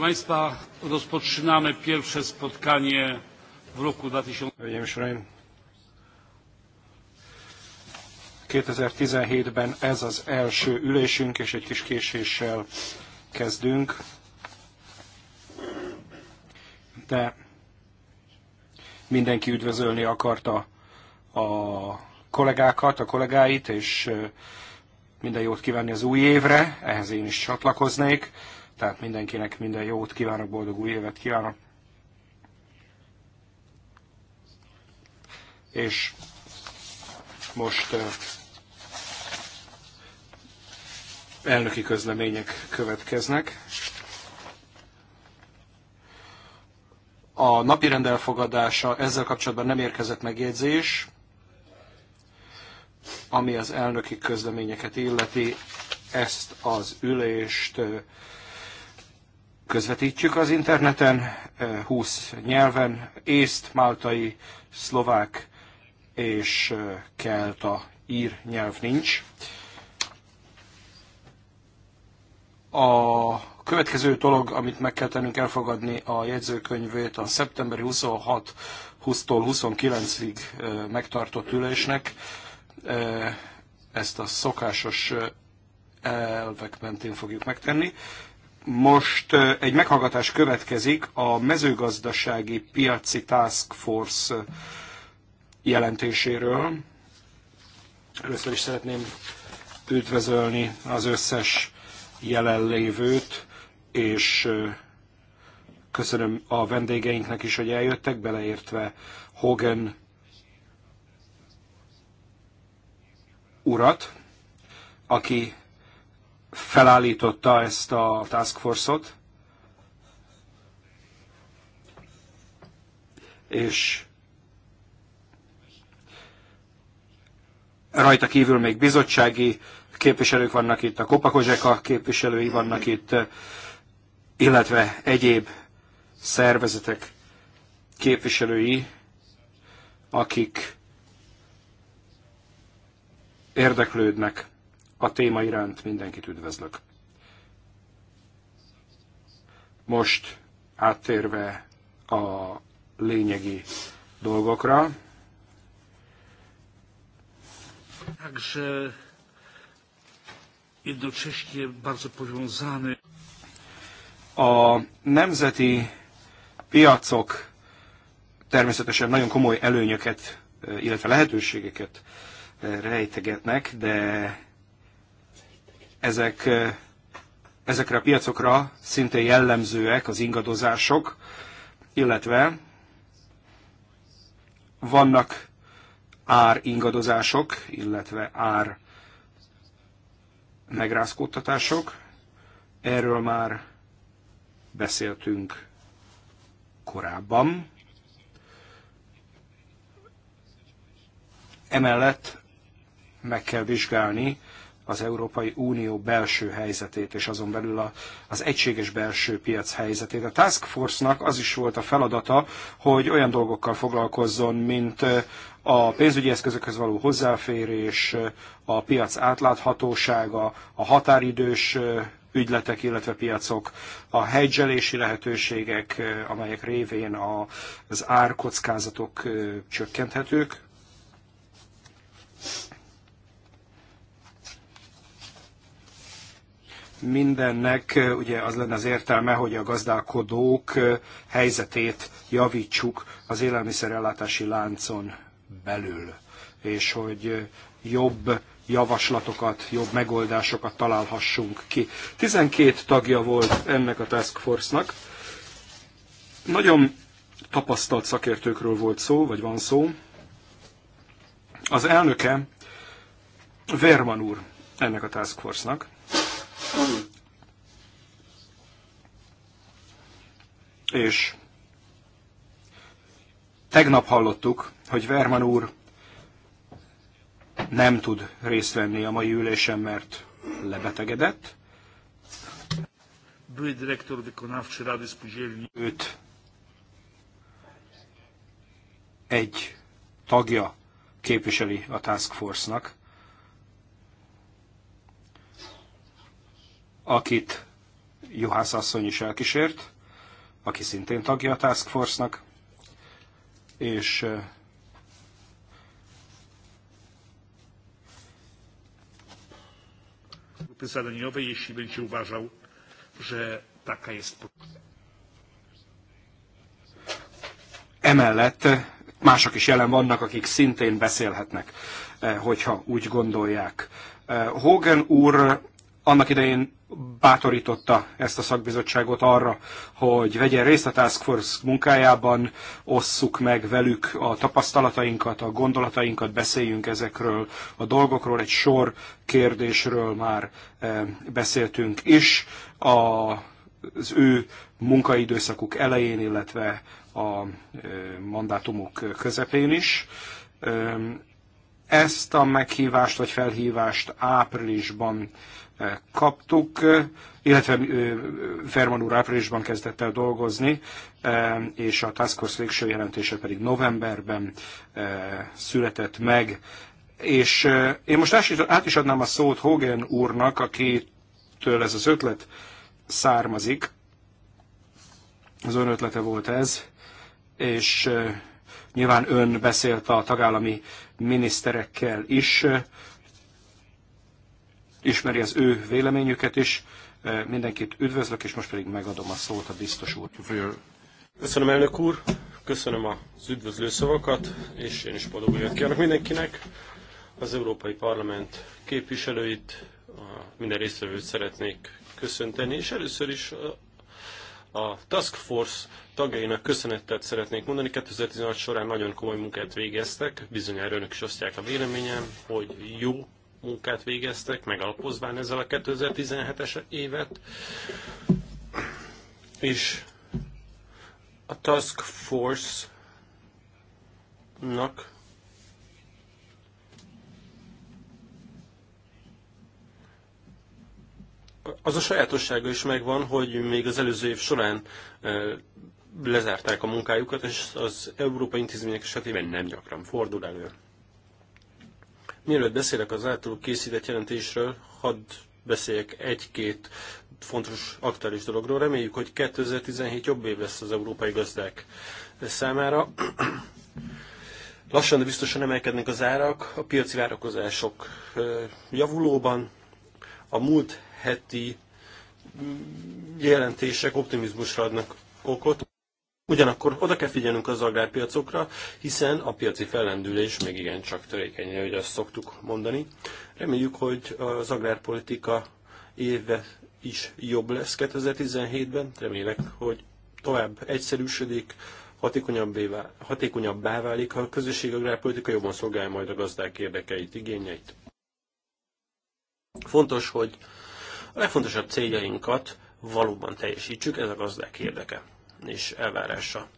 Państwa, rozpoczynamy pierwsze spotkanie w roku 2017-ben ez az első ülésünk, és egy kis késéssel kezdünk. De mindenki üdvözölni akarta a kollégákat, a kollégáit, és minden jót kívánni az új évre, ehhez én is csatlakoznék tehát mindenkinek minden jót kívánok, boldog új évet kívánok. És most elnöki közlemények következnek. A napi rendelfogadása, ezzel kapcsolatban nem érkezett megjegyzés, ami az elnöki közleményeket illeti, ezt az ülést közvetítjük az interneten, 20 nyelven, észt, máltai, szlovák és kelta ír nyelv nincs. A következő dolog, amit meg kell tennünk elfogadni a jegyzőkönyvét a szeptemberi 26 tól 29-ig megtartott ülésnek. Ezt a szokásos elvek mentén fogjuk megtenni. Most egy meghallgatás következik a mezőgazdasági piaci task force jelentéséről. Először is szeretném üdvözölni az összes jelenlévőt, és köszönöm a vendégeinknek is, hogy eljöttek, beleértve Hogan urat, aki felállította ezt a task force-ot, és rajta kívül még bizottsági képviselők vannak itt, a Kopakozseka képviselői vannak itt, illetve egyéb szervezetek képviselői, akik érdeklődnek a téma iránt mindenkit üdvözlök. Most áttérve a lényegi dolgokra. Także jednocześnie bardzo powiązany. A nemzeti piacok természetesen nagyon komoly előnyöket, illetve lehetőségeket eh, rejtegetnek, de ezek, eh, ezekre a piacokra szintén jellemzőek az ingadozások, illetve vannak ár ingadozások, illetve ár megrázkódtatások. Erről már beszéltünk korábban. Emellett meg kell vizsgálni az Európai Unió belső helyzetét, és azon belül a, az egységes belső piac helyzetét. A Task Force-nak az is volt a feladata, hogy olyan dolgokkal foglalkozzon, mint a pénzügyi eszközökhöz való hozzáférés, a piac átláthatósága, a határidős ügyletek, illetve piacok, a hedgelési lehetőségek, amelyek révén az árkockázatok csökkenthetők, mindennek ugye az lenne az értelme, hogy a gazdálkodók helyzetét javítsuk az élelmiszerellátási láncon belül, és hogy jobb javaslatokat, jobb megoldásokat találhassunk ki. 12 tagja volt ennek a task force-nak. Nagyon tapasztalt szakértőkről volt szó, vagy van szó. Az elnöke Verman úr ennek a task force-nak, és tegnap hallottuk, hogy Verman úr nem tud részt venni a mai ülésen, mert lebetegedett. Były dyrektor wykonawczy Rady Spółdzielni. Őt egy tagja képviseli a Task Force-nak, akit Juhász asszony is elkísért, aki szintén tagja a Task Force-nak, és zadaniowej, jeśli będzie uważał, że taka jest. Emellett e, mások is jelen vannak, akik szintén beszélhetnek, e, hogyha úgy gondolják. E, Hogan úr annak idején bátorította ezt a szakbizottságot arra, hogy vegyen részt a Task Force munkájában, osszuk meg velük a tapasztalatainkat, a gondolatainkat, beszéljünk ezekről a dolgokról, egy sor kérdésről már eh, beszéltünk is. A, az ő munkaidőszakuk elején, illetve a eh, mandátumuk közepén is. Ehm, ezt a meghívást vagy felhívást áprilisban kaptuk, illetve Ferman úr áprilisban kezdett el dolgozni, és a Task Force végső jelentése pedig novemberben született meg. És én most át is adnám a szót Hogan úrnak, akitől ez az ötlet származik. Az ön ötlete volt ez, és nyilván ön beszélt a tagállami miniszterekkel is ismeri az ő véleményüket is. Mindenkit üdvözlök, és most pedig megadom a szót a biztos úr. Köszönöm, elnök úr, köszönöm az üdvözlő szavakat, és én is boldog ügyet kívánok mindenkinek. Az Európai Parlament képviselőit, minden résztvevőt szeretnék köszönteni, és először is a Task Force tagjainak köszönetet szeretnék mondani. 2016 során nagyon komoly munkát végeztek, bizonyára önök is osztják a véleményem, hogy jó munkát végeztek, megalapozván ezzel a 2017-es évet. És a Task Force-nak az a sajátossága is megvan, hogy még az előző év során lezárták a munkájukat, és az európai intézmények esetében nem gyakran fordul elő. Mielőtt beszélek az által készített jelentésről, hadd beszéljek egy-két fontos aktuális dologról. Reméljük, hogy 2017 jobb év lesz az európai gazdák számára. Lassan, de biztosan emelkednek az árak, a piaci várakozások javulóban. A múlt heti mm, jelentések optimizmusra adnak okot. Ugyanakkor oda kell figyelnünk az agrárpiacokra, hiszen a piaci fellendülés még igencsak törékeny, hogy azt szoktuk mondani. Reméljük, hogy az agrárpolitika éve is jobb lesz 2017-ben. Remélek, hogy tovább egyszerűsödik, hatékonyabbá, hatékonyabbá válik, ha a közösség agrárpolitika jobban szolgálja majd a gazdák érdekeit, igényeit. Fontos, hogy a legfontosabb céljainkat valóban teljesítsük, ez a gazdák érdeke és elvárása.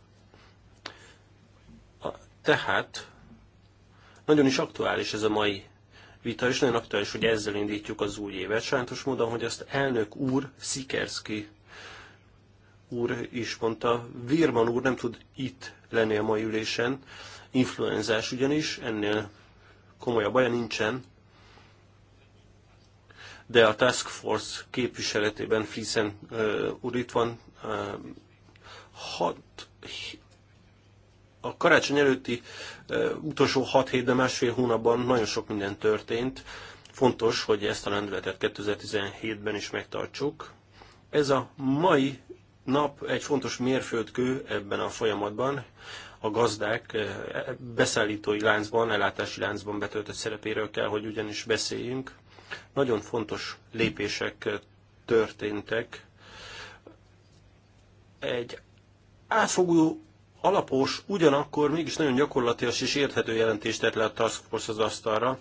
Tehát nagyon is aktuális ez a mai vita, és nagyon aktuális, hogy ezzel indítjuk az új évet. Sajnos módon, hogy azt elnök úr, Szikerszki úr is mondta, Virman úr nem tud itt lenni a mai ülésen, influenzás ugyanis, ennél komolyabb baja nincsen, de a Task Force képviseletében Friesen uh, úr itt van, uh, hat, a karácsony előtti utolsó 6 hét, de másfél hónapban nagyon sok minden történt. Fontos, hogy ezt a lendületet 2017-ben is megtartsuk. Ez a mai nap egy fontos mérföldkő ebben a folyamatban. A gazdák beszállítói láncban, ellátási láncban betöltött szerepéről kell, hogy ugyanis beszéljünk. Nagyon fontos lépések történtek. Egy átfogó, alapos, ugyanakkor mégis nagyon gyakorlatilag és érthető jelentést tett le a Task Force az asztalra.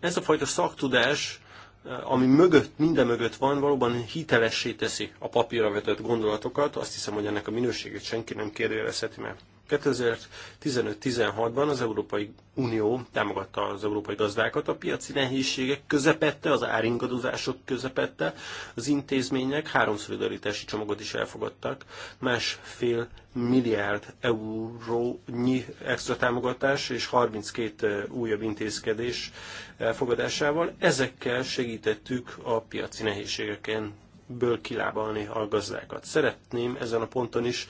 Ez a fajta szaktudás, eh, ami mögött, minden mögött van, valóban hitelessé teszi a papírra vetett gondolatokat. Azt hiszem, hogy ennek a minőségét senki nem kérdőjelezheti meg. 2015-16-ban az Európai Unió támogatta az európai gazdákat a piaci nehézségek közepette, az áringadozások közepette. Az intézmények három szolidaritási csomagot is elfogadtak, másfél milliárd eurónyi extra támogatás és 32 eh, újabb intézkedés elfogadásával. Ezekkel segítettük a piaci nehézségeken ből kilábalni a gazdákat. Szeretném ezen a ponton is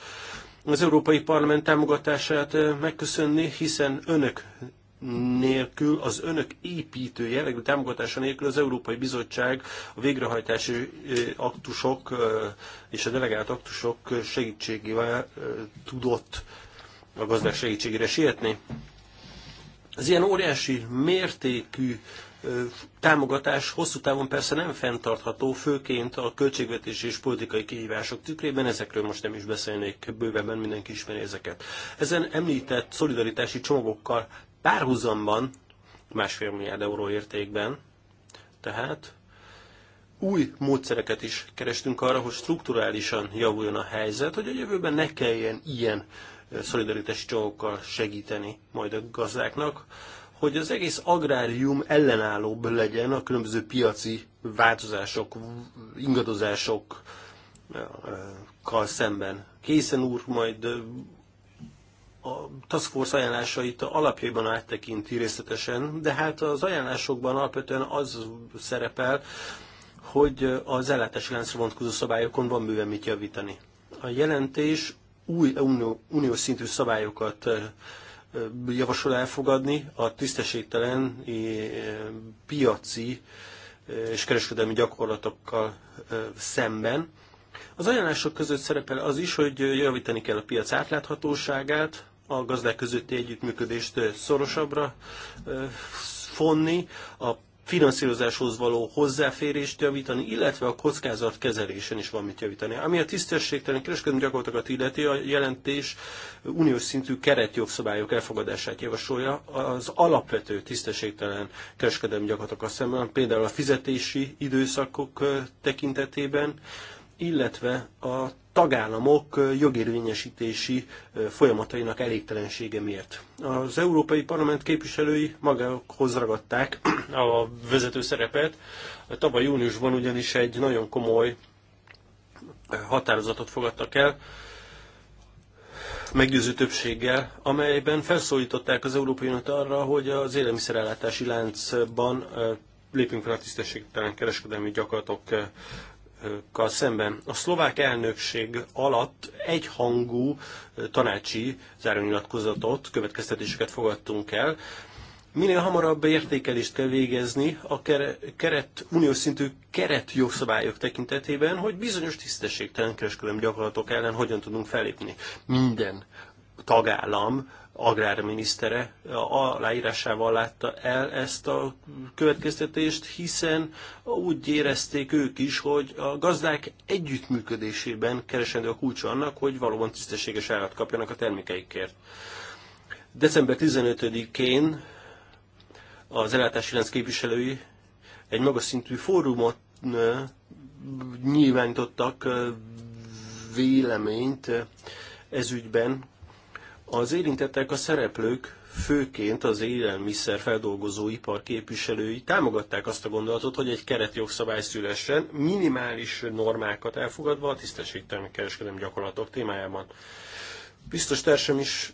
az Európai Parlament támogatását megköszönni, hiszen önök nélkül, az önök építő jellegű támogatása nélkül az Európai Bizottság a végrehajtási aktusok és a delegált aktusok segítségével tudott a gazdák segítségére sietni. Az ilyen óriási mértékű támogatás hosszú távon persze nem fenntartható, főként a költségvetési és politikai kihívások tükrében, ezekről most nem is beszélnék bővebben, mindenki ismeri ezeket. Ezen említett szolidaritási csomagokkal párhuzamban, másfél milliárd euró értékben, tehát új módszereket is kerestünk arra, hogy strukturálisan javuljon a helyzet, hogy a jövőben ne kelljen ilyen szolidaritási csomagokkal segíteni majd a gazdáknak, hogy az egész agrárium ellenállóbb legyen a különböző piaci változások, ingadozásokkal eh, szemben. Készen úr majd eh, a Task Force ajánlásait alapjaiban áttekinti részletesen, de hát az ajánlásokban alapvetően az szerepel, hogy az ellátási láncra vonatkozó szabályokon van bőven mit javítani. A jelentés új unió, uniós szintű szabályokat eh, javasol elfogadni a tisztességtelen piaci e, és kereskedelmi gyakorlatokkal e, szemben. Az ajánlások között szerepel az is, hogy javítani kell a piac átláthatóságát, a gazdák közötti együttműködést szorosabbra e, fonni, a finanszírozáshoz való hozzáférést javítani, illetve a kockázatkezelésen is van mit javítani. Ami a tisztességtelen kereskedelmi gyakorlatokat illeti, a jelentés uniós szintű keretjogszabályok elfogadását javasolja az alapvető tisztességtelen kereskedelmi gyakorlatokat szemben, például a fizetési időszakok tekintetében, illetve a tagállamok jogérvényesítési folyamatainak elégtelensége miért. Az Európai Parlament képviselői magához ragadták a vezető szerepet. Tavaly júniusban ugyanis egy nagyon komoly határozatot fogadtak el, meggyőző többséggel, amelyben felszólították az Európai Uniót arra, hogy az élelmiszerellátási láncban lépünk fel a tisztességtelen kereskedelmi gyakorlatok szemben. A szlovák elnökség alatt egyhangú tanácsi zárónyilatkozatot, következtetéseket fogadtunk el. Minél hamarabb értékelést kell végezni a keret, uniós szintű keret jogszabályok tekintetében, hogy bizonyos tisztességtelen kereskedelmi gyakorlatok ellen hogyan tudunk felépni. Minden tagállam agrárminisztere aláírásával látta el ezt a következtetést, hiszen úgy érezték ők is, hogy a gazdák együttműködésében keresendő a kulcsa annak, hogy valóban tisztességes árat kapjanak a termékeikért. December 15-én az ellátási lánc képviselői egy magas szintű fórumot nyilvánítottak véleményt ezügyben, az érintettek a szereplők, főként az élelmiszer feldolgozó ipar képviselői támogatták azt a gondolatot, hogy egy keretjogszabály szülessen, minimális normákat elfogadva a tisztességtelen kereskedelmi gyakorlatok témájában. Biztos társam is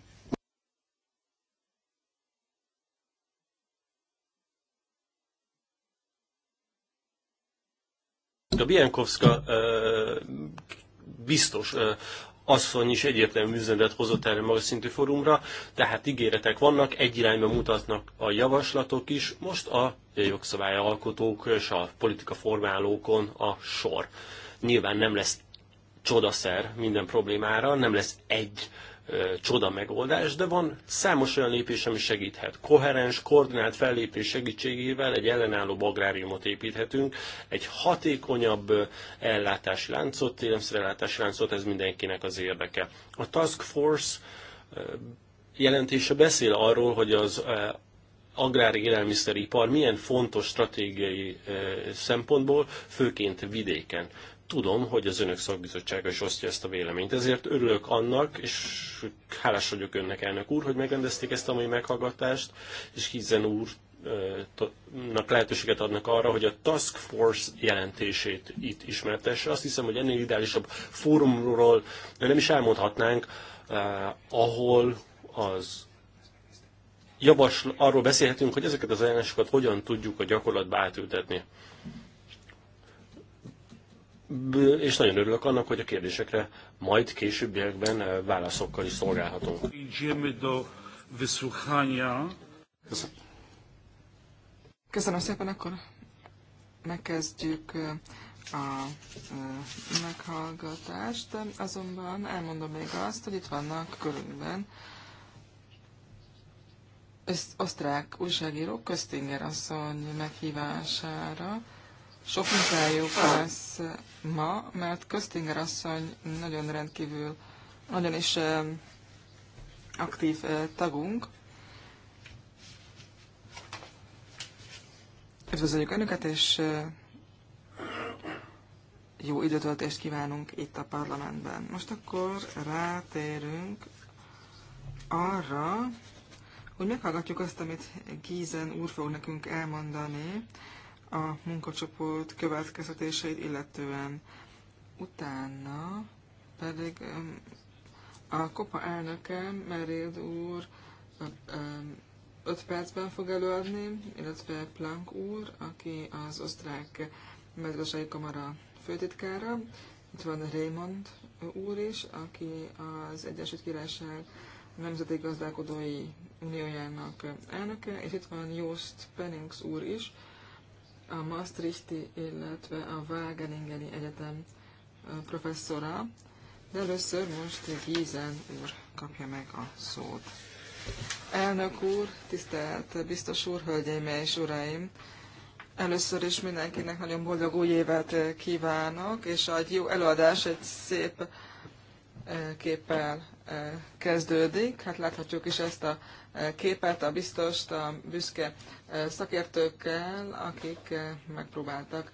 A Bienkowska biztos asszony is egyértelmű üzenetet hozott erre magas szintű fórumra, tehát ígéretek vannak, egy irányba mutatnak a javaslatok is, most a jogszabályalkotók és a politika formálókon a sor. Nyilván nem lesz csodaszer minden problémára, nem lesz egy csoda megoldás, de van számos olyan lépés, ami segíthet. Koherens, koordinált fellépés segítségével egy ellenálló agráriumot építhetünk, egy hatékonyabb ellátási láncot, élelmiszerellátási láncot, ez mindenkinek az érdeke. A Task Force jelentése beszél arról, hogy az agrár élelmiszeripar milyen fontos stratégiai szempontból, főként vidéken tudom, hogy az önök szakbizottsága is osztja ezt a véleményt. Ezért örülök annak, és hálás vagyok önnek, elnök úr, hogy megrendezték ezt a mai meghallgatást, és Kizen úrnak lehetőséget adnak arra, hogy a Task Force jelentését itt ismertesse. Azt hiszem, hogy ennél ideálisabb fórumról nem is elmondhatnánk, eh, ahol az javasl, arról beszélhetünk, hogy ezeket az ajánlásokat hogyan tudjuk a gyakorlatba átültetni és nagyon örülök annak, hogy a kérdésekre majd későbbiekben eh, válaszokkal is szolgálhatunk. Köszönöm. szépen, akkor megkezdjük eh, a eh, meghallgatást, azonban elmondom még azt, hogy itt vannak körünkben osztrák újságírók Köztinger asszony meghívására, sok munkájuk lesz ma, mert Köztinger asszony nagyon rendkívül, nagyon is aktív tagunk. Üdvözöljük Önöket, és jó időtöltést kívánunk itt a parlamentben. Most akkor rátérünk arra, hogy meghallgatjuk azt, amit Gízen úr fog nekünk elmondani a munkacsoport következtetéseit illetően. Utána pedig a kopa elnöke, Meréd úr, 5 percben fog előadni, illetve Plank úr, aki az osztrák mezőgazdasági kamara főtitkára. Itt van Raymond úr is, aki az Egyesült Királyság Nemzeti Gazdálkodói Uniójának elnöke, és itt van Joost Pennings úr is, a Maastrichti, illetve a Wageningeni Egyetem professzora, de először most Gízen úr kapja meg a szót. Elnök úr, tisztelt biztos úr, hölgyeim és uraim! Először is mindenkinek nagyon boldog új évet kívánok, és egy jó előadás egy szép képpel kezdődik. Hát láthatjuk is ezt a képet, a biztost, a büszke szakértőkkel, akik megpróbáltak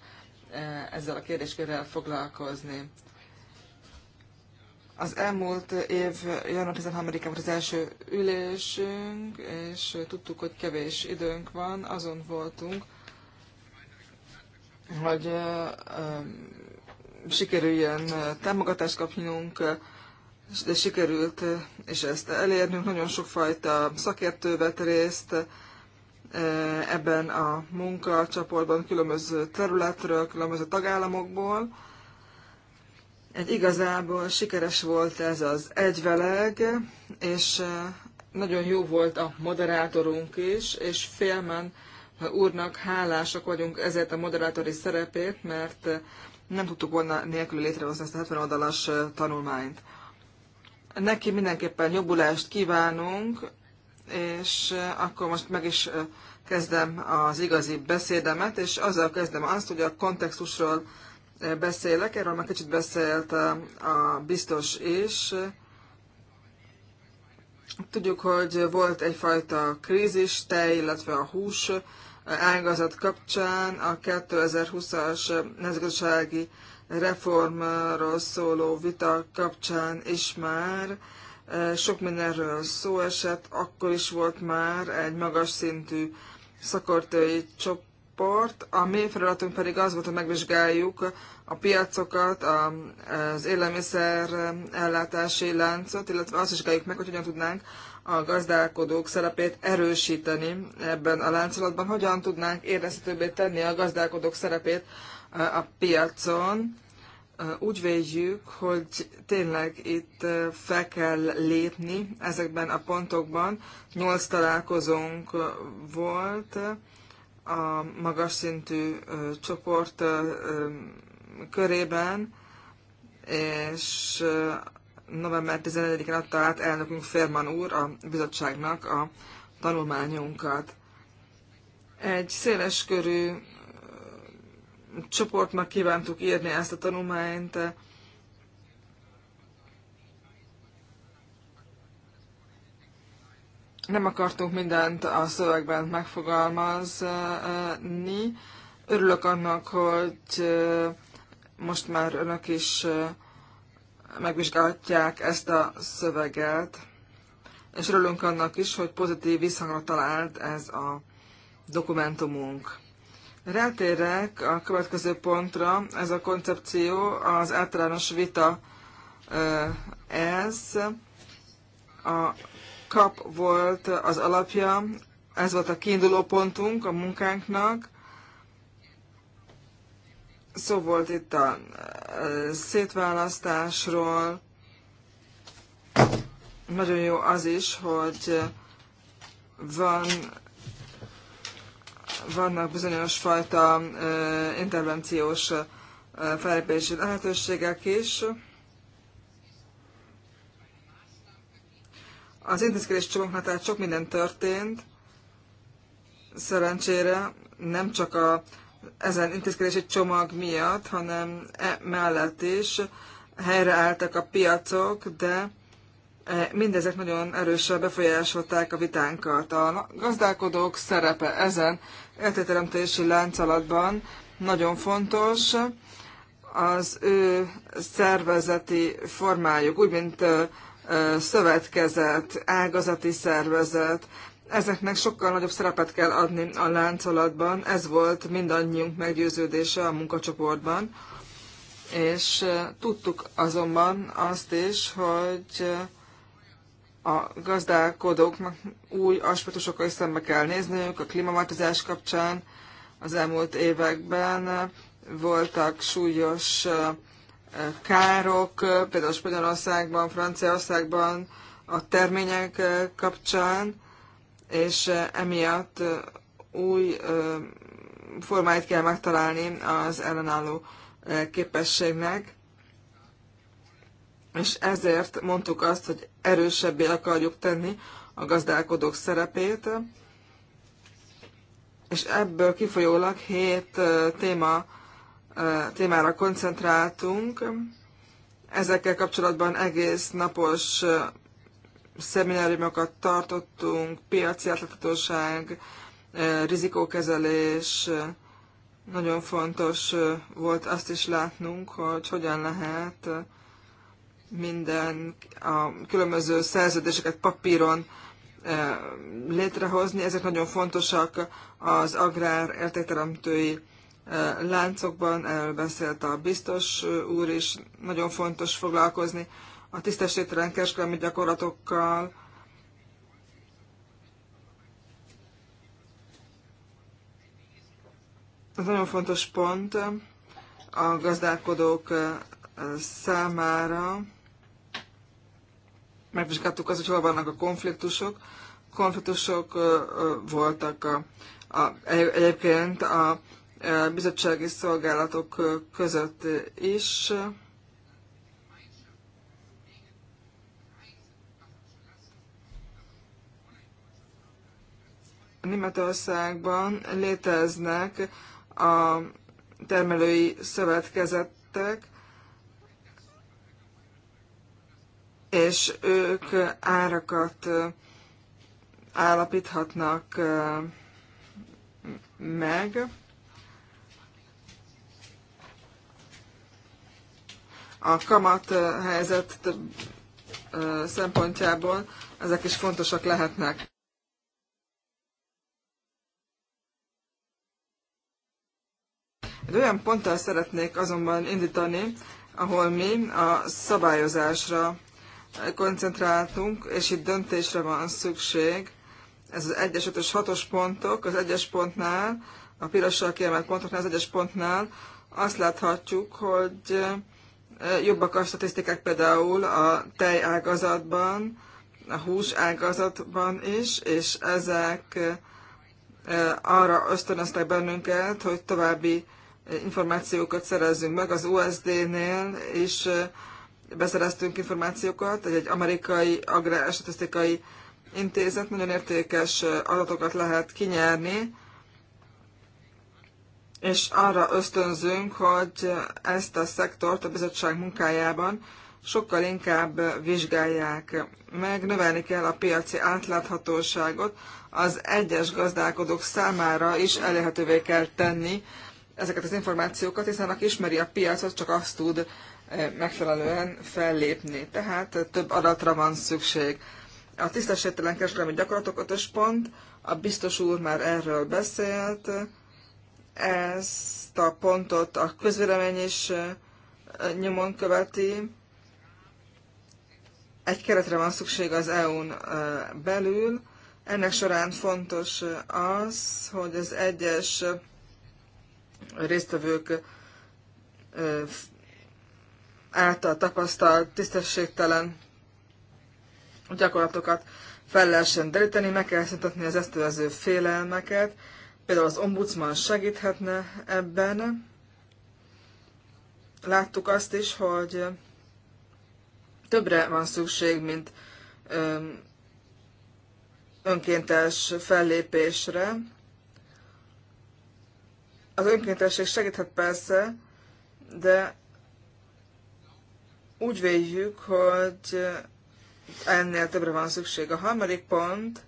ezzel a kérdéskörrel foglalkozni. Az elmúlt év január 13-án volt az első ülésünk, és tudtuk, hogy kevés időnk van, azon voltunk, hogy sikerüljön támogatást kapjunk de sikerült és ezt elérnünk. Nagyon sokfajta szakértő vett részt ebben a munkacsoportban különböző területről, különböző tagállamokból. Egy igazából sikeres volt ez az egyveleg, és nagyon jó volt a moderátorunk is, és Félmen úrnak hálásak vagyunk ezért a moderátori szerepét, mert nem tudtuk volna nélkül létrehozni ezt a 70 oldalas tanulmányt. Neki mindenképpen jobbulást kívánunk, és akkor most meg is kezdem az igazi beszédemet, és azzal kezdem azt, hogy a kontextusról beszélek, erről már kicsit beszélt a biztos is. Tudjuk, hogy volt egyfajta krízis tej, illetve a hús ágazat kapcsán a 2020-as nemzetgazdasági reformról szóló vita kapcsán is már e, sok mindenről szó esett, akkor is volt már egy magas szintű szakértői csoport. A mi feladatunk pedig az volt, hogy megvizsgáljuk a piacokat, az élelmiszer ellátási láncot, illetve azt vizsgáljuk meg, hogy hogyan tudnánk a gazdálkodók szerepét erősíteni ebben a láncolatban, hogyan tudnánk érezhetőbbé tenni a gazdálkodók szerepét a piacon. Úgy véljük, hogy tényleg itt fel kell lépni ezekben a pontokban. Nyolc találkozónk volt a magas szintű csoport körében, és november 11-én adta át elnökünk Férman úr a bizottságnak a tanulmányunkat. Egy széleskörű csoportnak kívántuk írni ezt a tanulmányt. Nem akartunk mindent a szövegben megfogalmazni. Örülök annak, hogy most már önök is megvizsgálhatják ezt a szöveget, és örülünk annak is, hogy pozitív visszhangra talált ez a dokumentumunk. Rátérek a következő pontra, ez a koncepció, az általános vita ez. A kap volt az alapja, ez volt a kiinduló pontunk a munkánknak. Szó volt itt a szétválasztásról. Nagyon jó az is, hogy van vannak bizonyos fajta intervenciós felépési lehetőségek is. Az intézkedés csomagnak tehát sok minden történt, szerencsére nem csak a ezen intézkedési csomag miatt, hanem e mellett is helyreálltak a piacok, de E, mindezek nagyon erősen befolyásolták a vitánkat. A gazdálkodók szerepe ezen értéteremtési láncolatban nagyon fontos. Az ő szervezeti formájuk, úgy mint szövetkezet, ágazati szervezet, ezeknek sokkal nagyobb szerepet kell adni a láncolatban. Ez volt mindannyiunk meggyőződése a munkacsoportban. És tudtuk azonban azt is, hogy a gazdálkodóknak új aspektusokkal is szembe kell nézniük a klímaváltozás kapcsán. Az elmúlt években voltak súlyos károk, például Spanyolországban, Franciaországban a termények kapcsán, és emiatt új formáit kell megtalálni az ellenálló képességnek és ezért mondtuk azt, hogy erősebbé akarjuk tenni a gazdálkodók szerepét, és ebből kifolyólag hét téma, témára koncentráltunk. Ezekkel kapcsolatban egész napos szemináriumokat tartottunk, piaci átláthatóság, rizikókezelés, nagyon fontos volt azt is látnunk, hogy hogyan lehet minden a különböző szerződéseket papíron eh, létrehozni, ezek nagyon fontosak az agrár értékteremtői eh, láncokban, erről beszélt a biztos eh, úr is, nagyon fontos foglalkozni a tisztességtelen kereskedelmi gyakorlatokkal, Ez nagyon fontos pont a gazdálkodók számára megvizsgáltuk azt, hogy hol vannak a konfliktusok. Konfliktusok voltak a, a, egyébként a bizottsági szolgálatok között is. Németországban léteznek a termelői szövetkezetek, és ők árakat állapíthatnak meg. A kamat helyzet szempontjából ezek is fontosak lehetnek. Egy olyan ponttal szeretnék azonban indítani, ahol mi a szabályozásra koncentráltunk, és itt döntésre van szükség. Ez az 1-es, 5-ös, 6-os pontok, az 1-es pontnál, a pirossal kiemelt pontoknál, az 1-es pontnál azt láthatjuk, hogy e, jobbak a statisztikák például a tej ágazatban, a hús ágazatban is, és ezek e, arra ösztönöztek bennünket, hogy további e, információkat szerezzünk meg az USD-nél, és beszereztünk információkat, egy, egy amerikai agrárstatisztikai intézet nagyon értékes adatokat lehet kinyerni, és arra ösztönzünk, hogy ezt a szektort a bizottság munkájában sokkal inkább vizsgálják meg, növelni kell a piaci átláthatóságot, az egyes gazdálkodók számára is elérhetővé kell tenni ezeket az információkat, hiszen aki ismeri a piacot, csak azt tud megfelelően fellépni. Tehát több adatra van szükség. A tisztességtelen kereskedelmi gyakorlatok ötös pont, a biztos úr már erről beszélt, ezt a pontot a közvélemény is nyomon követi. Egy keretre van szükség az EU-n belül. Ennek során fontos az, hogy az egyes résztvevők által tapasztalt tisztességtelen gyakorlatokat fel lehessen deríteni, meg kell szüntetni az esztőző félelmeket. Például az ombudsman segíthetne ebben. Láttuk azt is, hogy többre van szükség, mint önkéntes fellépésre. Az önkéntesség segíthet persze, de úgy véljük, hogy ennél többre van szükség. A harmadik pont,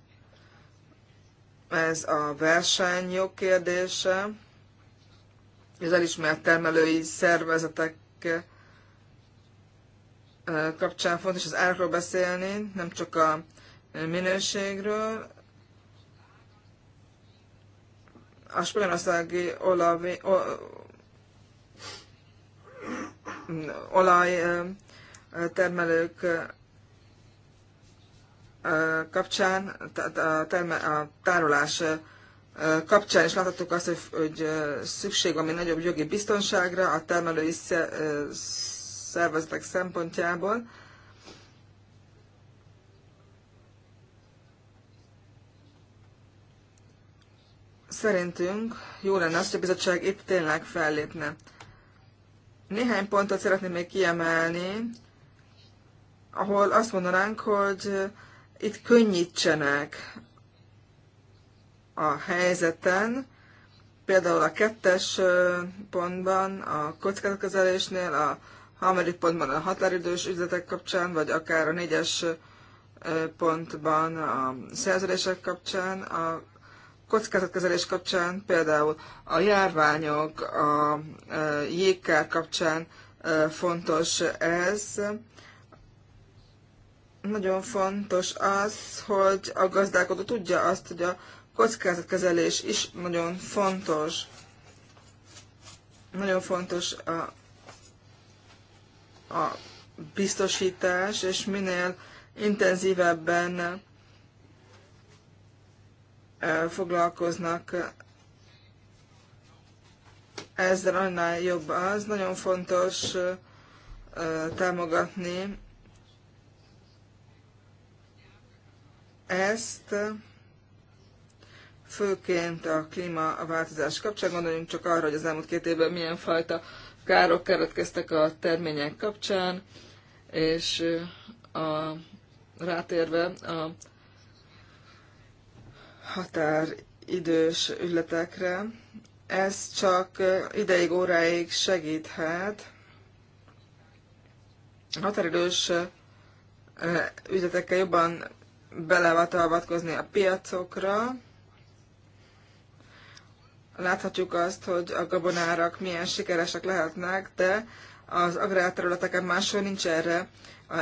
ez a versenyjog kérdése, az elismert termelői szervezetek kapcsán fontos az árakról beszélni, nem csak a minőségről. A spanyolországi olajtermelők kapcsán, a, tárolás kapcsán is láthattuk azt, hogy, szükség van egy nagyobb jogi biztonságra a termelői szervezetek szempontjából. Szerintünk jó lenne az, hogy a bizottság itt tényleg fellépne. Néhány pontot szeretném még kiemelni, ahol azt mondanánk, hogy itt könnyítsenek a helyzeten, például a kettes pontban, a kockázatkezelésnél, a harmadik pontban a határidős üzletek kapcsán, vagy akár a négyes pontban a szerződések kapcsán a kockázatkezelés kapcsán, például a járványok, a e, jégkár kapcsán e, fontos ez. Nagyon fontos az, hogy a gazdálkodó tudja azt, hogy a kockázatkezelés is nagyon fontos. Nagyon fontos a, a biztosítás, és minél intenzívebben foglalkoznak ezzel, annál jobb az. Nagyon fontos támogatni ezt, főként a klímaváltozás kapcsán. Gondoljunk csak arra, hogy az elmúlt két évben milyen fajta károk keretkeztek a termények kapcsán, és a, rátérve a határidős ügyletekre. Ez csak ideig, óráig segíthet. Határidős ügyletekkel jobban belevatalvatkozni a piacokra. Láthatjuk azt, hogy a gabonárak milyen sikeresek lehetnek, de az agrárterületeken máshol nincs erre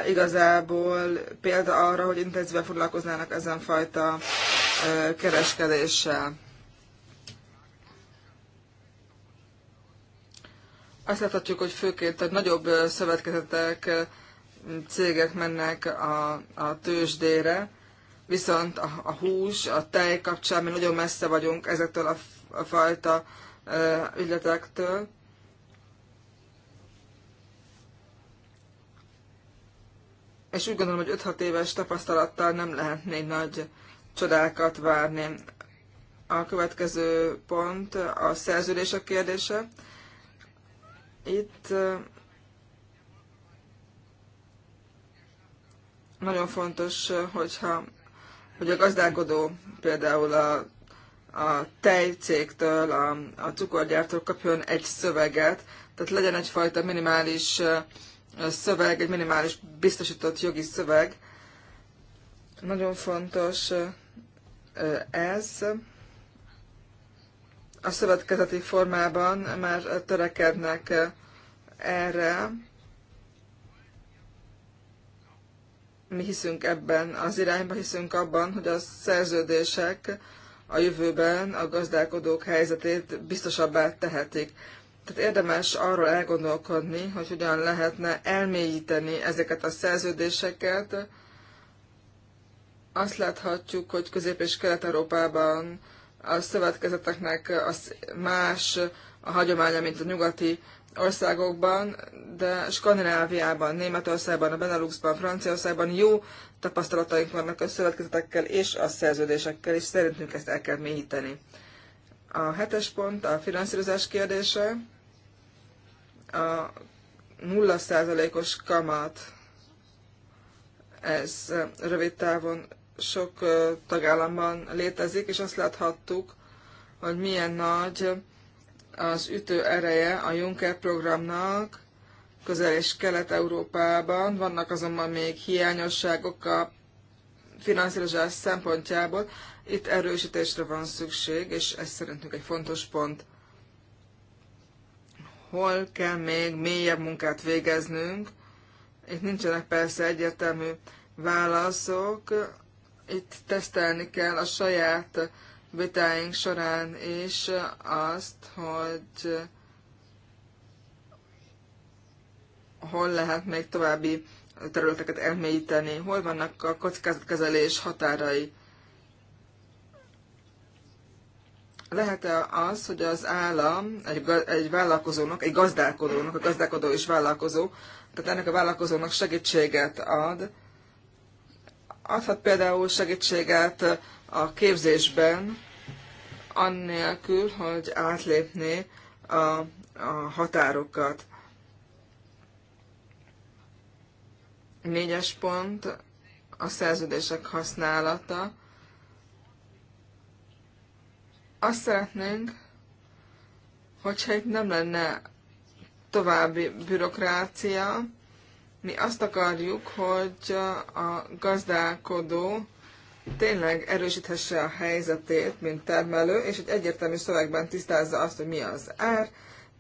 igazából példa arra, hogy intenzíven foglalkoznának ezen fajta kereskedéssel. Azt láthatjuk, hogy főként a nagyobb szövetkezetek, cégek mennek a, a tőzsdére, viszont a, a hús, a tej kapcsán mi nagyon messze vagyunk ezektől a, a fajta ügyletektől. és úgy gondolom, hogy 5-6 éves tapasztalattal nem lehet még nagy csodákat várni. A következő pont a szerződések kérdése. Itt eh, nagyon fontos, eh, hogyha hogy a gazdálkodó például a, a tejcégtől, a, a cukorgyártól kapjon egy szöveget, tehát legyen egyfajta minimális eh, szöveg, egy minimális biztosított jogi szöveg. Nagyon fontos ez. A szövetkezeti formában már törekednek erre. Mi hiszünk ebben az irányba, hiszünk abban, hogy a szerződések a jövőben a gazdálkodók helyzetét biztosabbá tehetik. Tehát érdemes arról elgondolkodni, hogy hogyan lehetne elmélyíteni ezeket a szerződéseket. Azt láthatjuk, hogy Közép- és Kelet-Európában a szövetkezeteknek az más a hagyománya, mint a nyugati országokban, de Skandináviában, Németországban, a Beneluxban, Franciaországban jó tapasztalataink vannak a szövetkezetekkel és a szerződésekkel, és szerintünk ezt el kell mélyíteni. A hetes pont a finanszírozás kérdése a 0%-os kamat, ez rövid távon sok tagállamban létezik, és azt láthattuk, hogy milyen nagy az ütő ereje a Juncker programnak közel- és kelet-európában. Vannak azonban még hiányosságok a finanszírozás szempontjából. Itt erősítésre van szükség, és ez szerintünk egy fontos pont hol kell még mélyebb munkát végeznünk. Itt nincsenek persze egyértelmű válaszok, itt tesztelni kell a saját vitáink során is azt, hogy hol lehet még további területeket elmélyíteni, hol vannak a kockázatkezelés határai. lehet-e az, hogy az állam egy, egy vállalkozónak, egy gazdálkodónak, a gazdálkodó is vállalkozó, tehát ennek a vállalkozónak segítséget ad, adhat például segítséget a képzésben, annélkül, hogy átlépné a, a határokat. Négyes pont a szerződések használata. Azt szeretnénk, hogyha itt nem lenne további bürokrácia, mi azt akarjuk, hogy a gazdálkodó tényleg erősíthesse a helyzetét, mint termelő, és egy egyértelmű szövegben tisztázza azt, hogy mi az ár,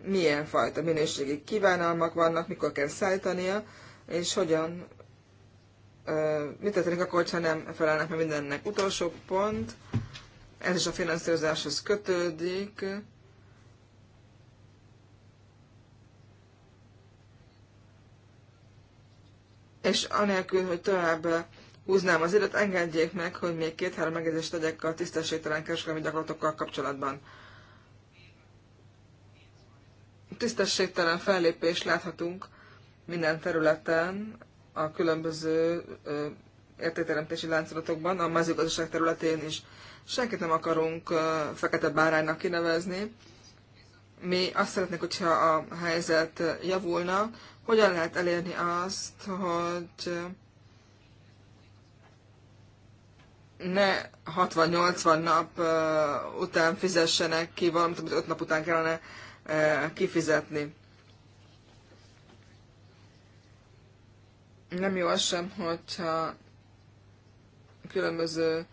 milyen fajta minőségi kívánalmak vannak, mikor kell szállítania, és hogyan, mit történik akkor, ha nem felelnek meg mindennek. Utolsó pont, ez is a finanszírozáshoz kötődik. És anélkül, hogy tovább húznám az időt, engedjék meg, hogy még két-három megjegyzést tegyek a tisztességtelen kereskedelmi gyakorlatokkal kapcsolatban. Tisztességtelen fellépés láthatunk minden területen, a különböző értékteremtési láncolatokban, a mezőgazdaság területén is. Senkit nem akarunk fekete báránynak kinevezni. Mi azt szeretnék, hogyha a helyzet javulna, hogyan lehet elérni azt, hogy ne 60-80 nap után fizessenek ki valamit, amit 5 nap után kellene kifizetni. Nem jó az sem, hogyha különböző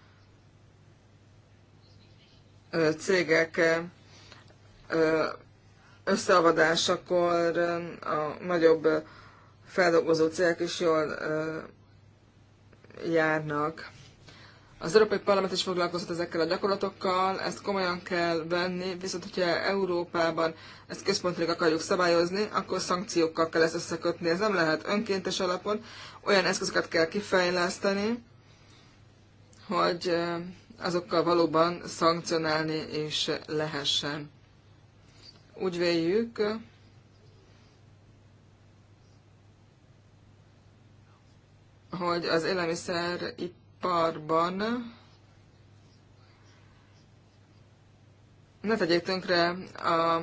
cégek összeavadásakor a nagyobb feldolgozó cégek is jól járnak. Az Európai Parlament is foglalkozott ezekkel a gyakorlatokkal, ezt komolyan kell venni, viszont hogyha Európában ezt központilag akarjuk szabályozni, akkor szankciókkal kell ezt összekötni. Ez nem lehet önkéntes alapon, olyan eszközöket kell kifejleszteni, hogy azokkal valóban szankcionálni is lehessen. Úgy véljük, hogy az élelmiszeriparban ne tegyék tönkre a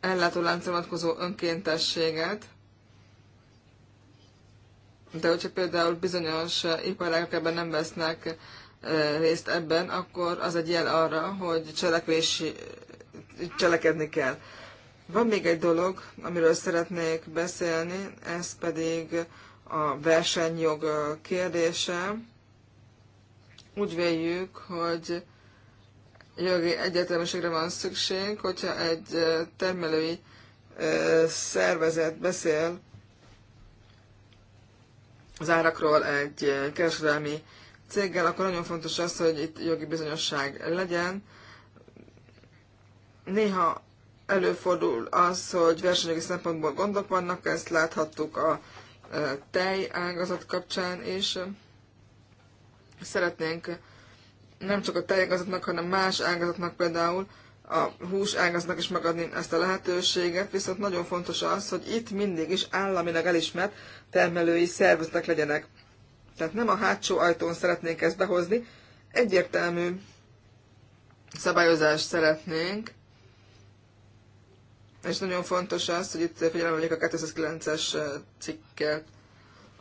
ellátólánc vonatkozó önkéntességet, de hogyha például bizonyos eh, iparágok ebben nem vesznek eh, részt ebben, akkor az egy jel arra, hogy cselekvési, cselekedni kell. Van még egy dolog, amiről szeretnék beszélni, ez pedig a versenyjog eh, kérdése. Úgy véljük, hogy jogi egyetemiségre van szükség, hogyha egy termelői szervezet beszél az árakról egy eh, kereskedelmi céggel, akkor nagyon fontos az, hogy itt jogi bizonyosság legyen. Néha előfordul az, hogy versenyjogi szempontból gondok vannak, ezt láthattuk a eh, tej ágazat kapcsán is. Szeretnénk nem csak a tejágazatnak, hanem más ágazatnak például a hús ágaznak is megadni ezt a lehetőséget, viszont nagyon fontos az, hogy itt mindig is államileg elismert termelői szervezetek legyenek. Tehát nem a hátsó ajtón szeretnénk ezt behozni, egyértelmű szabályozást szeretnénk, és nagyon fontos az, hogy itt figyelem vegyük a 209-es cikket.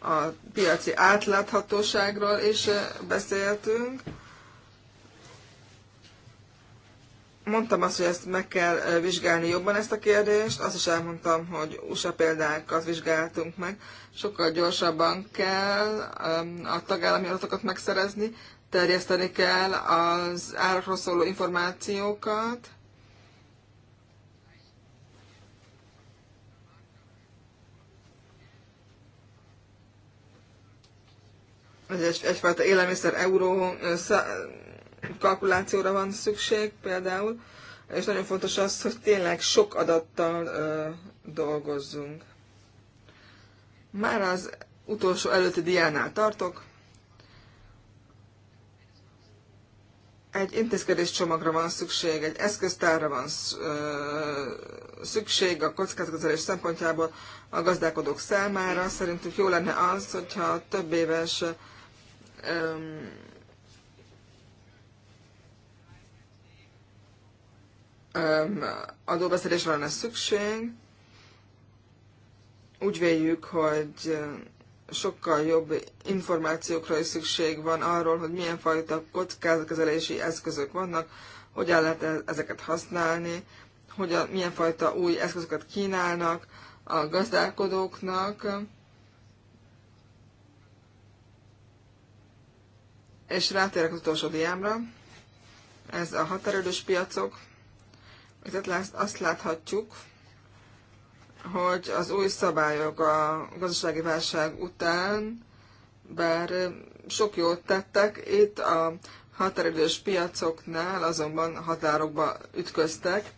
A piaci átláthatóságról is beszéltünk, mondtam azt, hogy ezt meg kell vizsgálni jobban ezt a kérdést, azt is elmondtam, hogy USA példákat vizsgáltunk meg, sokkal gyorsabban kell a tagállami adatokat megszerezni, terjeszteni kell az árakról szóló információkat, ez egy, egyfajta élelmiszer euró kalkulációra van szükség például, és nagyon fontos az, hogy tényleg sok adattal ö, dolgozzunk. Már az utolsó előtti diánál tartok. Egy intézkedés csomagra van szükség, egy eszköztárra van szükség a kockázatkezelés szempontjából a gazdálkodók számára. Szerintük jó lenne az, hogyha több éves adóbeszedésre lenne szükség. Úgy véljük, hogy sokkal jobb információkra is szükség van arról, hogy milyen fajta kockázatkezelési eszközök vannak, hogyan lehet e-, ezeket használni, hogyan, milyen fajta új eszközöket kínálnak a gazdálkodóknak, és rátérek az utolsó diámra, ez a határidős piacok, tehát azt láthatjuk, hogy az új szabályok a gazdasági válság után, bár sok jót tettek, itt a határidős piacoknál azonban határokba ütköztek.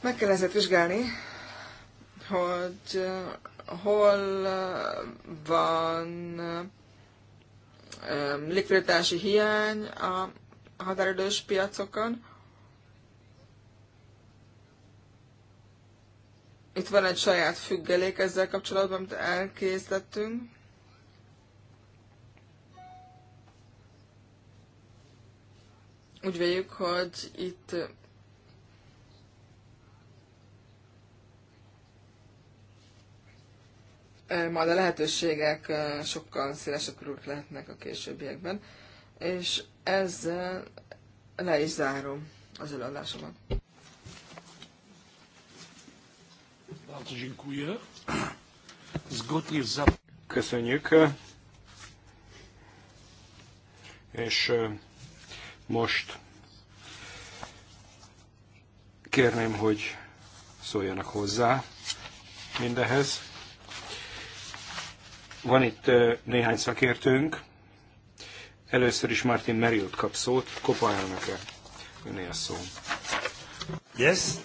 Meg kell ezért vizsgálni, hogy hol van likviditási hiány a határidős piacokon, Itt van egy saját függelék ezzel kapcsolatban, amit elkészítettünk. Úgy véljük, hogy itt majd a lehetőségek sokkal szélesebb körülök lehetnek a későbbiekben, és ezzel le is zárom az előadásomat. Köszönjük. És e, most kérném, hogy szóljanak hozzá mindehez. Van itt e, néhány szakértőnk. Először is Martin Meriot kap szót, kopa elnöke. Önél szó. Yes,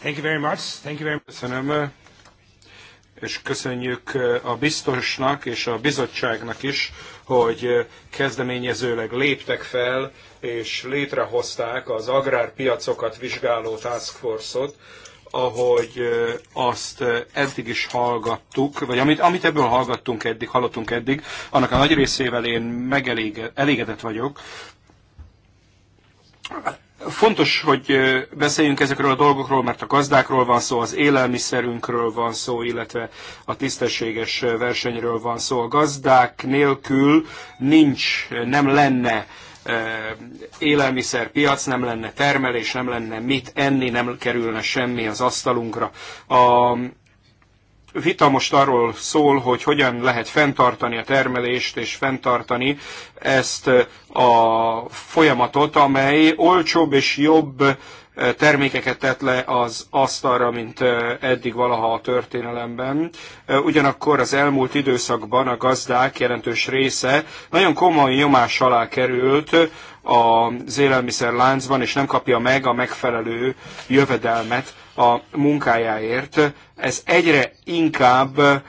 thank you very much. Thank you very much. Köszönöm, és köszönjük eh, a biztosnak és a bizottságnak is, hogy eh, kezdeményezőleg léptek fel, és létrehozták az agrárpiacokat vizsgáló task force-ot, ahogy eh, azt eddig is hallgattuk, vagy amit, amit ebből hallgattunk eddig, hallottunk eddig, annak a nagy részével én megelégedett vagyok. Fontos, hogy beszéljünk ezekről a dolgokról, mert a gazdákról van szó, az élelmiszerünkről van szó, illetve a tisztességes versenyről van szó. A gazdák nélkül nincs, nem lenne élelmiszerpiac, nem lenne termelés, nem lenne mit enni, nem kerülne semmi az asztalunkra. A vita most arról szól, hogy hogyan lehet fenntartani a termelést és fenntartani ezt a folyamatot, amely olcsóbb és jobb termékeket tett le az asztalra, mint eddig valaha a történelemben. Ugyanakkor az elmúlt időszakban a gazdák jelentős része nagyon komoly nyomás alá került az élelmiszerláncban, és nem kapja meg a megfelelő jövedelmet a munkájáért. Ez egyre inkább,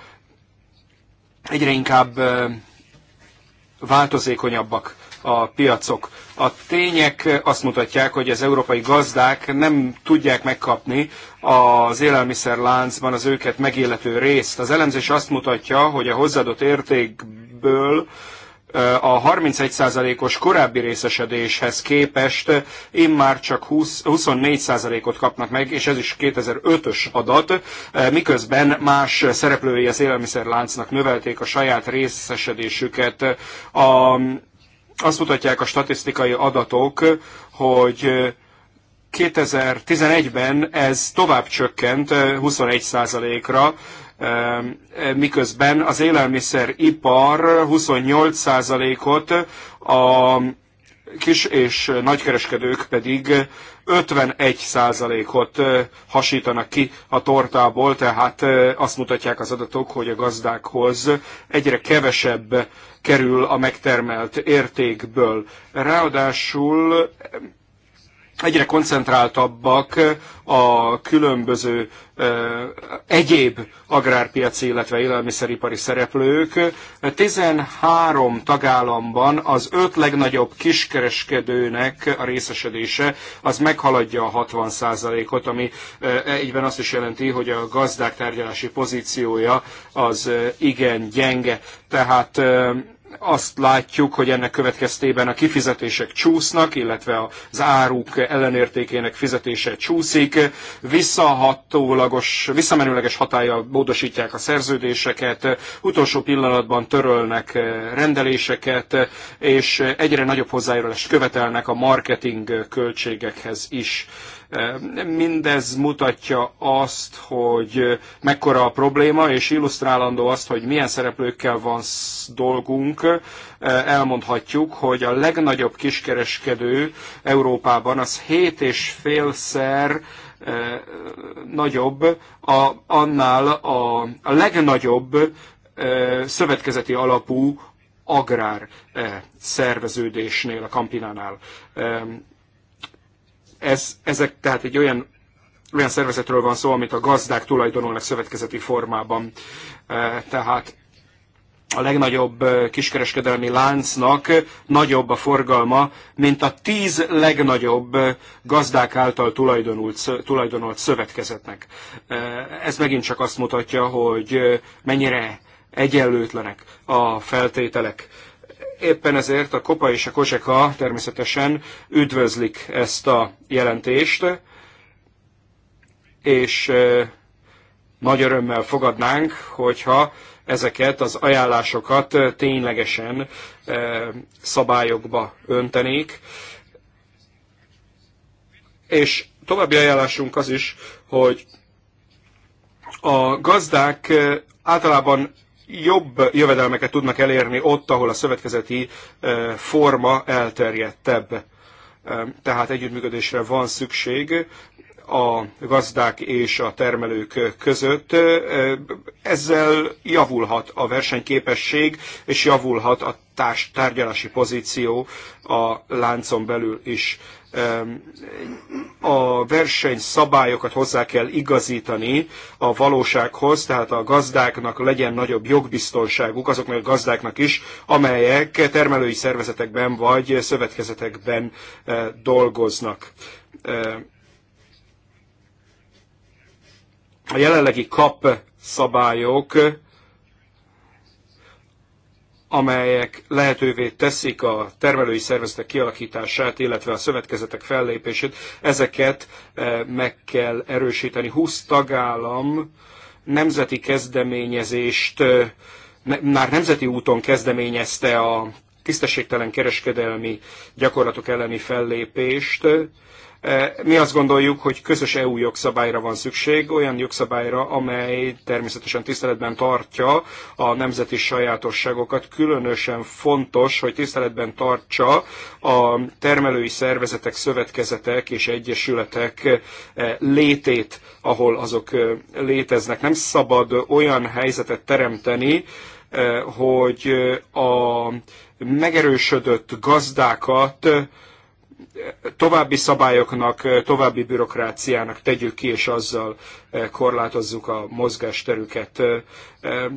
egyre inkább változékonyabbak a piacok. A tények azt mutatják, hogy az európai gazdák nem tudják megkapni az élelmiszerláncban az őket megillető részt. Az elemzés azt mutatja, hogy a hozzáadott értékből a 31%-os korábbi részesedéshez képest immár csak 20, 24%-ot kapnak meg, és ez is 2005-ös adat, miközben más szereplői az élelmiszerláncnak növelték a saját részesedésüket. A, azt mutatják a statisztikai adatok, hogy 2011-ben ez tovább csökkent 21%-ra, Ehm, miközben az élelmiszeripar 28%-ot, a kis és nagykereskedők pedig 51%-ot eh, hasítanak ki a tortából, tehát eh, azt mutatják az adatok, hogy a gazdákhoz egyre kevesebb kerül a megtermelt értékből. Ráadásul egyre koncentráltabbak a különböző egyéb agrárpiaci, illetve élelmiszeripari szereplők. 13 tagállamban az öt legnagyobb kiskereskedőnek a részesedése az meghaladja a 60%-ot, ami egyben azt is jelenti, hogy a gazdák tárgyalási pozíciója az igen gyenge. Tehát azt látjuk, hogy ennek következtében a kifizetések csúsznak, illetve az áruk ellenértékének fizetése csúszik, visszahatólagos, visszamenőleges hatállyal módosítják a szerződéseket, utolsó pillanatban törölnek eh, rendeléseket, és egyre nagyobb hozzájárulást követelnek a marketing költségekhez is. Mindez mutatja azt, hogy mekkora a probléma, és illusztrálandó azt, hogy milyen szereplőkkel van dolgunk. Elmondhatjuk, hogy a legnagyobb kiskereskedő Európában az és félszer nagyobb, a, annál a, a legnagyobb szövetkezeti alapú agrár eh, szerveződésnél, a Kampinánál. Ez, ezek tehát egy olyan, olyan szervezetről van szó, amit a gazdák tulajdonolnak szövetkezeti formában. E, tehát a legnagyobb e, kiskereskedelmi láncnak nagyobb a forgalma, mint a tíz legnagyobb e, gazdák által tulajdonult, tulajdonolt szövetkezetnek. Ez megint csak azt mutatja, hogy mennyire egyenlőtlenek a feltételek Éppen ezért a Kopa és a Koseka természetesen üdvözlik ezt a jelentést, és nagy örömmel fogadnánk, hogyha ezeket az ajánlásokat ténylegesen szabályokba öntenék. És további ajánlásunk az is, hogy a gazdák általában jobb jövedelmeket tudnak elérni ott, ahol a szövetkezeti eh, forma elterjedtebb. Eh, tehát együttműködésre van szükség a gazdák és a termelők között. Eh, ezzel javulhat a versenyképesség, és javulhat a társ, tárgyalási pozíció a láncon belül is. A verseny szabályokat hozzá kell igazítani a valósághoz, tehát a gazdáknak legyen nagyobb jogbiztonságuk, azoknak a gazdáknak is, amelyek termelői szervezetekben vagy szövetkezetekben eh, dolgoznak a jelenlegi kap szabályok amelyek lehetővé teszik a termelői szervezetek kialakítását, illetve a szövetkezetek fellépését, ezeket eh, meg kell erősíteni. 20 tagállam nemzeti kezdeményezést, eh, már nemzeti úton kezdeményezte a tisztességtelen kereskedelmi gyakorlatok elleni fellépést, mi azt gondoljuk, hogy közös EU jogszabályra van szükség, olyan jogszabályra, amely természetesen tiszteletben tartja a nemzeti sajátosságokat. Különösen fontos, hogy tiszteletben tartsa a termelői szervezetek, szövetkezetek és egyesületek eh, létét, ahol azok eh, léteznek. Nem szabad olyan helyzetet teremteni, eh, hogy a megerősödött gazdákat további szabályoknak, további bürokráciának tegyük ki, és azzal korlátozzuk a mozgásterüket.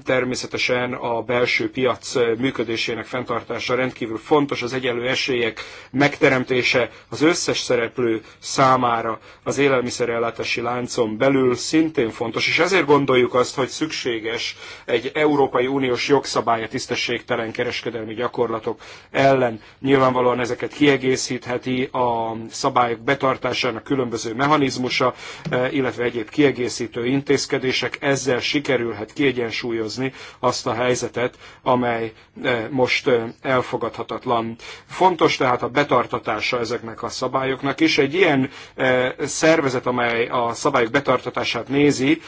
Természetesen a belső piac működésének fenntartása rendkívül fontos, az egyenlő esélyek megteremtése az összes szereplő számára az élelmiszerellátási láncon belül szintén fontos, és ezért gondoljuk azt, hogy szükséges egy Európai Uniós jogszabálya tisztességtelen kereskedelmi gyakorlatok ellen. Nyilvánvalóan ezeket kiegészítheti a szabályok betartásának különböző mechanizmusa, illetve egyéb kiegészítő intézkedések, ezzel sikerülhet kiegyensúlyozni ellensúlyozni azt a helyzetet, amely eh, most eh, elfogadhatatlan. Fontos tehát a betartatása ezeknek a szabályoknak is. Egy ilyen eh, szervezet, amely a szabályok betartatását nézi,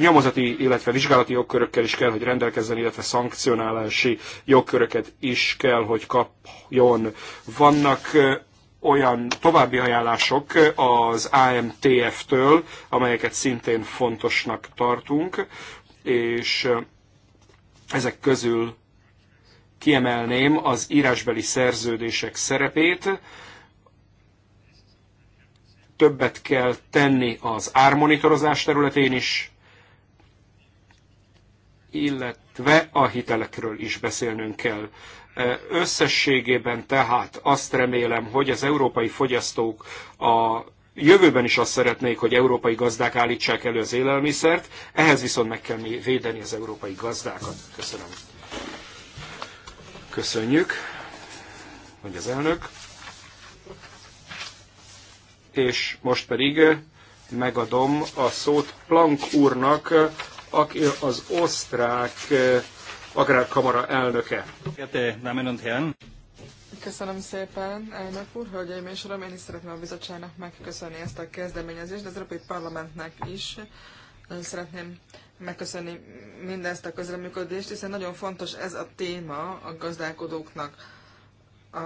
nyomozati, illetve vizsgálati jogkörökkel is kell, hogy rendelkezzen, illetve szankcionálási jogköröket is kell, hogy kapjon. Vannak olyan további ajánlások az AMTF-től, amelyeket szintén fontosnak tartunk és ezek közül kiemelném az írásbeli szerződések szerepét. Többet kell tenni az ármonitorozás területén is, illetve a hitelekről is beszélnünk kell. Összességében tehát azt remélem, hogy az európai fogyasztók a Jövőben is azt szeretnék, hogy európai gazdák állítsák elő az élelmiszert, ehhez viszont meg kell védeni az európai gazdákat. Köszönöm. Köszönjük, hogy az elnök. És most pedig megadom a szót Plank úrnak, aki az osztrák eh, agrárkamara elnöke. Köszönöm szépen, elnök úr, hölgyeim és uram, én is szeretném a bizottságnak megköszönni ezt a kezdeményezést, de az Európai Parlamentnek is szeretném megköszönni mindezt a közreműködést, hiszen nagyon fontos ez a téma a gazdálkodóknak. A,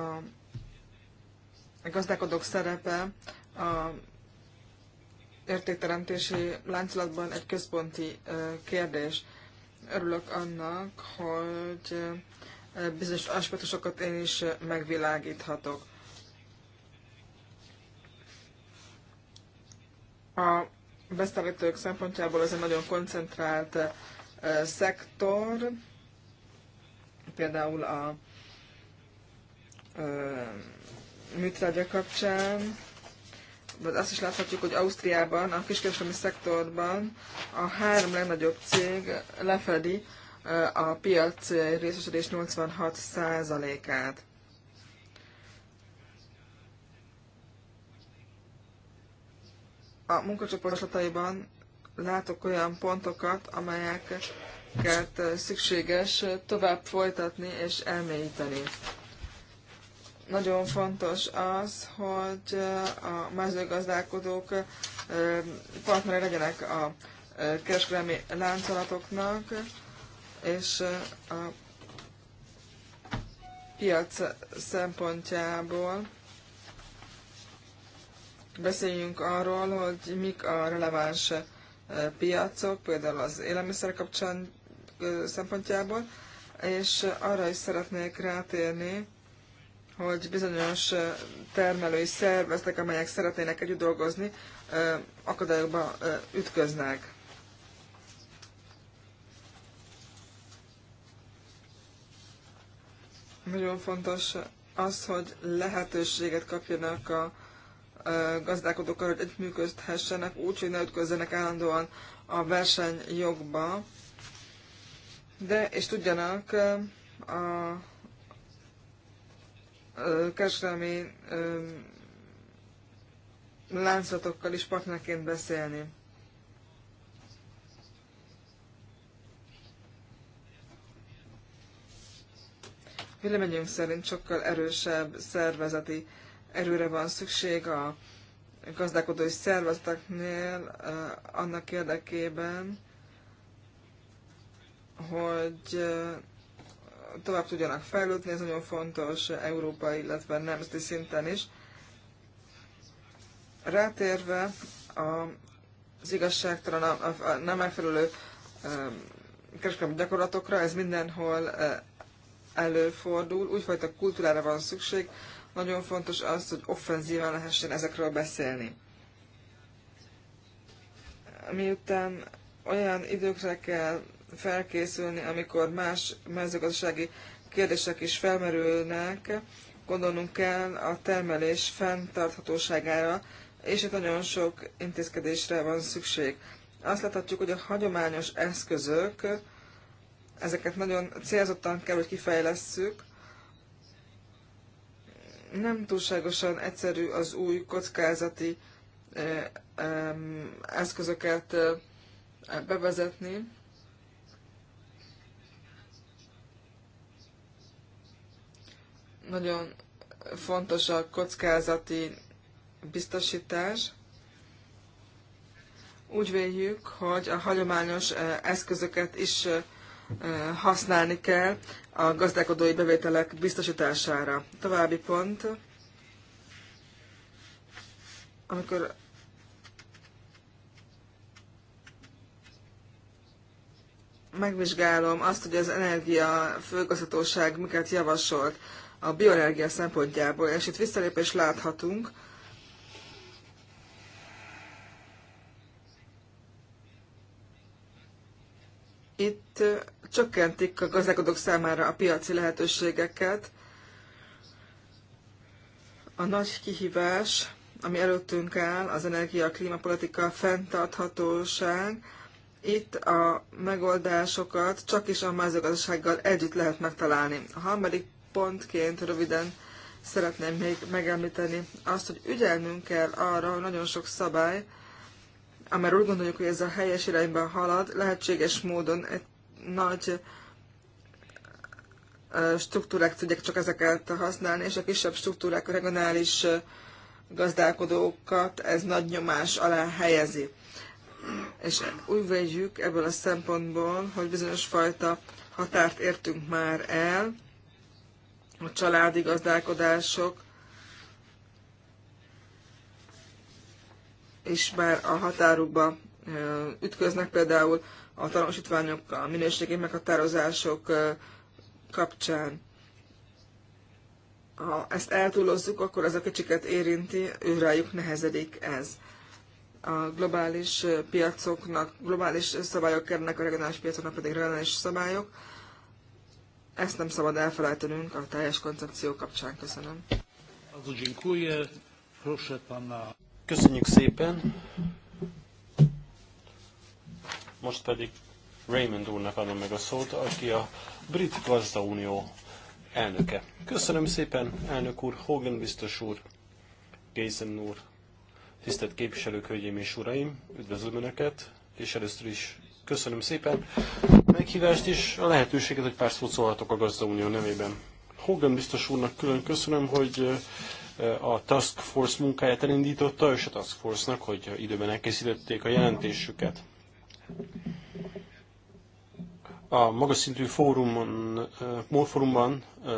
a gazdálkodók szerepe a értékteremtési láncolatban egy központi kérdés. Örülök annak, hogy bizonyos aspektusokat én is megvilágíthatok. A beszállítók szempontjából ez egy nagyon koncentrált szektor, például a műtrágya kapcsán, vagy azt is láthatjuk, hogy Ausztriában, a kiskereskedelmi szektorban a három legnagyobb cég lefedi a piac részesedés 86 százalékát. A munkacsoportoslataiban látok olyan pontokat, amelyeket szükséges tovább folytatni és elmélyíteni. Nagyon fontos az, hogy a mezőgazdálkodók partnere legyenek a kereskedelmi láncolatoknak, és a piac szempontjából beszéljünk arról, hogy mik a releváns piacok, például az élelmiszer kapcsán szempontjából, és arra is szeretnék rátérni, hogy bizonyos termelői szervezetek, amelyek szeretnének együtt dolgozni, akadályokba ütköznek. Nagyon fontos az, hogy lehetőséget kapjanak a gazdálkodók arra, hogy együttműködhessenek úgy, hogy ne ütközzenek állandóan a versenyjogba, de és tudjanak a kereskedelmi láncotokkal is partnerként beszélni. Véleményünk szerint sokkal erősebb szervezeti erőre van szükség a gazdálkodói szervezeteknél annak érdekében, hogy tovább tudjanak fejlődni, ez nagyon fontos európai, illetve nemzeti szinten is. Rátérve az igazságtalan, a, a nem megfelelő kereskedelmi gyakorlatokra, ez mindenhol előfordul, úgyfajta kultúrára van szükség. Nagyon fontos az, hogy offenzíven lehessen ezekről beszélni. Miután olyan időkre kell felkészülni, amikor más mezőgazdasági kérdések is felmerülnek, gondolnunk kell a termelés fenntarthatóságára, és itt nagyon sok intézkedésre van szükség. Azt láthatjuk, hogy a hagyományos eszközök ezeket nagyon célzottan kell, hogy kifejlesszük. Nem túlságosan egyszerű az új kockázati eh, eszközöket eh, bevezetni. Nagyon fontos a kockázati biztosítás. Úgy véljük, hogy a hagyományos eh, eszközöket is használni kell a gazdálkodói bevételek biztosítására. További pont, amikor megvizsgálom azt, hogy az energia főgazdatóság miket javasolt a bioenergia szempontjából, és itt visszalépés láthatunk, itt csökkentik a gazdálkodók számára a piaci lehetőségeket. A nagy kihívás, ami előttünk áll, az energia, a klímapolitika, fenntarthatóság. Itt a megoldásokat csak is a mezőgazdasággal együtt lehet megtalálni. A harmadik pontként röviden szeretném még megemlíteni azt, hogy ügyelnünk kell arra, hogy nagyon sok szabály, amely úgy gondoljuk, hogy ez a helyes irányba halad, lehetséges módon egy nagy struktúrák tudják csak ezeket használni, és a kisebb struktúrák, a regionális gazdálkodókat ez nagy nyomás alá helyezi. És úgy vegyük ebből a szempontból, hogy bizonyos fajta határt értünk már el, a családi gazdálkodások is már a határukba ütköznek, például a a minőségi meghatározások kapcsán. Ha ezt eltúlozzuk, akkor ez a kicsiket érinti, őrájuk nehezedik ez. A globális piacoknak, globális szabályok kerülnek, a regionális piacoknak pedig regionális szabályok. Ezt nem szabad elfelejtenünk a teljes koncepció kapcsán. Köszönöm. Köszönjük szépen. Most pedig Raymond úrnak adom meg a szót, aki a Brit Gazdaunió elnöke. Köszönöm szépen, elnök úr, Hogan biztos úr, Gézen úr, tisztelt képviselők, hölgyeim és uraim, üdvözlöm Önöket, és először is köszönöm szépen a meghívást és a lehetőséget, hogy pár szót szólhatok a Gazdaunió nevében. Hogan biztos úrnak külön köszönöm, hogy eh, a Task Force munkáját elindította, és a Task Force-nak, hogy időben elkészítették a jelentésüket. A magas szintű fórumon, eh, fórumban eh,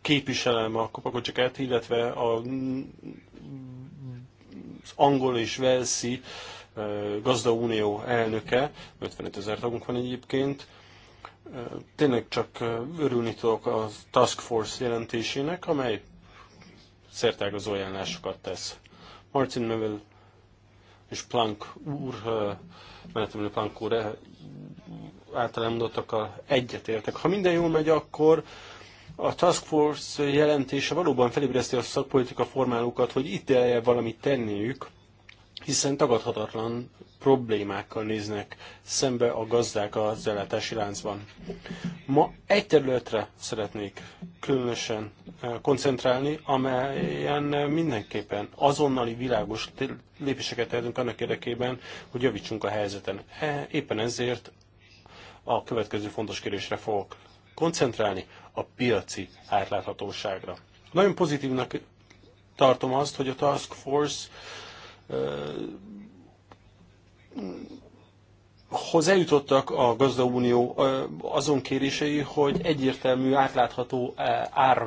képviselem a kopakocsikát, illetve a, az angol és velszi eh, Unió elnöke, 55 ezer tagunk van egyébként, tényleg csak örülni tudok a Task Force jelentésének, amely szertágazó ajánlásokat tesz. Martin Mövel és Planck úr mellettem Pankó e- által a egyetértek. Ha minden jól megy, akkor a Task Force jelentése valóban felébreszti a szakpolitika formálókat, hogy itt elje valamit tenniük, hiszen tagadhatatlan problémákkal néznek szembe a gazdák az ellátási láncban. Ma egy területre szeretnék különösen eh, koncentrálni, amelyen mindenképpen azonnali világos lépéseket tehetünk annak érdekében, hogy javítsunk a helyzeten. E, éppen ezért a következő fontos kérdésre fogok koncentrálni, a piaci átláthatóságra. Nagyon pozitívnak tartom azt, hogy a Task Force eh, Hozzájutottak a a gazdaunió azon kérései, hogy egyértelmű, átlátható ár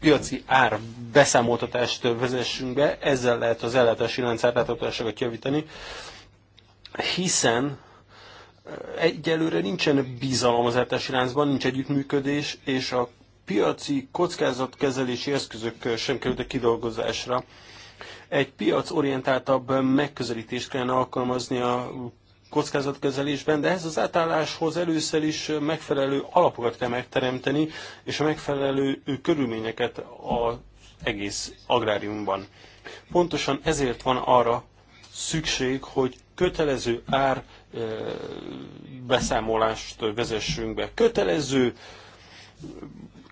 piaci ár beszámoltatást vezessünk be, ezzel lehet az ellátási lánc átláthatóságot javítani, hiszen egyelőre nincsen bizalom az ellátási láncban, nincs együttműködés, és a piaci kockázatkezelési eszközök sem kerültek kidolgozásra. Egy piacorientáltabb megközelítést kellene alkalmazni a kockázatkezelésben, de ehhez az átálláshoz először is megfelelő alapokat kell megteremteni, és a megfelelő körülményeket az egész agráriumban. Pontosan ezért van arra szükség, hogy kötelező ár beszámolást vezessünk be. Kötelező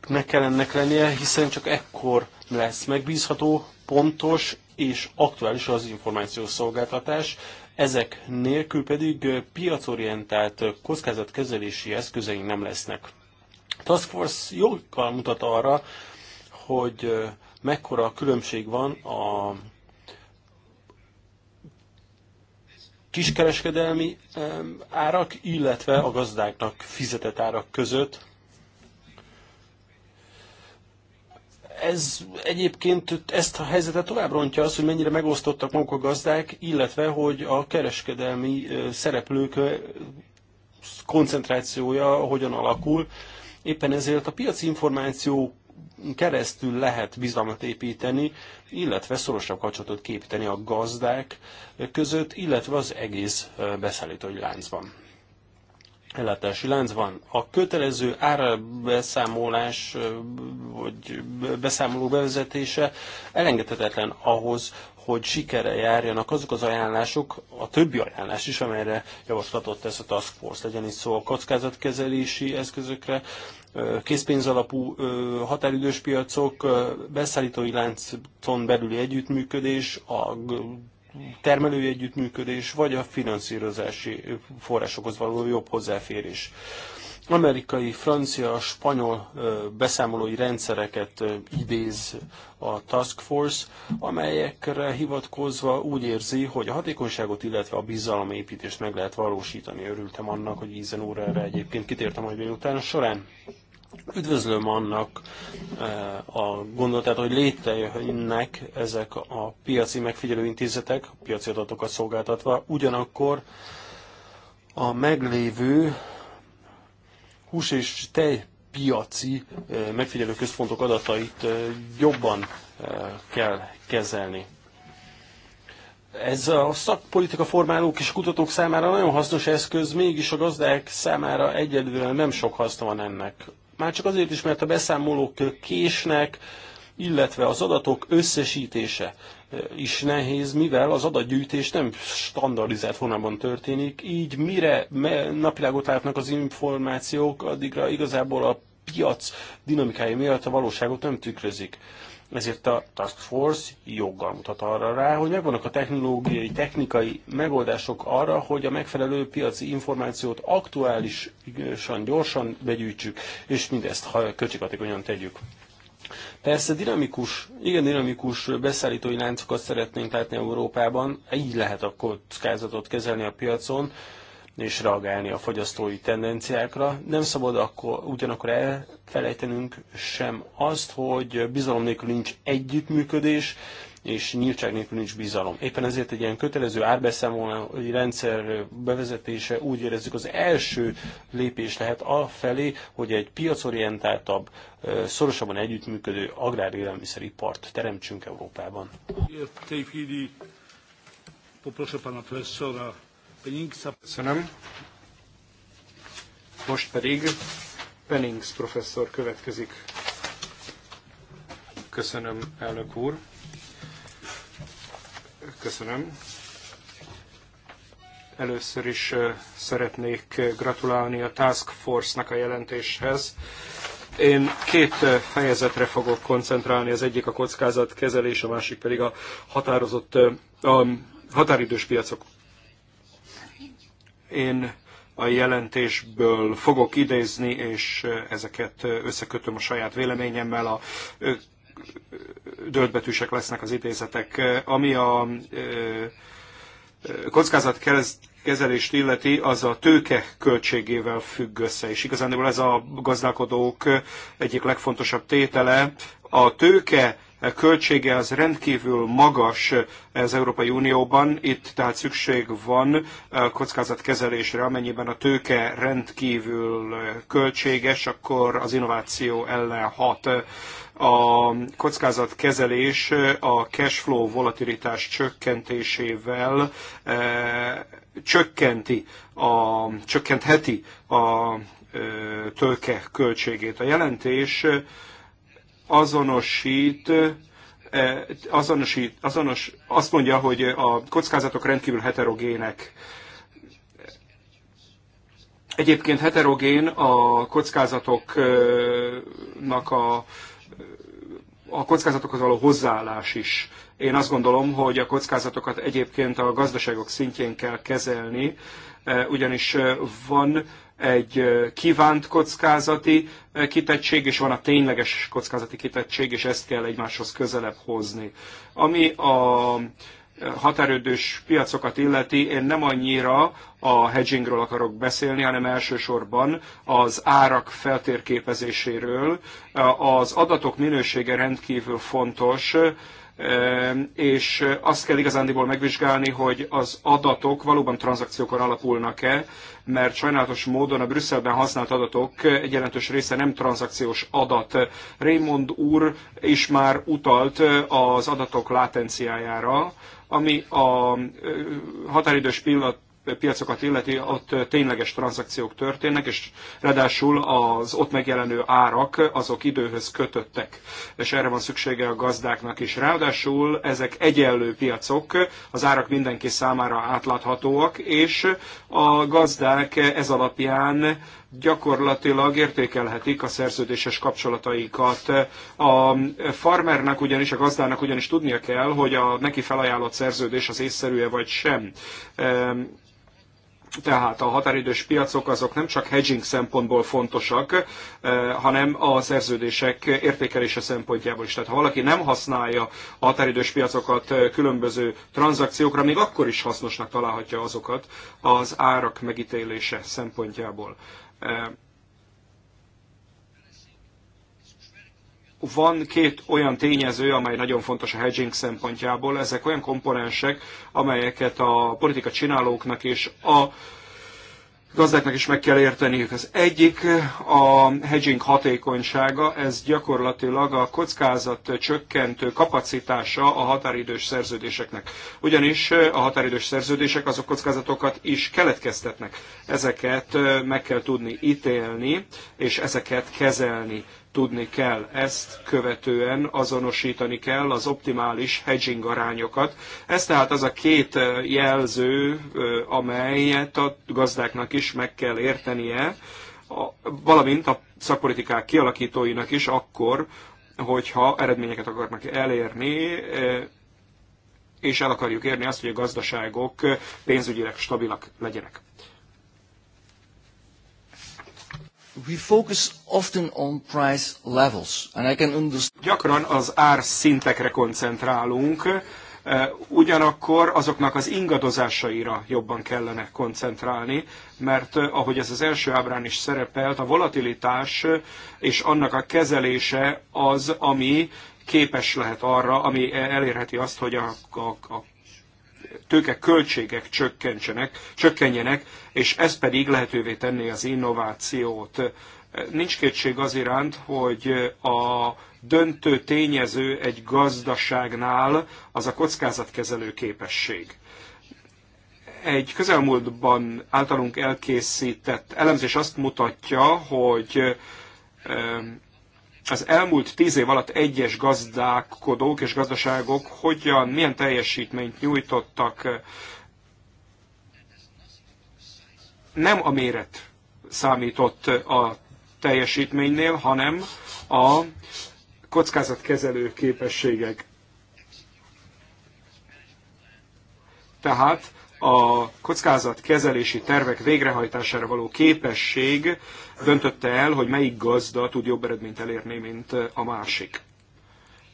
ne kell ennek lennie, hiszen csak ekkor lesz megbízható, pontos és aktuális az információszolgáltatás, ezek nélkül pedig piacorientált kockázatkezelési eszközeink nem lesznek. Task Force jókkal mutat arra, hogy mekkora különbség van a kiskereskedelmi árak, illetve a gazdáknak fizetett árak között. ez egyébként ezt a helyzetet tovább rontja az, hogy mennyire megosztottak maguk a gazdák, illetve hogy a kereskedelmi szereplők koncentrációja hogyan alakul. Éppen ezért a piaci információ keresztül lehet bizalmat építeni, illetve szorosabb kapcsolatot képíteni a gazdák között, illetve az egész beszállítói láncban ellátási lánc van. A kötelező árbeszámolás vagy beszámoló bevezetése elengedhetetlen ahhoz, hogy sikere járjanak azok az ajánlások, a többi ajánlás is, amelyre javaslatot tesz a Task Force, legyen itt szó a kockázatkezelési eszközökre, készpénzalapú határidős piacok, beszállítói láncon belüli együttműködés, a termelői együttműködés, vagy a finanszírozási forrásokhoz való jobb hozzáférés. Amerikai, francia, spanyol beszámolói rendszereket idéz a Task Force, amelyekre hivatkozva úgy érzi, hogy a hatékonyságot, illetve a bizalomépítést meg lehet valósítani. Örültem annak, hogy Ízen úr erre egyébként kitértem majd délután során. Üdvözlöm annak eh, a gondolatát, hogy létrejönnek ezek a piaci megfigyelőintézetek, piaci adatokat szolgáltatva, ugyanakkor a meglévő hús és tej piaci eh, megfigyelő központok adatait eh, jobban kell kezelni. Ez a szakpolitika formálók és kutatók számára nagyon hasznos eszköz, mégis a gazdák számára egyedül nem sok haszna van ennek. Már csak azért is, mert a beszámolók késnek, illetve az adatok összesítése eh, is nehéz, mivel az adatgyűjtés nem standardizált formában történik, így mire napvilágot látnak az információk, addigra igazából a piac dinamikája miatt a valóságot nem tükrözik. Ezért a Task Force joggal mutat arra rá, hogy megvannak a technológiai, technikai megoldások arra, hogy a megfelelő piaci információt aktuálisan, gyorsan begyűjtsük, és mindezt költséghatékonyan tegyük. Persze dinamikus, igen dinamikus beszállítói láncokat szeretnénk látni Európában, így lehet a kockázatot kezelni a piacon, és reagálni a fogyasztói tendenciákra. Nem szabad akkor, ugyanakkor elfelejtenünk sem azt, hogy bizalom nélkül nincs együttműködés, és nyíltság nélkül nincs bizalom. Éppen ezért egy ilyen kötelező árbeszámolói rendszer bevezetése úgy érezzük az első lépés lehet a felé hogy egy piacorientáltabb, szorosabban együttműködő agrárélelmiszeripart teremtsünk Európában. W tej chwili poproszę Köszönöm. Most pedig Pennings professzor következik. Köszönöm, elnök úr. Köszönöm. Először is szeretnék gratulálni a Task Force-nak a jelentéshez. Én két fejezetre fogok koncentrálni, az egyik a kockázatkezelés, a másik pedig a határozott a határidős piacok. Én a jelentésből fogok idézni, és ezeket összekötöm a saját véleményemmel. A döltbetűsek lesznek az idézetek. Ami a kockázat kezelést illeti, az a tőke költségével függ össze, és igazán ez a gazdálkodók egyik legfontosabb tétele. A tőke költsége az rendkívül magas az Európai Unióban, itt tehát szükség van eh, kockázatkezelésre, amennyiben a tőke rendkívül eh, költséges, akkor az innováció ellen hat a kockázatkezelés eh, a cash flow volatilitás csökkentésével e, csökkenti a, csökkentheti a e, tőke költségét. A jelentés azonosít, e, azonosít, azonos, azt mondja, hogy a kockázatok rendkívül heterogének. Egyébként heterogén a kockázatoknak a, a kockázatokhoz való hozzáállás is. Én azt gondolom, hogy a kockázatokat egyébként a gazdaságok szintjén kell kezelni, e, ugyanis van egy kívánt kockázati kitettség, és van a tényleges kockázati kitettség, és ezt kell egymáshoz közelebb hozni. Ami a határődős piacokat illeti, én nem annyira a hedgingről akarok beszélni, hanem elsősorban az árak feltérképezéséről. Az adatok minősége rendkívül fontos, és azt kell igazándiból megvizsgálni, hogy az adatok valóban tranzakciókon alapulnak-e, mert sajnálatos módon a Brüsszelben használt adatok egy jelentős része nem tranzakciós adat. Raymond úr is már utalt az adatok látenciájára, ami a határidős pillanat piacokat illeti, ott tényleges tranzakciók történnek, és ráadásul az ott megjelenő árak azok időhöz kötöttek, és erre van szüksége a gazdáknak is. Ráadásul ezek egyenlő piacok, az árak mindenki számára átláthatóak, és a gazdák ez alapján gyakorlatilag értékelhetik a szerződéses kapcsolataikat. A farmernek ugyanis, a gazdának ugyanis tudnia kell, hogy a neki felajánlott szerződés az észszerű-e vagy sem. Ehm, tehát a határidős piacok azok nem csak hedging szempontból fontosak, eh, hanem a szerződések értékelése szempontjából is. Tehát ha valaki nem használja a határidős piacokat eh, különböző tranzakciókra, még akkor is hasznosnak találhatja azokat az árak megítélése szempontjából. Eh, van két olyan tényező, amely nagyon fontos a hedging szempontjából. Ezek olyan komponensek, amelyeket a politika csinálóknak és a gazdáknak is meg kell érteniük. Az egyik a hedging hatékonysága, ez gyakorlatilag a kockázat csökkentő kapacitása a határidős szerződéseknek. Ugyanis a határidős szerződések azok kockázatokat is keletkeztetnek. Ezeket meg kell tudni ítélni, és ezeket kezelni tudni kell ezt követően, azonosítani kell az optimális hedging arányokat. Ez tehát az a két jelző, amelyet a gazdáknak is meg kell értenie, valamint a szakpolitikák kialakítóinak is akkor, hogyha eredményeket akarnak elérni, és el akarjuk érni azt, hogy a gazdaságok pénzügyileg stabilak legyenek. we focus often on price levels, and I can understand. Gyakran az ár szintekre koncentrálunk, eh, ugyanakkor azoknak az ingadozásaira jobban kellene koncentrálni, mert eh, ahogy ez az első ábrán is szerepelt, a volatilitás eh, és annak a kezelése az, ami képes lehet arra, ami elérheti azt, hogy a, a, a tőke költségek csökkentsenek, csökkenjenek, és ez pedig lehetővé tenné az innovációt. Nincs kétség az iránt, hogy a döntő tényező egy gazdaságnál az a kockázatkezelő képesség egy közelmúltban általunk elkészített elemzés azt mutatja, hogy az elmúlt tíz év alatt egyes gazdálkodók és gazdaságok hogyan, milyen teljesítményt nyújtottak, nem a méret számított a teljesítménynél, hanem a kockázatkezelő képességek. Tehát a kezelési tervek végrehajtására való képesség döntötte el, hogy melyik gazda tud jobb eredményt elérni, mint a másik.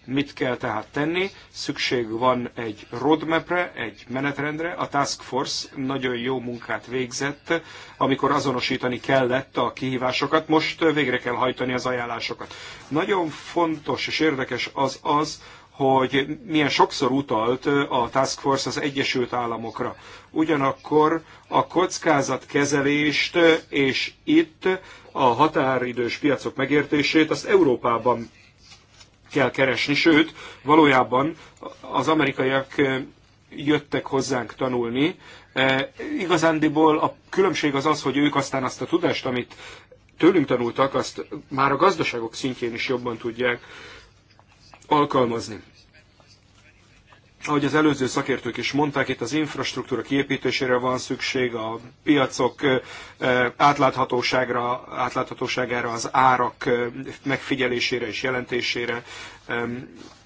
Mit kell tehát tenni? Szükség van egy roadmapre, egy menetrendre. A Task Force nagyon jó munkát végzett, amikor azonosítani kellett a kihívásokat, most végre kell hajtani az ajánlásokat. Nagyon fontos és érdekes az az, hogy milyen sokszor utalt a Task Force az Egyesült Államokra. Ugyanakkor a kockázatkezelést és itt a határidős piacok megértését azt Európában kell keresni, sőt, valójában az amerikaiak jöttek hozzánk tanulni. E, igazándiból a különbség az az, hogy ők aztán azt a tudást, amit tőlünk tanultak, azt már a gazdaságok szintjén is jobban tudják alkalmazni. Ahogy az előző szakértők is mondták, itt az infrastruktúra kiépítésére van szükség, a piacok átláthatóságra, átláthatóságára, az árak megfigyelésére és jelentésére,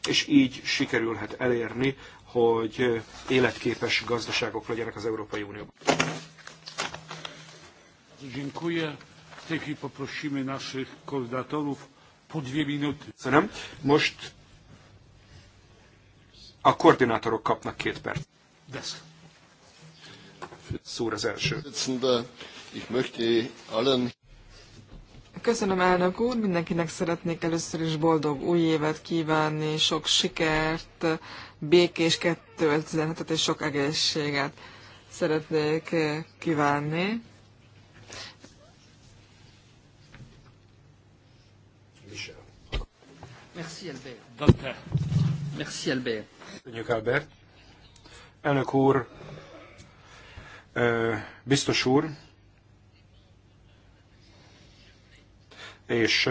és így sikerülhet elérni, hogy életképes gazdaságok legyenek az Európai Unióban. Dziękuję. po dwie minuty. Most a koordinátorok kapnak két perc. Desz. Szúr az első. Köszönöm, elnök úr! Mindenkinek szeretnék először is boldog új évet kívánni, sok sikert, békés 2017-et és sok egészséget szeretnék kívánni. Michel. Merci, Albert. Merci, Albert. Köszönjük, Albert. Elnök úr, biztos úr, és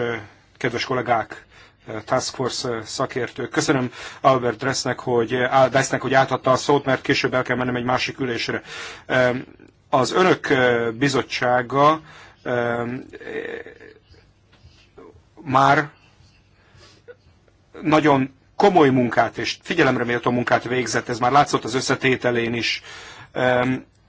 kedves kollégák, Task Force szakértők. Köszönöm Albert Dressnek, hogy, Dressnek, hogy átadta a szót, mert később el kell mennem egy másik ülésre. Az önök bizottsága már nagyon komoly munkát és figyelemre méltó munkát végzett, ez már látszott az összetételén is,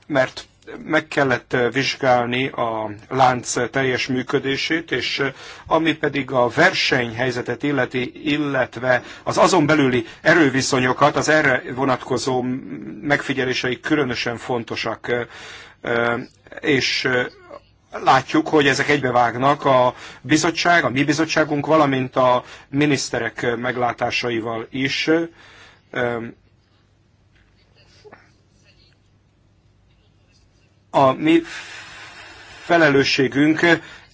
mert meg kellett vizsgálni a lánc teljes működését, és ami pedig a versenyhelyzetet illeti, illetve az azon belüli erőviszonyokat, az erre vonatkozó megfigyelései különösen fontosak, és látjuk, hogy ezek egybevágnak a bizottság, a mi bizottságunk, valamint a miniszterek meglátásaival is. A mi felelősségünk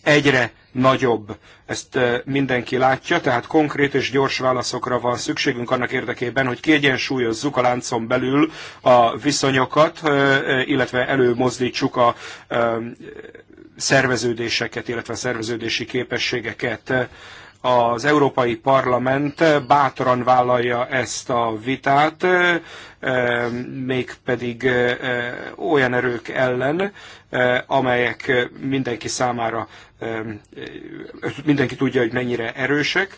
egyre nagyobb. Ezt mindenki látja, tehát konkrét és gyors válaszokra van szükségünk annak érdekében, hogy kiegyensúlyozzuk a láncon belül a viszonyokat, illetve előmozdítsuk a szerveződéseket, illetve szerveződési képességeket. Az Európai Parlament bátran vállalja ezt a vitát, mégpedig olyan erők ellen, amelyek mindenki számára, mindenki tudja, hogy mennyire erősek.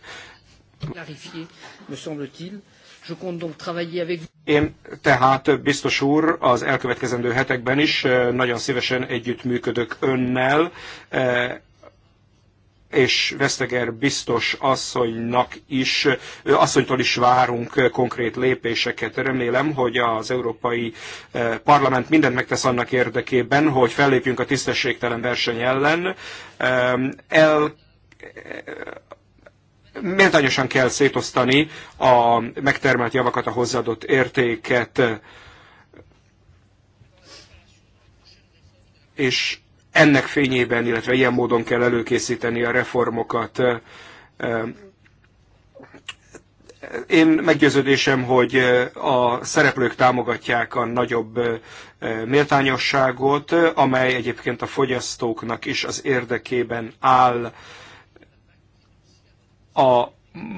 me semble-t-il én tehát, biztos úr, az elkövetkezendő hetekben is eh, nagyon szívesen együttműködök önnel, eh, és Veszteger biztos asszonynak is, eh, asszonytól is várunk konkrét lépéseket. Remélem, hogy az Európai Parlament mindent megtesz annak érdekében, hogy fellépjünk a tisztességtelen verseny ellen. El méltányosan kell szétosztani a megtermelt javakat, a hozzáadott értéket, és ennek fényében, illetve ilyen módon kell előkészíteni a reformokat. Én meggyőződésem, hogy a szereplők támogatják a nagyobb méltányosságot, amely egyébként a fogyasztóknak is az érdekében áll a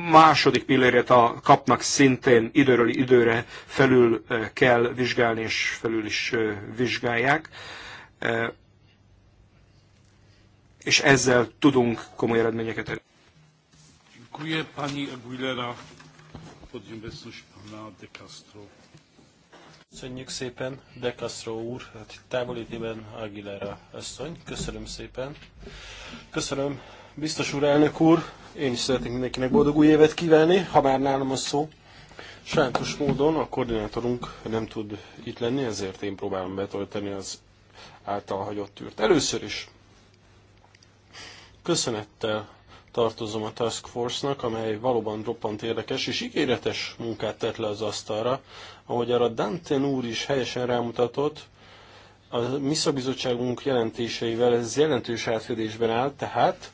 második pillérét a kapnak szintén időről időre felül kell vizsgálni, és felül is vizsgálják. És ezzel tudunk komoly eredményeket elérni. Dziękuję pani Aguilera pana De Castro. Köszönjük szépen, De Castro úr, hát távolítében Aguilera asszony. Köszönöm szépen. Köszönöm Biztos úr, elnök úr, én is szeretnék mindenkinek boldog új évet kívánni, ha már nálam a szó. Sajátos módon a koordinátorunk nem tud itt lenni, ezért én próbálom betölteni az által hagyott űrt. Először is köszönettel tartozom a Task Force-nak, amely valóban roppant érdekes és ígéretes munkát tett le az asztalra. Ahogy arra Danten úr is helyesen rámutatott, a mi szakbizottságunk jelentéseivel ez jelentős átfedésben áll, tehát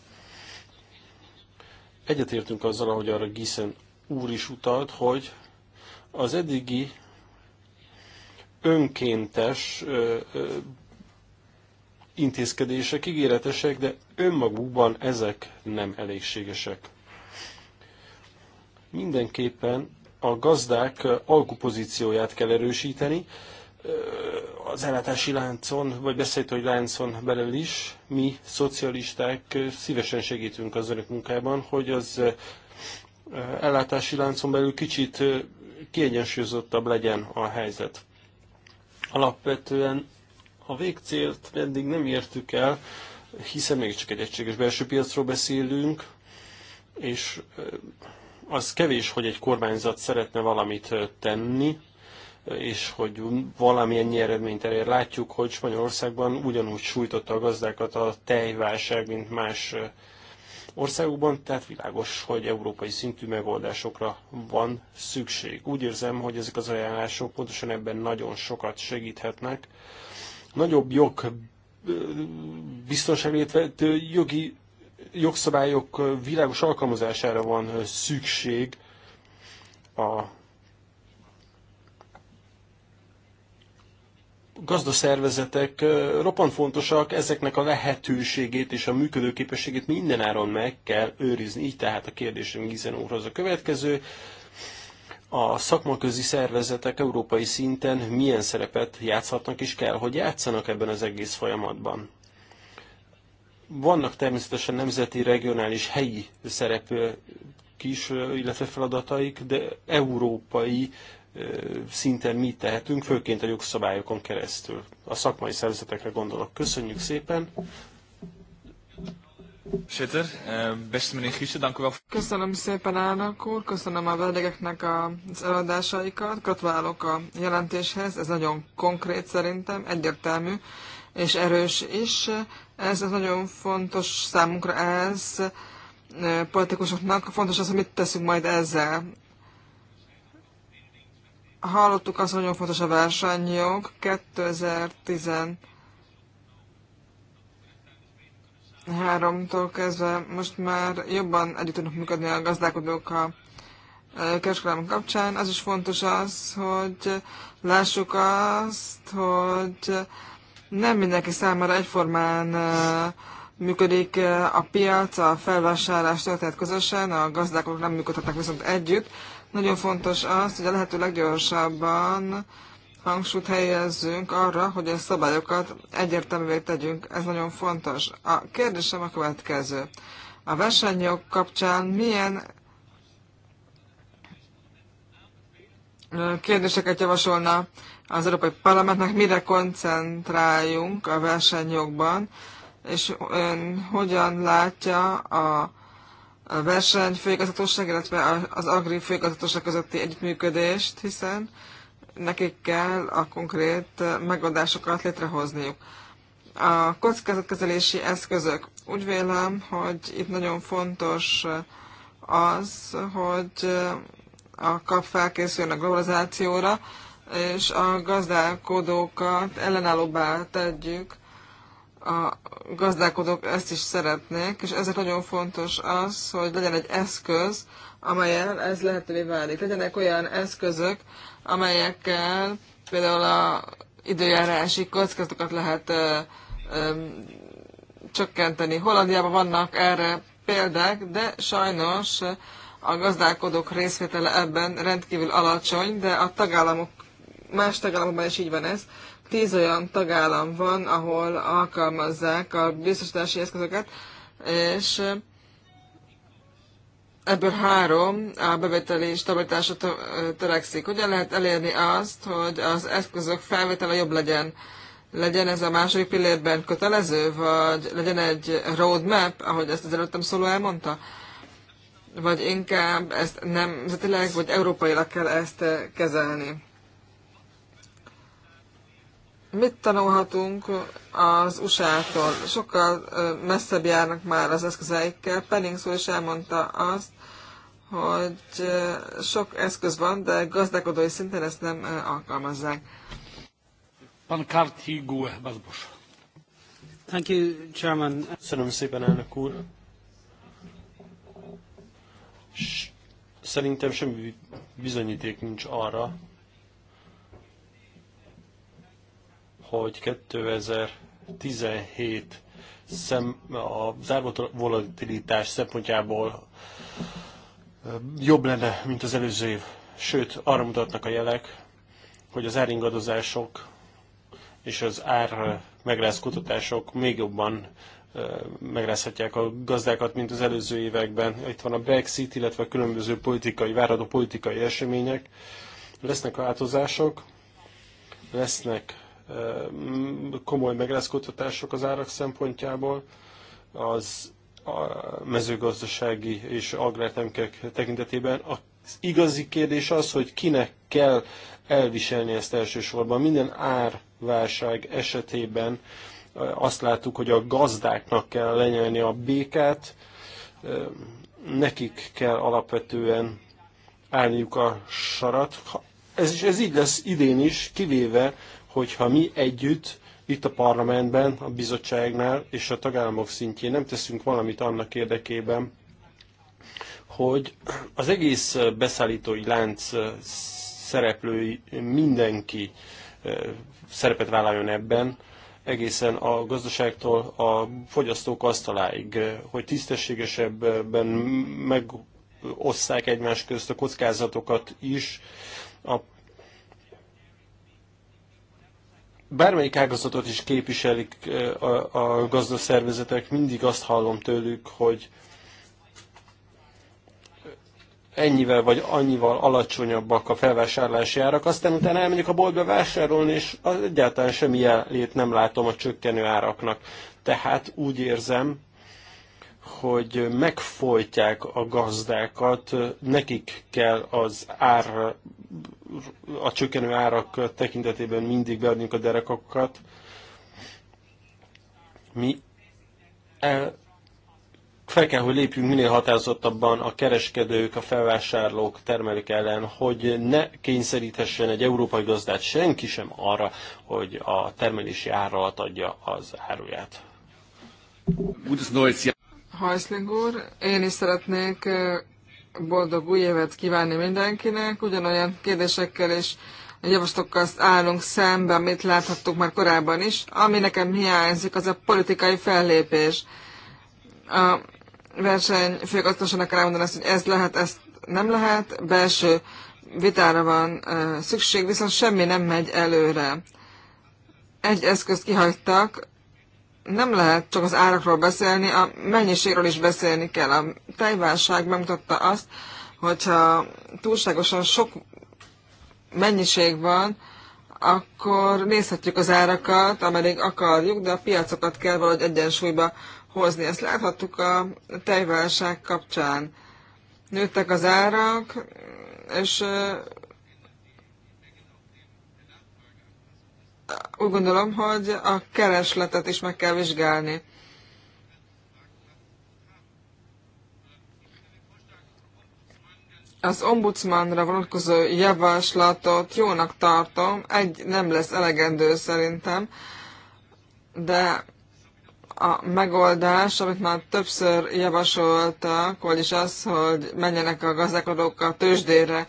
Egyetértünk azzal, ahogy arra Giszen úr is utalt, hogy az eddigi önkéntes ö, ö, intézkedések ígéretesek, de önmagukban ezek nem elégségesek. Mindenképpen a gazdák alkupozícióját kell erősíteni, az ellátási láncon, vagy hogy láncon belül is, mi szocialisták szívesen segítünk az önök munkában, hogy az ellátási láncon belül kicsit kiegyensúlyozottabb legyen a helyzet. Alapvetően a végcélt eddig nem értük el, hiszen még csak egy egységes belső piacról beszélünk, és az kevés, hogy egy kormányzat szeretne valamit tenni, és hogy valamilyen eredményt elér. Látjuk, hogy Spanyolországban ugyanúgy sújtotta a gazdákat a tejválság, mint más országokban, tehát világos, hogy európai szintű megoldásokra van szükség. Úgy érzem, hogy ezek az ajánlások pontosan ebben nagyon sokat segíthetnek. Nagyobb jog biztonság, jogi jogszabályok világos alkalmazására van szükség a gazdaszervezetek roppant fontosak, ezeknek a lehetőségét és a működőképességét mindenáron meg kell őrizni. Így tehát a kérdésem Gizen úrhoz a következő. A szakmaközi szervezetek európai szinten milyen szerepet játszhatnak és kell, hogy játszanak ebben az egész folyamatban? Vannak természetesen nemzeti, regionális, helyi szerep is, illetve feladataik, de európai szinten mit tehetünk, főként a jogszabályokon keresztül. A szakmai szervezetekre gondolok. Köszönjük szépen! Voorzitter, Köszönöm szépen, állnak úr, köszönöm a vendégeknek az eladásaikat, gratulálok a jelentéshez, ez nagyon konkrét szerintem, egyértelmű és erős is. Ez, az nagyon fontos számunkra ez, politikusoknak, fontos az, hogy mit teszünk majd ezzel. Hallottuk azt, hogy nagyon fontos a versenyjog. 2010 háromtól kezdve most már jobban együtt tudnak működni a gazdálkodók a kereskedelem kapcsán. Az is fontos az, hogy lássuk azt, hogy nem mindenki számára egyformán működik a piac, a felvásárlás történet közösen, a gazdálkodók nem működhetnek viszont együtt, nagyon fontos az, hogy a lehető leggyorsabban hangsúlyt helyezzünk arra, hogy a szabályokat egyértelművé tegyünk. Ez nagyon fontos. A kérdésem a következő. A versenyok kapcsán milyen kérdéseket javasolna az Európai Parlamentnek, mire koncentráljunk a versenyjogban, és ön hogyan látja a a főigazgatóság, illetve az agri főigazgatóság közötti együttműködést, hiszen nekik kell a konkrét megoldásokat létrehozniuk. A kockázatkezelési eszközök. Úgy vélem, hogy itt nagyon fontos az, hogy a kap felkészüljön a globalizációra, és a gazdálkodókat ellenállóbbá tegyük a gazdálkodók ezt is szeretnék, és ezért nagyon fontos az, hogy legyen egy eszköz, amelyen ez lehetővé válik. Legyenek olyan eszközök, amelyekkel például a időjárási kockázatokat lehet ö, ö, csökkenteni. Hollandiában vannak erre példák, de sajnos a gazdálkodók részvétele ebben rendkívül alacsony, de a tagállamok, más tagállamokban is így van ez, tíz olyan tagállam van, ahol alkalmazzák a biztosítási eszközöket, és eh, ebből három a bevételi stabilitásra eh, törekszik. Hogyan lehet elérni azt, hogy az eszközök felvétele jobb legyen? Legyen ez a második pillérben kötelező, vagy legyen egy roadmap, ahogy ezt az előttem szóló elmondta? Vagy inkább ezt nemzetileg, vagy európailag kell ezt eh, kezelni? Mit tanulhatunk az USA-tól? Sokkal messzebb járnak már az eszközeikkel. Penningszó is elmondta azt, hogy sok eszköz van, de gazdálkodói szinten ezt nem alkalmazzák. Pan Kárti Gue, Bazbos. Thank you, Chairman. Köszönöm szépen, elnök úr. Szerintem semmi bizonyíték nincs arra, hogy 2017 szem, a zárvolatilitás szempontjából jobb lenne, mint az előző év. Sőt, arra mutatnak a jelek, hogy az áringadozások és az ár megrázkutatások még jobban megrázhatják a gazdákat, mint az előző években. Itt van a Brexit, illetve a különböző politikai, várható politikai események. Lesznek változások, lesznek komoly megrázkódtatások az árak szempontjából. Az a mezőgazdasági és agrártemkek tekintetében. Az igazi kérdés az, hogy kinek kell elviselni ezt elsősorban. Minden árválság esetében azt láttuk, hogy a gazdáknak kell lenyelni a békát, nekik kell alapvetően állniuk a sarat. Ez, is, ez így lesz idén is, kivéve hogyha mi együtt itt a parlamentben, a bizottságnál és a tagállamok szintjén nem teszünk valamit annak érdekében, hogy az egész beszállítói lánc szereplői mindenki szerepet vállaljon ebben, egészen a gazdaságtól a fogyasztók asztaláig, hogy tisztességesebben megosszák egymás közt a kockázatokat is, a bármelyik ágazatot is képviselik a, a gazdaszervezetek, mindig azt hallom tőlük, hogy ennyivel vagy annyival alacsonyabbak a felvásárlási árak, aztán utána elmegyek a boltba vásárolni, és az egyáltalán semmi jelét nem látom a csökkenő áraknak. Tehát úgy érzem, hogy megfojtják a gazdákat, nekik kell az ár a csökkenő árak tekintetében mindig beadjunk a derekakat. Mi el, fel kell, hogy lépjünk minél határozottabban a kereskedők, a felvásárlók, termelők ellen, hogy ne kényszeríthessen egy európai gazdát senki sem arra, hogy a termelési ára alatt adja az áruját. Hajszling úr, én is szeretnék boldog új évet kívánni mindenkinek. Ugyanolyan kérdésekkel és javaslatokkal állunk szemben, amit láthattuk már korábban is. Ami nekem hiányzik, az a politikai fellépés. A kell elmondani azt, hogy ez lehet, ezt nem lehet, belső vitára van szükség, viszont semmi nem megy előre. Egy eszközt kihagytak, nem lehet csak az árakról beszélni, a mennyiségről is beszélni kell. A tejválság bemutatta azt, hogyha túlságosan sok mennyiség van, akkor nézhetjük az árakat, ameddig akarjuk, de a piacokat kell valahogy egyensúlyba hozni. Ezt láthattuk a tejválság kapcsán. Nőttek az árak, és úgy gondolom, hogy a keresletet is meg kell vizsgálni. Az ombudsmanra vonatkozó javaslatot jónak tartom, egy nem lesz elegendő szerintem, de a megoldás, amit már többször javasoltak, vagyis az, hogy menjenek a gazdálkodók a tőzsdére,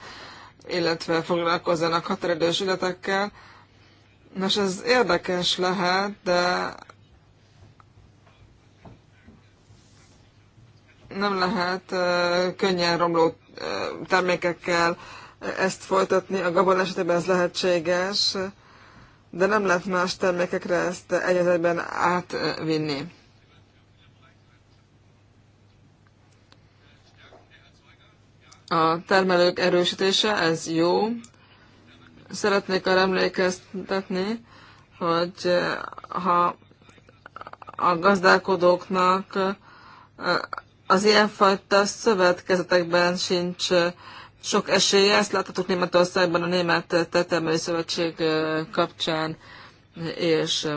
illetve foglalkozzanak határidős ületekkel, Nos, ez érdekes lehet, de nem lehet uh, könnyen romló uh, termékekkel ezt folytatni. A gabon esetében ez lehetséges, de nem lehet más termékekre ezt egyetemben átvinni. A termelők erősítése, ez jó szeretnék arra emlékeztetni, hogy eh, ha a gazdálkodóknak eh, az ilyenfajta szövetkezetekben sincs eh, sok esélye, ezt láthatjuk Németországban a Német Tetemői Szövetség kapcsán, és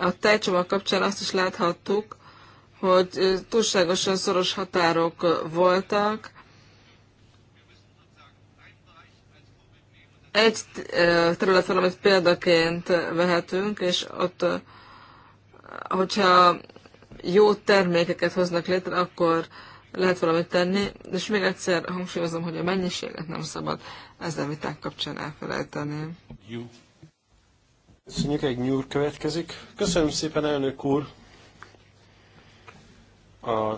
a tejcsomag kapcsán azt is láthattuk, hogy túlságosan szoros határok voltak, egy területről, amit példaként vehetünk, és ott, hogyha jó termékeket hoznak létre, akkor lehet valamit tenni, és még egyszer hangsúlyozom, hogy a mennyiséget nem szabad ezzel viták kapcsán elfelejteni. Köszönjük, egy nyúr következik. Köszönöm szépen, elnök úr! A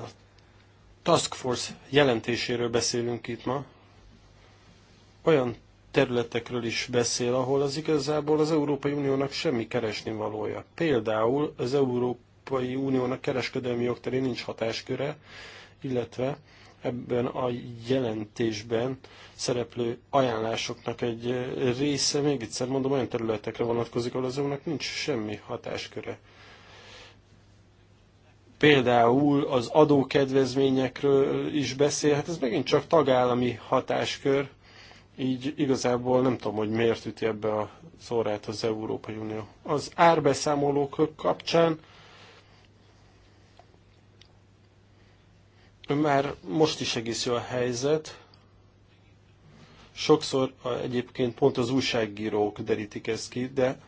Task Force jelentéséről beszélünk itt ma. Olyan területekről is beszél, ahol az igazából az Európai Uniónak semmi keresni valója. Például az Európai Uniónak kereskedelmi jogterén nincs hatásköre, illetve ebben a jelentésben szereplő ajánlásoknak egy része, még egyszer mondom, olyan területekre vonatkozik, ahol az EU-nak nincs semmi hatásköre. Például az adókedvezményekről is beszélhet, hát ez megint csak tagállami hatáskör, így igazából nem tudom, hogy miért üti ebbe a szórát az Európai Unió. Az árbeszámolók kapcsán már most is egész jó a helyzet. Sokszor egyébként pont az újságírók derítik ezt ki, de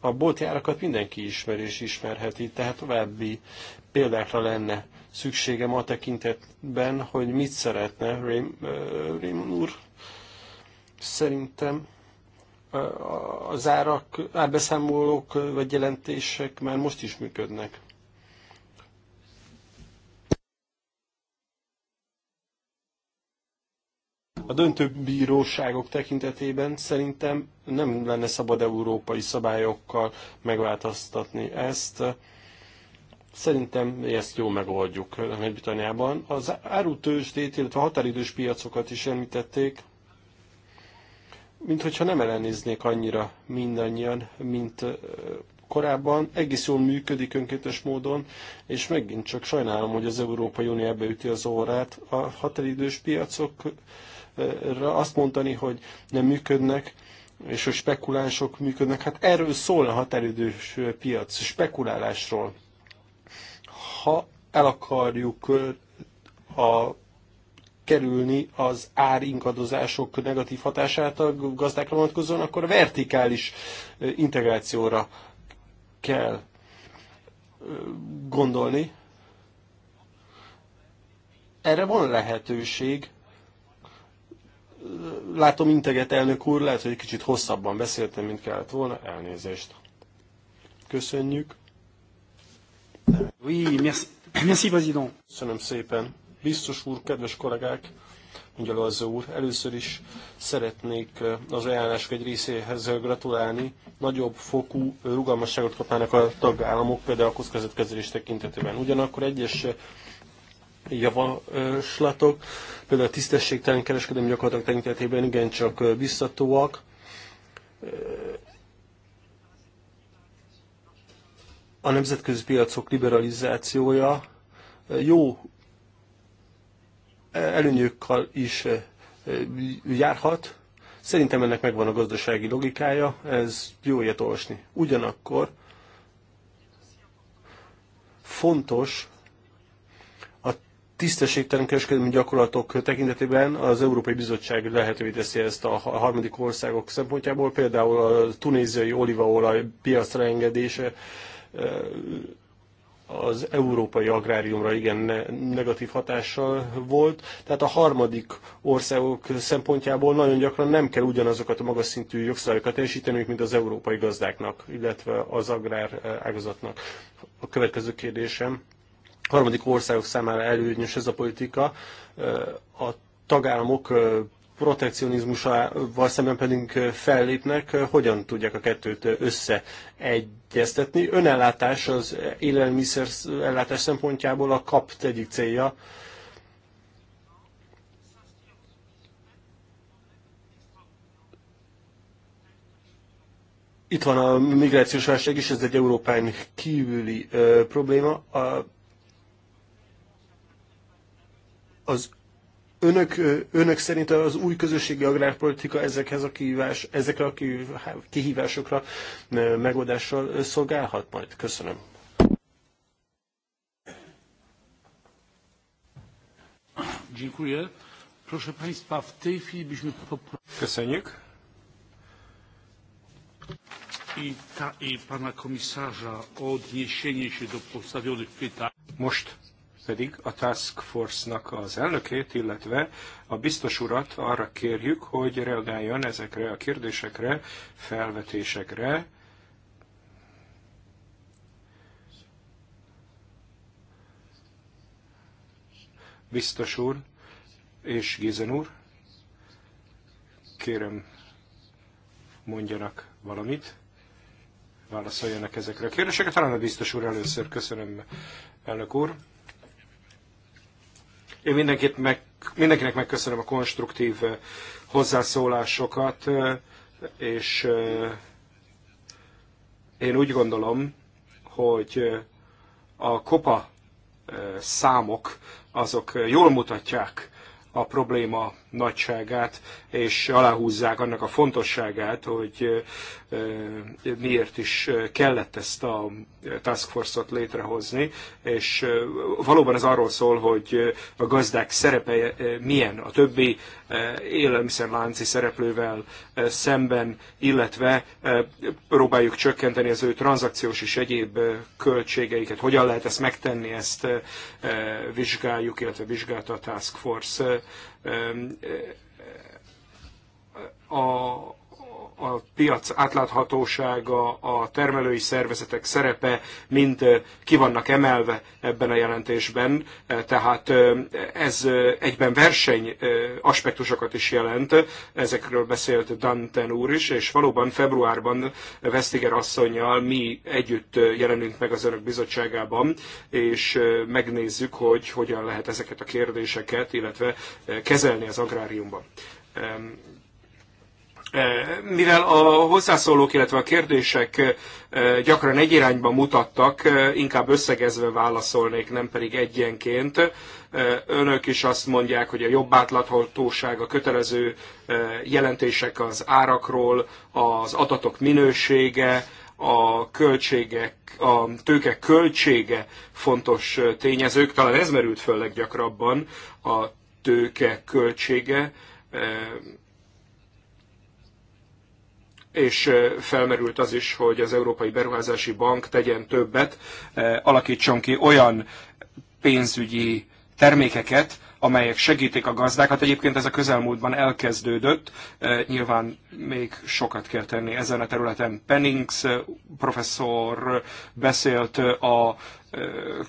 a bolti árakat mindenki ismer és ismerheti, tehát további példákra lenne szükségem a tekintetben, hogy mit szeretne Rém, úr. Szerintem az árak, árbeszámolók vagy jelentések már most is működnek. A bíróságok tekintetében szerintem nem lenne szabad európai szabályokkal megváltoztatni ezt. Szerintem ezt jól megoldjuk Nagy-Britanniában. Az árutősdét, illetve a határidős piacokat is említették, hogyha nem ellenéznék annyira mindannyian, mint korábban. Egész jól működik önkéntes módon, és megint csak sajnálom, hogy az Európai Unió üti az órát. A határidős piacok azt mondani, hogy nem működnek, és hogy spekulánsok működnek. Hát erről szól a határidős piac, spekulálásról. Ha el akarjuk a kerülni az áringadozások negatív hatását a gazdákra vonatkozóan, akkor a vertikális integrációra kell gondolni. Erre van lehetőség, látom integet, elnök úr, lehet, hogy egy kicsit hosszabban beszéltem, mint kellett volna. Elnézést. Köszönjük. Oui, merci, merci président. Köszönöm szépen. Biztos úr, kedves kollégák, mondja az úr, először is szeretnék eh, az ajánlások egy részéhez gratulálni. Nagyobb fokú rugalmasságot kapnának a tagállamok, például a kockázatkezelés tekintetében. Ugyanakkor egyes javaslatok, például a tisztességtelen kereskedelmi gyakorlatok tekintetében igencsak biztatóak. A nemzetközi piacok liberalizációja jó előnyökkel is járhat. Szerintem ennek megvan a gazdasági logikája, ez jó ilyet olvasni. Ugyanakkor fontos, tisztességtelen kereskedelmi gyakorlatok tekintetében az Európai Bizottság lehetővé teszi ezt a harmadik országok szempontjából, például a tunéziai olívaolaj piacra engedése az európai agráriumra igen negatív hatással volt. Tehát a harmadik országok szempontjából nagyon gyakran nem kell ugyanazokat a magas szintű jogszabályokat teljesíteniük, mint az európai gazdáknak, illetve az agrár ágazatnak. A következő kérdésem harmadik országok számára előnyös ez a politika, a tagállamok protekcionizmusával szemben pedig fellépnek, hogyan tudják a kettőt összeegyeztetni. Önellátás az élelmiszer ellátás szempontjából a kap egyik célja. Itt van a migrációs válság is, ez egy Európán kívüli ö, probléma. A az önök, önök szerint az új közösségi agrárpolitika ezekhez a kihívás, ezekre a kihívásokra megoldással szolgálhat majd? Köszönöm. Dziękuję. Proszę Państwa, w tej chwili byśmy... Köszönjük. I, I pana komisarza o odniesienie się do postawionych pytań. Most pedig a Task Force-nak az elnökét, illetve a biztos urat arra kérjük, hogy reagáljon ezekre a kérdésekre, felvetésekre, biztos úr és Gézen úr, kérem mondjanak valamit, válaszoljanak ezekre a kérdésekre. Talán a biztos úr először köszönöm, elnök úr. Én mindenkit meg, mindenkinek megköszönöm a konstruktív eh, hozzászólásokat, eh, és eh, én úgy gondolom, hogy a kopa számok azok jól mutatják a probléma nagyságát, és aláhúzzák annak a fontosságát, hogy miért is kellett ezt a task force-ot létrehozni, és valóban ez arról szól, hogy a gazdák szerepe milyen a többi élelmiszerlánci szereplővel szemben, illetve próbáljuk csökkenteni az ő tranzakciós és egyéb költségeiket. Hogyan lehet ezt megtenni, ezt vizsgáljuk, illetve vizsgálta a Task Force a, a piac átláthatósága, a termelői szervezetek szerepe mind ki vannak emelve ebben a jelentésben, tehát ez egyben verseny aspektusokat is jelent, ezekről beszélt Danten úr is, és valóban februárban Vestiger asszonyjal mi együtt jelenünk meg az Önök bizottságában, és megnézzük, hogy hogyan lehet ezeket a kérdéseket, illetve kezelni az agráriumban mivel a hozzászólók, illetve a kérdések gyakran egy irányba mutattak, inkább összegezve válaszolnék, nem pedig egyenként. Önök is azt mondják, hogy a jobb átláthatóság, a kötelező jelentések az árakról, az adatok minősége, a költségek, a tőke költsége fontos tényezők, talán ez merült föl leggyakrabban, a tőke költsége, és felmerült az is, hogy az Európai Beruházási Bank tegyen többet, alakítson ki olyan pénzügyi termékeket, amelyek segítik a gazdákat. Egyébként ez a közelmúltban elkezdődött, nyilván még sokat kell tenni ezen a területen. Pennings professzor beszélt a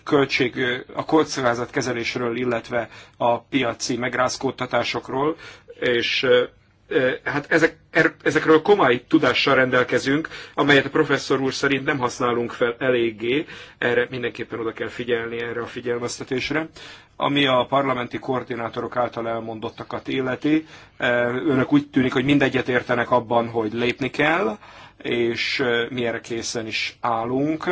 költség, a kockázatkezelésről, illetve a piaci megrázkódtatásokról, és hát ezek, er, ezekről komoly tudással rendelkezünk, amelyet a professzor úr szerint nem használunk fel eléggé. Erre mindenképpen oda kell figyelni, erre a figyelmeztetésre. Ami a parlamenti koordinátorok által elmondottakat illeti, önök úgy tűnik, hogy mindegyet értenek abban, hogy lépni kell, és mi erre készen is állunk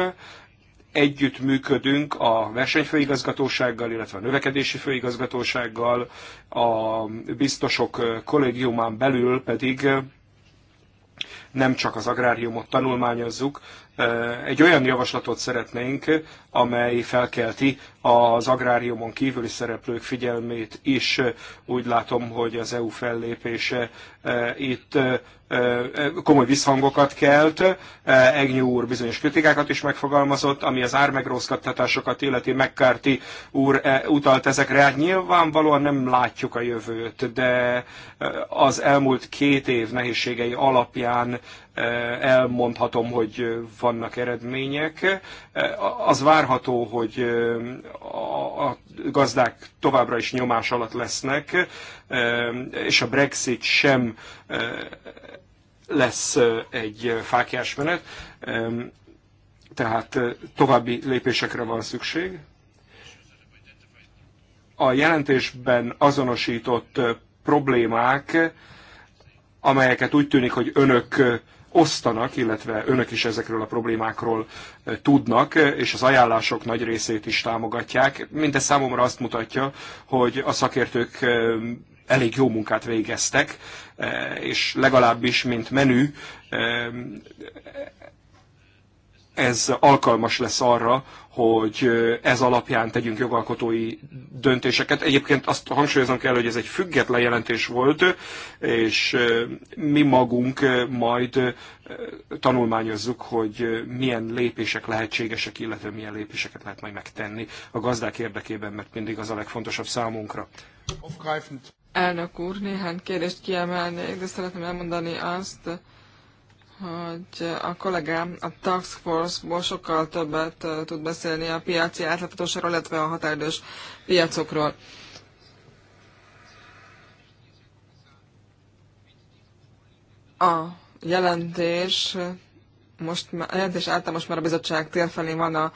együttműködünk a versenyfőigazgatósággal, illetve a növekedési főigazgatósággal, a biztosok kollégiumán belül pedig nem csak az agráriumot tanulmányozzuk, egy olyan javaslatot szeretnénk, amely felkelti az agráriumon kívüli szereplők figyelmét is. Úgy látom, hogy az EU fellépése itt komoly visszhangokat kelt. Egnyú úr bizonyos kritikákat is megfogalmazott, ami az ármegrózkattatásokat illeti McCarthy úr utalt ezekre. Hát nyilvánvalóan nem látjuk a jövőt, de az elmúlt két év nehézségei alapján Eh, elmondhatom, hogy eh, vannak eredmények. Eh, az várható, hogy a gazdák továbbra is nyomás alatt lesznek, és a Brexit sem lesz egy fákjás menet, tehát további lépésekre van szükség. A jelentésben azonosított problémák, amelyeket úgy tűnik, hogy önök osztanak, illetve önök is ezekről a problémákról e, tudnak, e, és az ajánlások nagy részét is támogatják. Mindez számomra azt mutatja, hogy a szakértők e, elég jó munkát végeztek, és legalábbis, mint menü, ez alkalmas lesz arra, hogy ez alapján tegyünk jogalkotói döntéseket. Egyébként azt hangsúlyozom kell, hogy ez egy független jelentés volt, és mi magunk majd tanulmányozzuk, hogy milyen lépések lehetségesek, illetve milyen lépéseket lehet majd megtenni a gazdák érdekében, mert mindig az a legfontosabb számunkra. Elnök úr, néhány kérdést kiemelnék, de szeretném elmondani azt, hogy a kollégám a Tax Force-ból sokkal többet tud beszélni a piaci átláthatóságról, illetve a határidős piacokról. A jelentés most a jelentés által most már a bizottság térfelé van a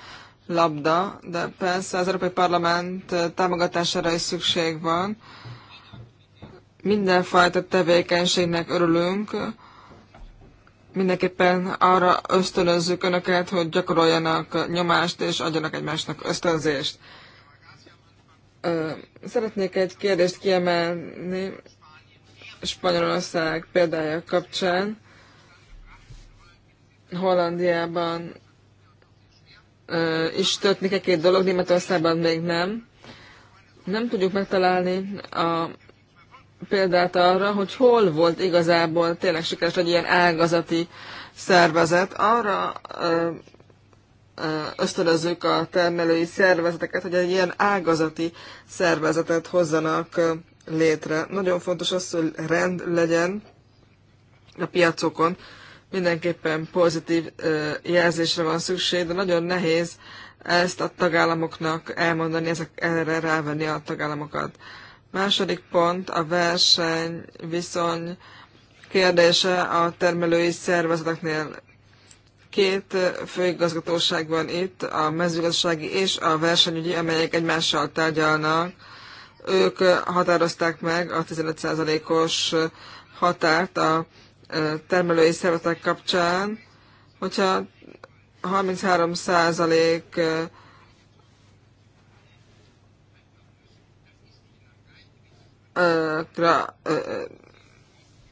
labda, de persze az Európai Parlament támogatására is szükség van. Mindenfajta tevékenységnek örülünk, mindenképpen arra ösztönözzük önöket, hogy gyakoroljanak nyomást és adjanak egymásnak ösztönzést. Szeretnék egy kérdést kiemelni Spanyolország példája kapcsán. Hollandiában is történik egy-két dolog, Németországban még nem. Nem tudjuk megtalálni a példát arra, hogy hol volt igazából tényleg sikeres egy ilyen ágazati szervezet. Arra ösztönözzük a termelői szervezeteket, hogy egy ilyen ágazati szervezetet hozzanak létre. Nagyon fontos az, hogy rend legyen a piacokon. Mindenképpen pozitív jelzésre van szükség, de nagyon nehéz ezt a tagállamoknak elmondani, ezek, erre rávenni a tagállamokat. Második pont a verseny viszony kérdése a termelői szervezeteknél. Két főigazgatóság van itt, a mezőgazdasági és a versenyügyi, amelyek egymással tárgyalnak. Ők határozták meg a 15%-os határt a e, termelői szervezetek kapcsán. Hogyha 33%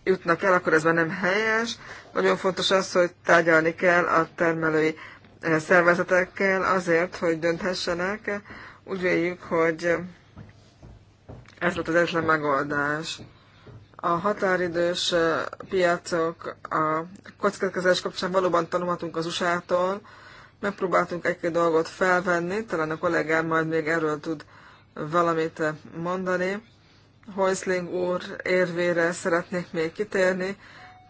jutnak el, akkor ez már nem helyes. Nagyon fontos az, hogy tárgyalni kell a termelői szervezetekkel azért, hogy dönthessenek. Úgy véljük, hogy ez lett az egyetlen megoldás. A határidős piacok a kockázatkezelés kapcsán valóban tanulhatunk az USA-tól, megpróbáltunk egy-két dolgot felvenni, talán a kollégám majd még erről tud valamit mondani. Hoisling úr érvére szeretnék még kitérni.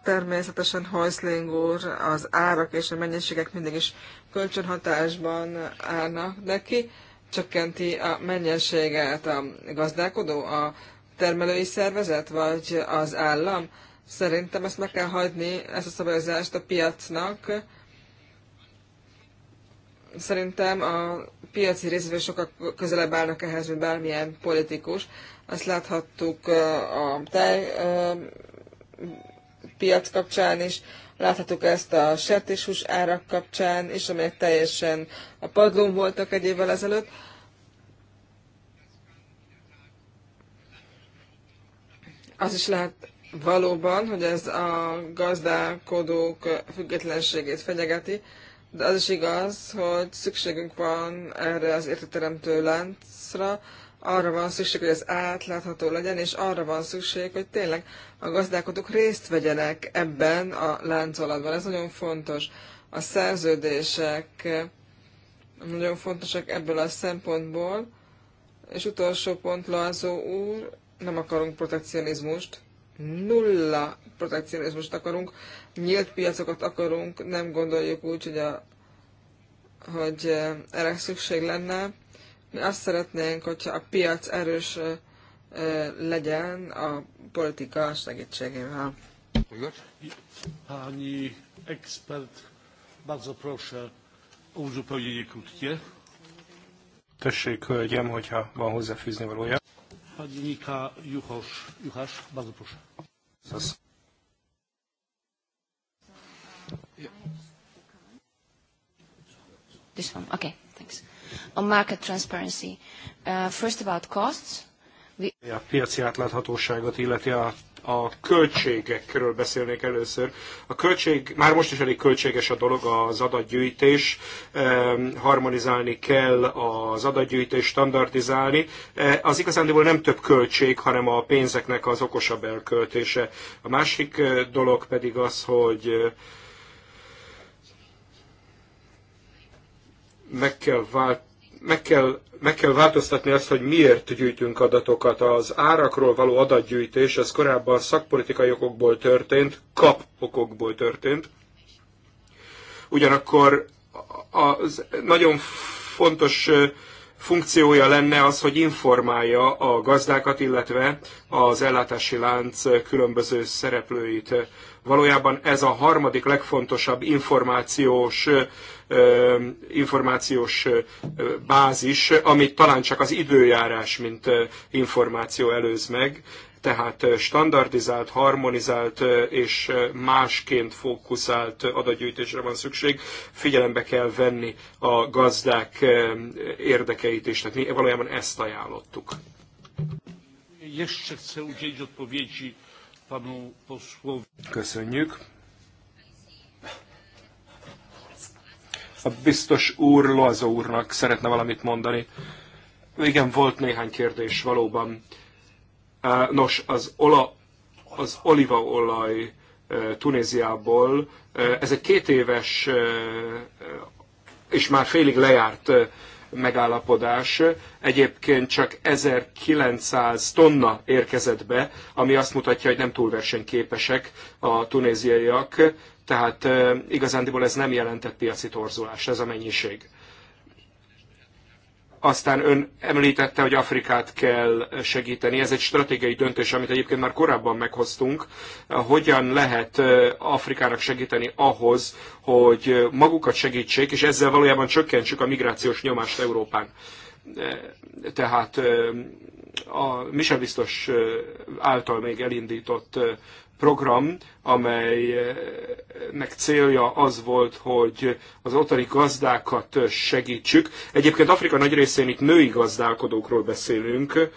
Természetesen Hoisling úr az árak és a mennyiségek mindig is kölcsönhatásban állnak neki. Csökkenti a mennyiséget a gazdálkodó, a termelői szervezet, vagy az állam. Szerintem ezt meg kell hagyni, ezt a szabályozást a piacnak. Szerintem a piaci részvények sokkal közelebb állnak ehhez, mint bármilyen politikus. Azt láthattuk a tej piac kapcsán is, láthattuk ezt a sertéshús árak kapcsán is, amelyek teljesen a padlón voltak egy évvel ezelőtt. Az is lehet valóban, hogy ez a gazdálkodók függetlenségét fenyegeti, de az is igaz, hogy szükségünk van erre az értéteremtő láncra, arra van szükség, hogy ez átlátható legyen, és arra van szükség, hogy tényleg a gazdálkodók részt vegyenek ebben a láncolatban. Ez nagyon fontos. A szerződések nagyon fontosak ebből a szempontból, és utolsó pont, Lazó úr, nem akarunk protekcionizmust. Nulla protekcionizmust akarunk, nyílt piacokat akarunk, nem gondoljuk úgy, hogy, a, hogy eh, erre szükség lenne. Mi azt szeretnénk, hogyha a piac erős eh, eh, legyen a politika segítségével. Pani expert, bardzo proszę o uzupełnienie krótkie. Tessék, hölgyem, hogyha van hozzáfűzni valója. Pani Nika Juhas, Juhas, bardzo proszę. Szasz. This one, okay, thanks. On market transparency, uh, first about costs. We... A piaci átláthatóságot illeti a a költségekről beszélnék először. A költség, már most is elég költséges a dolog az adatgyűjtés, harmonizálni kell az adatgyűjtés, standardizálni. Eh, az igazándiból nem több költség, hanem a pénzeknek az okosabb elköltése. A másik eh, dolog pedig az, hogy eh, meg kell, vált, meg, kell, meg kell változtatni azt, hogy miért gyűjtünk adatokat. Az árakról való adatgyűjtés, ez korábban szakpolitikai okokból történt, kap okokból történt. Ugyanakkor az nagyon fontos funkciója lenne az, hogy informálja a gazdákat, illetve az ellátási lánc különböző szereplőit. Valójában ez a harmadik legfontosabb információs információs bázis, amit talán csak az időjárás, mint információ előz meg, tehát standardizált, harmonizált és másként fókuszált adatgyűjtésre van szükség. Figyelembe kell venni a gazdák érdekeit is, tehát mi valójában ezt ajánlottuk. Köszönjük. A biztos úr Loazó úrnak szeretne valamit mondani. Igen, volt néhány kérdés valóban. Nos, az, ola, az olívaolaj Tunéziából, ez egy két éves és már félig lejárt megállapodás. Egyébként csak 1900 tonna érkezett be, ami azt mutatja, hogy nem túl versenyképesek a tunéziaiak, tehát igazándiból ez nem jelentett piaci torzulást, ez a mennyiség. Aztán ön említette, hogy Afrikát kell segíteni. Ez egy stratégiai döntés, amit egyébként már korábban meghoztunk. Hogyan lehet Afrikának segíteni ahhoz, hogy magukat segítsék, és ezzel valójában csökkentsük a migrációs nyomást Európán? Eh, tehát eh, a Mise biztos eh, által még elindított program, amelynek célja az volt, hogy az otthoni gazdákat segítsük. Egyébként Afrika nagy részén itt női gazdálkodókról beszélünk,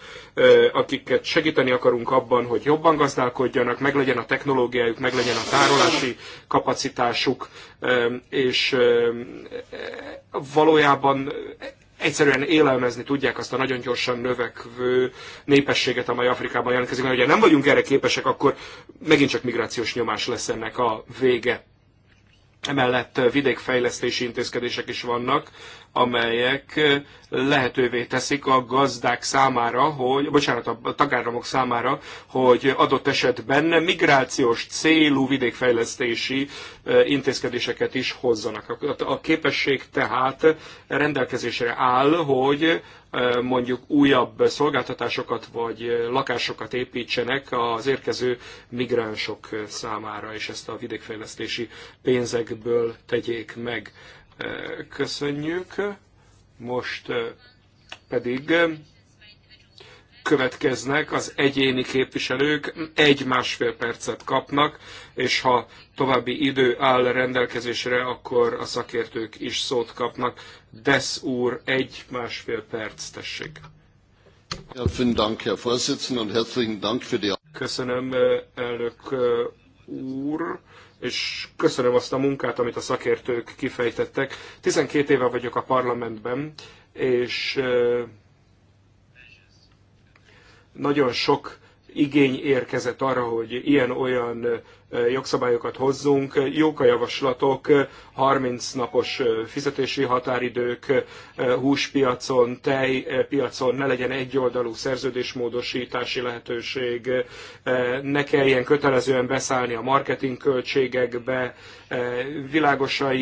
akiket segíteni akarunk abban, hogy jobban gazdálkodjanak, meglegyen a technológiájuk, meglegyen a tárolási kapacitásuk, és valójában egyszerűen élelmezni tudják azt a nagyon gyorsan növekvő népességet, amely Afrikában jelentkezik. Mert ugye nem vagyunk erre képesek, akkor megint csak migrációs nyomás lesz ennek a vége. Emellett vidékfejlesztési intézkedések is vannak, amelyek lehetővé teszik a gazdák számára, hogy, bocsánat, a tagállamok számára, hogy adott esetben migrációs célú vidékfejlesztési intézkedéseket is hozzanak. A képesség tehát rendelkezésre áll, hogy mondjuk újabb szolgáltatásokat vagy lakásokat építsenek az érkező migránsok számára, és ezt a vidékfejlesztési pénzekből tegyék meg. Köszönjük. Most pedig következnek az egyéni képviselők, egy-másfél percet kapnak, és ha további idő áll rendelkezésre, akkor a szakértők is szót kapnak. Desz úr, egy-másfél perc, tessék. Köszönöm, elnök úr, és köszönöm azt a munkát, amit a szakértők kifejtettek. 12 éve vagyok a parlamentben, és nagyon sok igény érkezett arra, hogy ilyen-olyan jogszabályokat hozzunk. Jók a javaslatok, 30 napos fizetési határidők, húspiacon, tejpiacon ne legyen egyoldalú szerződésmódosítási lehetőség, ne kelljen kötelezően beszállni a marketing költségekbe, világosan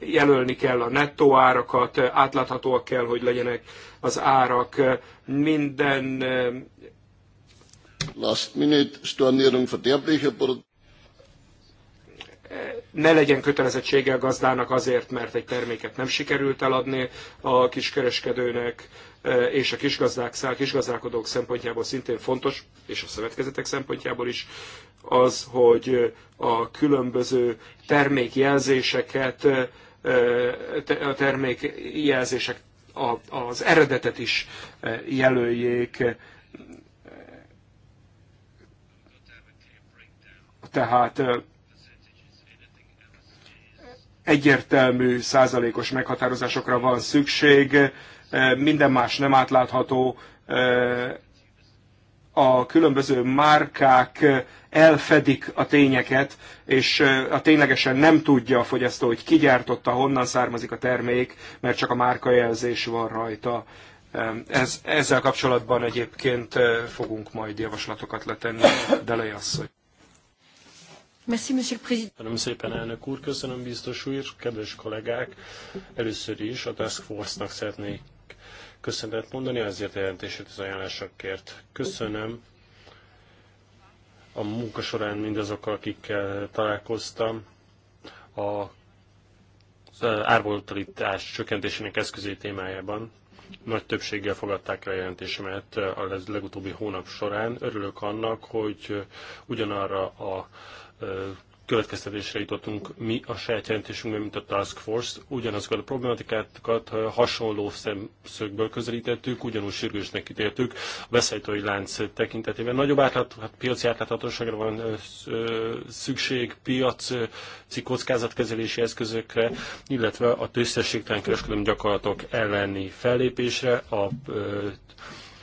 jelölni kell a nettó árakat, átláthatóak kell, hogy legyenek az árak, minden Last-minute-stornierung verderblicher Produkte ne legyen kötelezettsége a gazdának azért, mert egy terméket nem sikerült eladni a kiskereskedőnek, e, és a kisgazdák, kisgazdálkodók szempontjából szintén fontos, és a szövetkezetek szempontjából is, az, hogy a különböző termékjelzéseket, e, a termékjelzések az eredetet is e, jelöljék tehát egyértelmű százalékos meghatározásokra van szükség, minden más nem átlátható, a különböző márkák elfedik a tényeket, és a ténylegesen nem tudja a fogyasztó, hogy ki gyártotta, honnan származik a termék, mert csak a márkajelzés van rajta. Ez, ezzel kapcsolatban egyébként fogunk majd javaslatokat letenni, Delei asszony. Köszönöm szépen, elnök úr, köszönöm biztos úr, kedves kollégák. Először is a Task Force-nak szeretnék köszönetet mondani, azért jelentését az ajánlásokért. Köszönöm a munka során mindazokkal, akikkel találkoztam. A árvolatilitás csökkentésének eszközé témájában nagy többséggel fogadták el a jelentésemet a legutóbbi hónap során. Örülök annak, hogy ugyanarra a következtetésre jutottunk mi a saját jelentésünkben, mint a Task Force. Ugyanazokat a problematikákat hasonló szemszögből közelítettük, ugyanúgy sürgősnek ítéltük a beszállítói lánc tekintetében. Nagyobb átlát, hát piaci átláthatóságra van szükség, piaci kockázatkezelési eszközökre, illetve a tisztességtelen kereskedelmi gyakorlatok elleni fellépésre, a,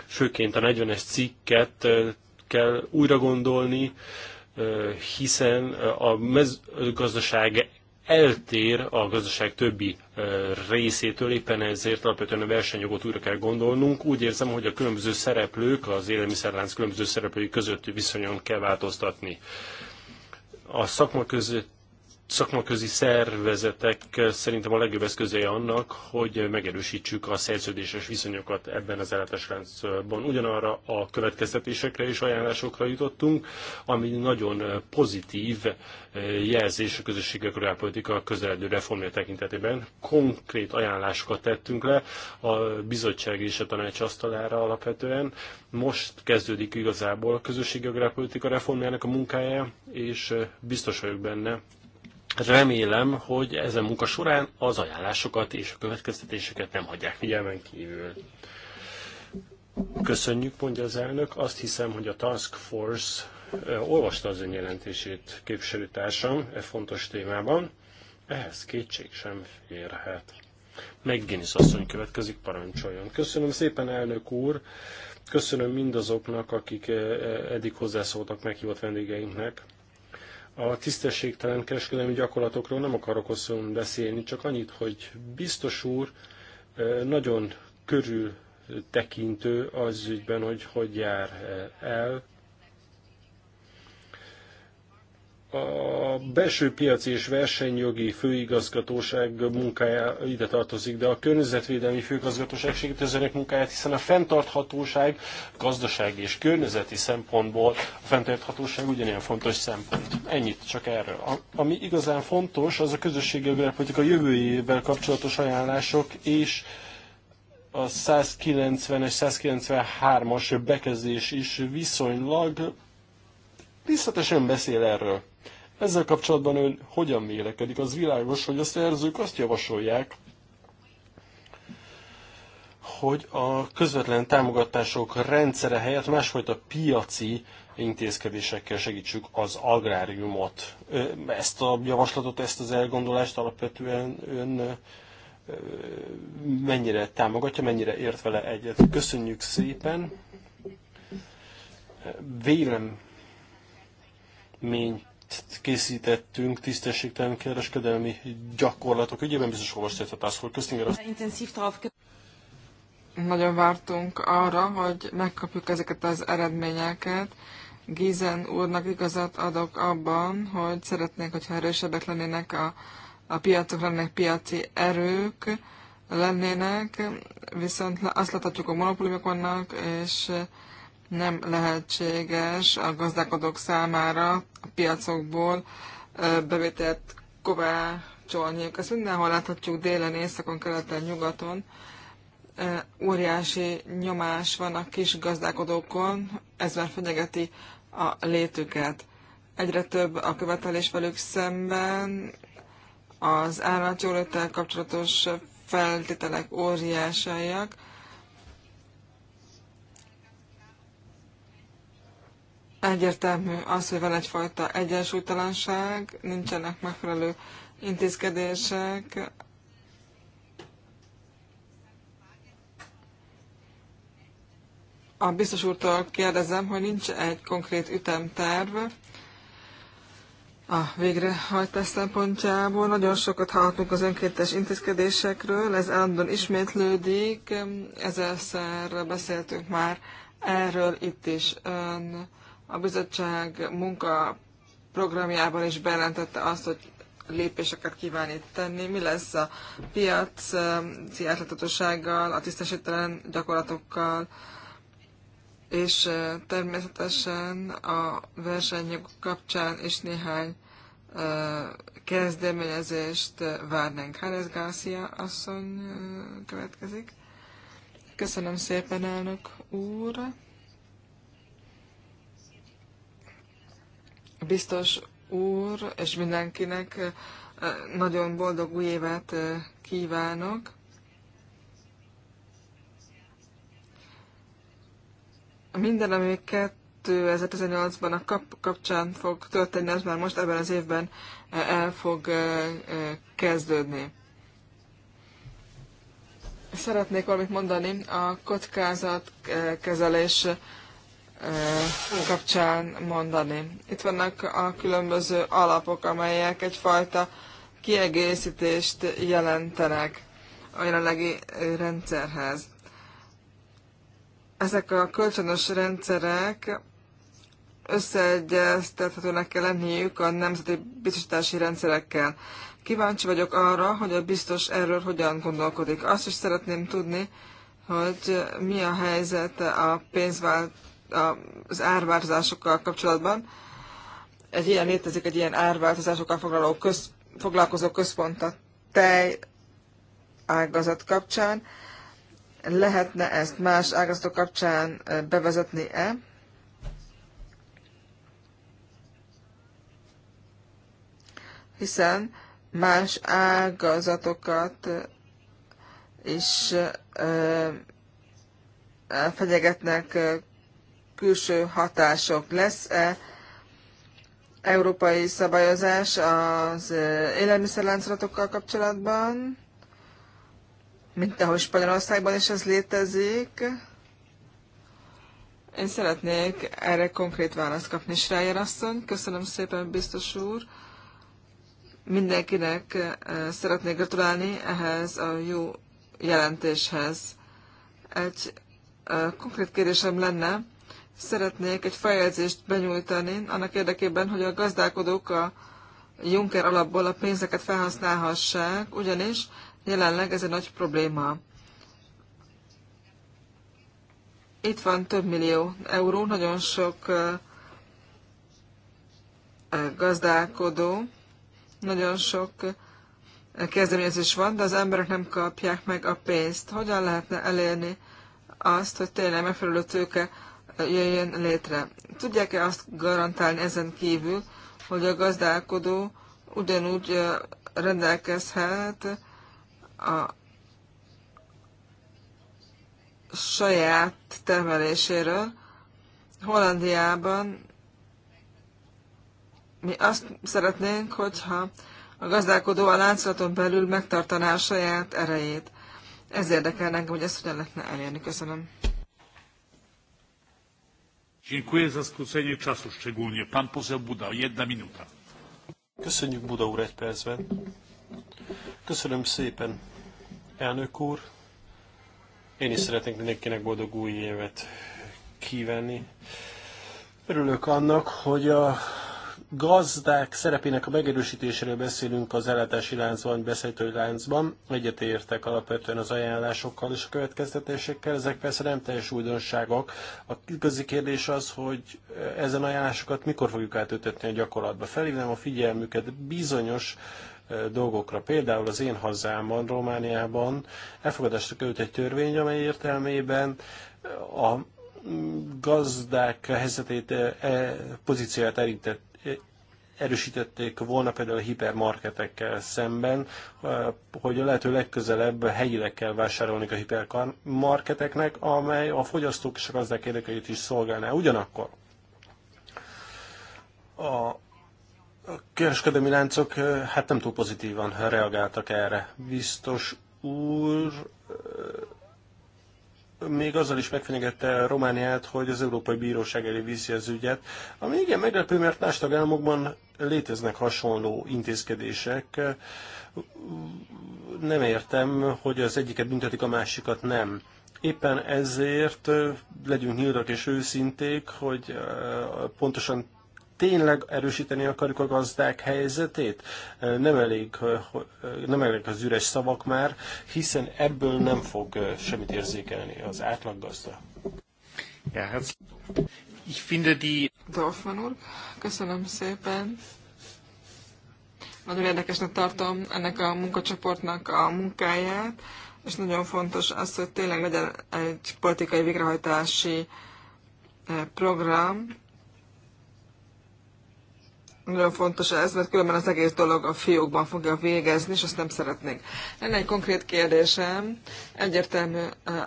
főként a 40-es cikket kell újra gondolni, hiszen a mezőgazdaság eltér a gazdaság többi részétől, éppen ezért alapvetően a versenyjogot újra kell gondolnunk. Úgy érzem, hogy a különböző szereplők, az élelmiszerlánc különböző szereplői közötti viszonyon kell változtatni. A szakma között szakmaközi szervezetek eh, szerintem a legjobb eszközei annak, hogy megerősítsük a szerződéses viszonyokat ebben az ellátásláncban. Ugyanarra a következtetésekre és ajánlásokra jutottunk, ami nagyon eh, pozitív eh, jelzés a közösségi agrárpolitika közeledő reformja tekintetében. Konkrét ajánlásokat tettünk le a bizottság és a tanács asztalára alapvetően. Most kezdődik igazából a közösségi agrárpolitika reformjának a munkája, és biztos vagyok benne, Remélem, hogy ezen munka során az ajánlásokat és a következtetéseket nem hagyják figyelmen kívül. Köszönjük, mondja az elnök. Azt hiszem, hogy a Task Force olvasta az önjelentését képviselőtársam e fontos témában. Ehhez kétség sem férhet. McGinnis asszony következik, parancsoljon. Köszönöm szépen, elnök úr. Köszönöm mindazoknak, akik eddig hozzászóltak meghívott vendégeinknek a tisztességtelen kereskedelmi gyakorlatokról nem akarok hosszúan beszélni, csak annyit, hogy biztos úr e, nagyon körül tekintő az ügyben, hogy hogy jár e, el. a belső piaci és versenyjogi főigazgatóság munkája ide tartozik, de a környezetvédelmi főigazgatóság segít ezerek munkáját, hiszen a fenntarthatóság gazdasági és környezeti szempontból a fenntarthatóság ugyanilyen fontos szempont. Ennyit csak erről. A, ami igazán fontos, az a közösségi agrárpolitika jövőjével kapcsolatos ajánlások és a 190-es, 193-as bekezdés is viszonylag részletesen beszél erről. Ezzel kapcsolatban ön hogyan vélekedik? Az világos, hogy a szerzők azt javasolják, hogy a közvetlen támogatások rendszere helyett másfajta piaci intézkedésekkel segítsük az agráriumot. Ezt a javaslatot, ezt az elgondolást alapvetően ön mennyire támogatja, mennyire ért vele egyet. Köszönjük szépen. Vélem mint készítettünk tisztességtelen kereskedelmi gyakorlatok ügyében, biztos olvasták a Task Force Nagyon vártunk arra, hogy megkapjuk ezeket az eredményeket. Gizen úrnak igazat adok abban, hogy szeretnék, hogyha erősebbek lennének a, a piacok, lennének piaci erők, lennének, viszont azt láthatjuk, hogy monopóliumok vannak, és nem lehetséges a gazdálkodók számára a piacokból bevételt kovácsolniuk. Ezt mindenhol láthatjuk délen, északon, keleten, nyugaton. Óriási nyomás van a kis gazdálkodókon, ez már fenyegeti a létüket. Egyre több a követelés velük szemben, az állatjólőttel kapcsolatos feltételek óriásaiak, Egyértelmű az, hogy van egyfajta egyensúlytalanság, nincsenek megfelelő intézkedések, a biztos úrtól kérdezem, hogy nincs egy konkrét ütemterv a végrehajtás szempontjából. Nagyon sokat hallhatunk az önkéntes intézkedésekről, ez állandóan ismétlődik, ezerszer beszéltünk már erről itt is. Ön a bizottság munka programjában is bejelentette azt, hogy lépéseket kíván itt tenni. Mi lesz a piac um, átláthatósággal, a tisztesítelen gyakorlatokkal, és uh, természetesen a versenyok kapcsán is néhány uh, kezdeményezést uh, várnánk. Hárez Gászia asszony következik. Köszönöm szépen, elnök úr! biztos úr, és mindenkinek eh, nagyon boldog új évet eh, kívánok. Minden, ami 2018-ban a kap kapcsán fog történni, az már most ebben az évben eh, el fog kezdődni. Szeretnék valamit mondani a kockázatkezelés kapcsán mondani. Itt vannak a különböző alapok, amelyek egyfajta kiegészítést jelentenek a jelenlegi rendszerhez. Ezek a kölcsönös rendszerek összeegyeztethetőnek kell lenniük a nemzeti biztosítási rendszerekkel. Kíváncsi vagyok arra, hogy a biztos erről hogyan gondolkodik. Azt is szeretném tudni, hogy mi a helyzet a pénzvált az árváltozásokkal kapcsolatban. Egy ilyen létezik, egy ilyen árváltozásokkal foglaló köz, foglalkozó központ a tej ágazat kapcsán. Lehetne ezt más ágazatok kapcsán bevezetni-e? Hiszen más ágazatokat is fenyegetnek külső hatások. Lesz-e európai szabályozás az élelmiszerláncolatokkal kapcsolatban, mint ahogy Spanyolországban is ez létezik? Én szeretnék erre konkrét választ kapni, Schreier asszony. Köszönöm szépen, biztos úr. Mindenkinek szeretnék gratulálni ehhez a jó jelentéshez. Egy konkrét kérdésem lenne, szeretnék egy feljegyzést benyújtani annak érdekében, hogy a gazdálkodók a Juncker alapból a pénzeket felhasználhassák, ugyanis jelenleg ez egy nagy probléma. Itt van több millió euró, nagyon sok gazdálkodó, nagyon sok kezdeményezés van, de az emberek nem kapják meg a pénzt. Hogyan lehetne elérni azt, hogy tényleg megfelelő tőke jöjjön létre. Tudják-e azt garantálni ezen kívül, hogy a gazdálkodó ugyanúgy rendelkezhet a saját termeléséről. Hollandiában mi azt szeretnénk, hogyha a gazdálkodó a láncolaton belül megtartaná a saját erejét. Ez érdekel engem, hogy ezt hogyan lehetne elérni. Köszönöm. Dziękuję za skrócenie czasu szczególnie. Pan poseł Buda, jedna minuta. Köszönjük Buda úr egy percben. Köszönöm szépen, elnök úr. Én is szeretnék mindenkinek boldog új évet kívánni. Örülök annak, hogy a gazdák szerepének a megerősítéséről beszélünk az ellátási láncban, beszélő láncban. Egyetértek alapvetően az ajánlásokkal és a következtetésekkel. Ezek persze nem teljes újdonságok. A közi kérdés az, hogy ezen ajánlásokat mikor fogjuk átültetni a gyakorlatba. Felhívnám a figyelmüket bizonyos dolgokra. Például az én hazámban, Romániában elfogadásra került egy törvény, amely értelmében a gazdák helyzetét, e, pozícióját elintett, erősítették volna például a hipermarketekkel szemben, hogy a lehető legközelebb helyileg kell vásárolni a hipermarketeknek, amely a fogyasztók és a gazdák érdekeit is szolgálná. Ugyanakkor a kereskedelmi láncok hát nem túl pozitívan reagáltak erre. Biztos úr még azzal is megfenyegette Romániát, hogy az Európai Bíróság elé viszi az ügyet, ami igen meglepő, mert más tagállamokban léteznek hasonló intézkedések. Nem értem, hogy az egyiket büntetik, a másikat nem. Éppen ezért legyünk nyíltak és őszinték, hogy eh, pontosan tényleg erősíteni akarjuk a gazdák helyzetét? Nem elég, nem elég az üres szavak már, hiszen ebből nem fog semmit érzékelni az átlag gazda. Ja, hát ich finde die... úr, köszönöm szépen. Nagyon érdekesnek tartom ennek a munkacsoportnak a munkáját, és nagyon fontos az, hogy tényleg legyen egy politikai végrehajtási eh, program, nagyon fontos ez, mert különben az egész dolog a fiókban fogja végezni, és azt nem szeretnék. Lenne egy konkrét kérdésem. Egyértelmű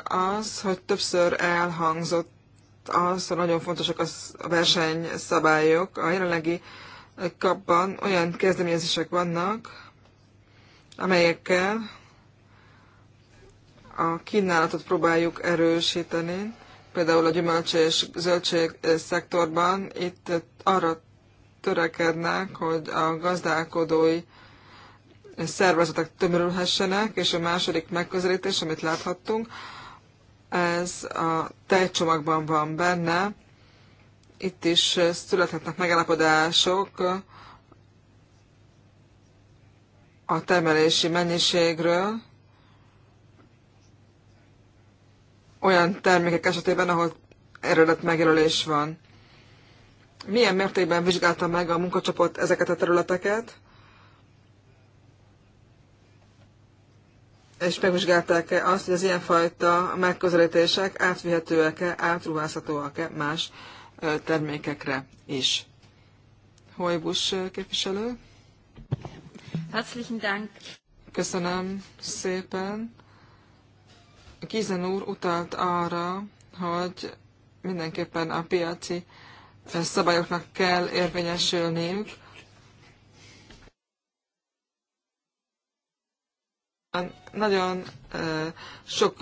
az, hogy többször elhangzott az, hogy nagyon fontosak a versenyszabályok. A jelenlegi kapban olyan kezdeményezések vannak, amelyekkel a kínálatot próbáljuk erősíteni, például a gyümölcs és zöldség szektorban. Itt arra törekednek, hogy a gazdálkodói szervezetek tömörülhessenek, és a második megközelítés, amit láthattunk, ez a tejcsomagban van benne. Itt is születhetnek megállapodások a termelési mennyiségről, olyan termékek esetében, ahol eredet megjelölés van milyen mértékben vizsgálta meg a munkacsoport ezeket a területeket, és megvizsgálták-e azt, hogy az ilyenfajta megközelítések átvihetőek-e, átruházhatóak-e más termékekre is. Hojbus képviselő. Herzlichen Dank. Köszönöm szépen. Kizen úr utalt arra, hogy mindenképpen a piaci szabályoknak kell érvényesülniük. Nagyon sok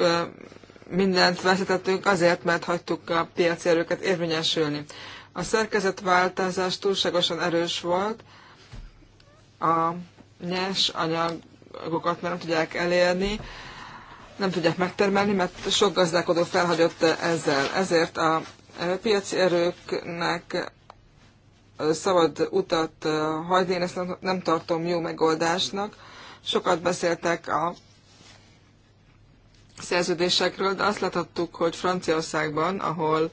mindent veszítettünk azért, mert hagytuk a piaci erőket érvényesülni. A szerkezetváltozás túlságosan erős volt, a nyers anyagokat már nem tudják elérni, nem tudják megtermelni, mert sok gazdálkodó felhagyott ezzel. Ezért a piaci erőknek szabad utat hagyni, én ezt nem tartom jó megoldásnak. Sokat beszéltek a szerződésekről, de azt láthattuk, hogy Franciaországban, ahol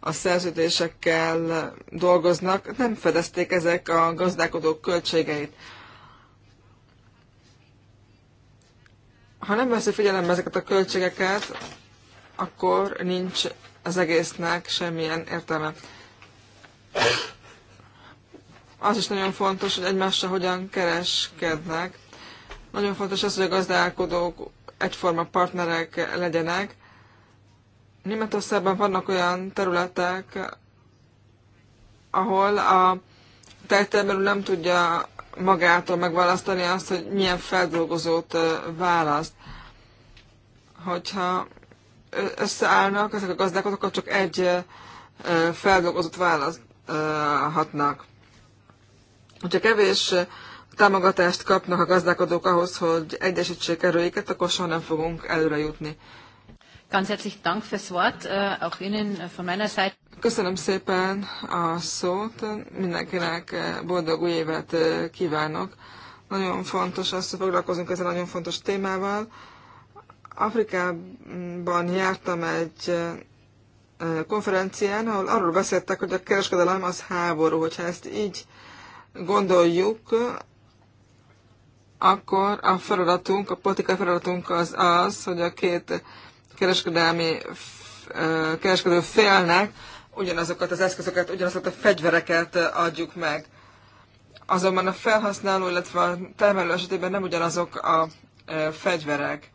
a szerződésekkel dolgoznak, nem fedezték ezek a gazdálkodók költségeit. Ha nem veszi figyelembe ezeket a költségeket, akkor nincs az egésznek semmilyen értelme. Az is nagyon fontos, hogy egymással hogyan kereskednek. Nagyon fontos az, hogy a gazdálkodók egyforma partnerek legyenek. Németországban vannak olyan területek, ahol a tejtermelő nem tudja magától megválasztani azt, hogy milyen feldolgozót választ. Hogyha összeállnak ezek a gazdák, akkor csak egy feldolgozott választhatnak. Hogyha kevés támogatást kapnak a gazdálkodók ahhoz, hogy egyesítsék erőiket, akkor soha nem fogunk előre jutni. Äh, äh, Köszönöm szépen a szót, mindenkinek äh, boldog új évet kívánok. Nagyon fontos az, hogy foglalkozunk ezzel nagyon fontos témával. Afrikában jártam egy konferencián, ahol arról beszéltek, hogy a kereskedelem az háború. Hogyha ezt így gondoljuk, akkor a feladatunk, a politikai feladatunk az az, hogy a két kereskedelmi kereskedő félnek ugyanazokat az eszközöket, ugyanazokat a fegyvereket adjuk meg. Azonban a felhasználó, illetve a termelő esetében nem ugyanazok a fegyverek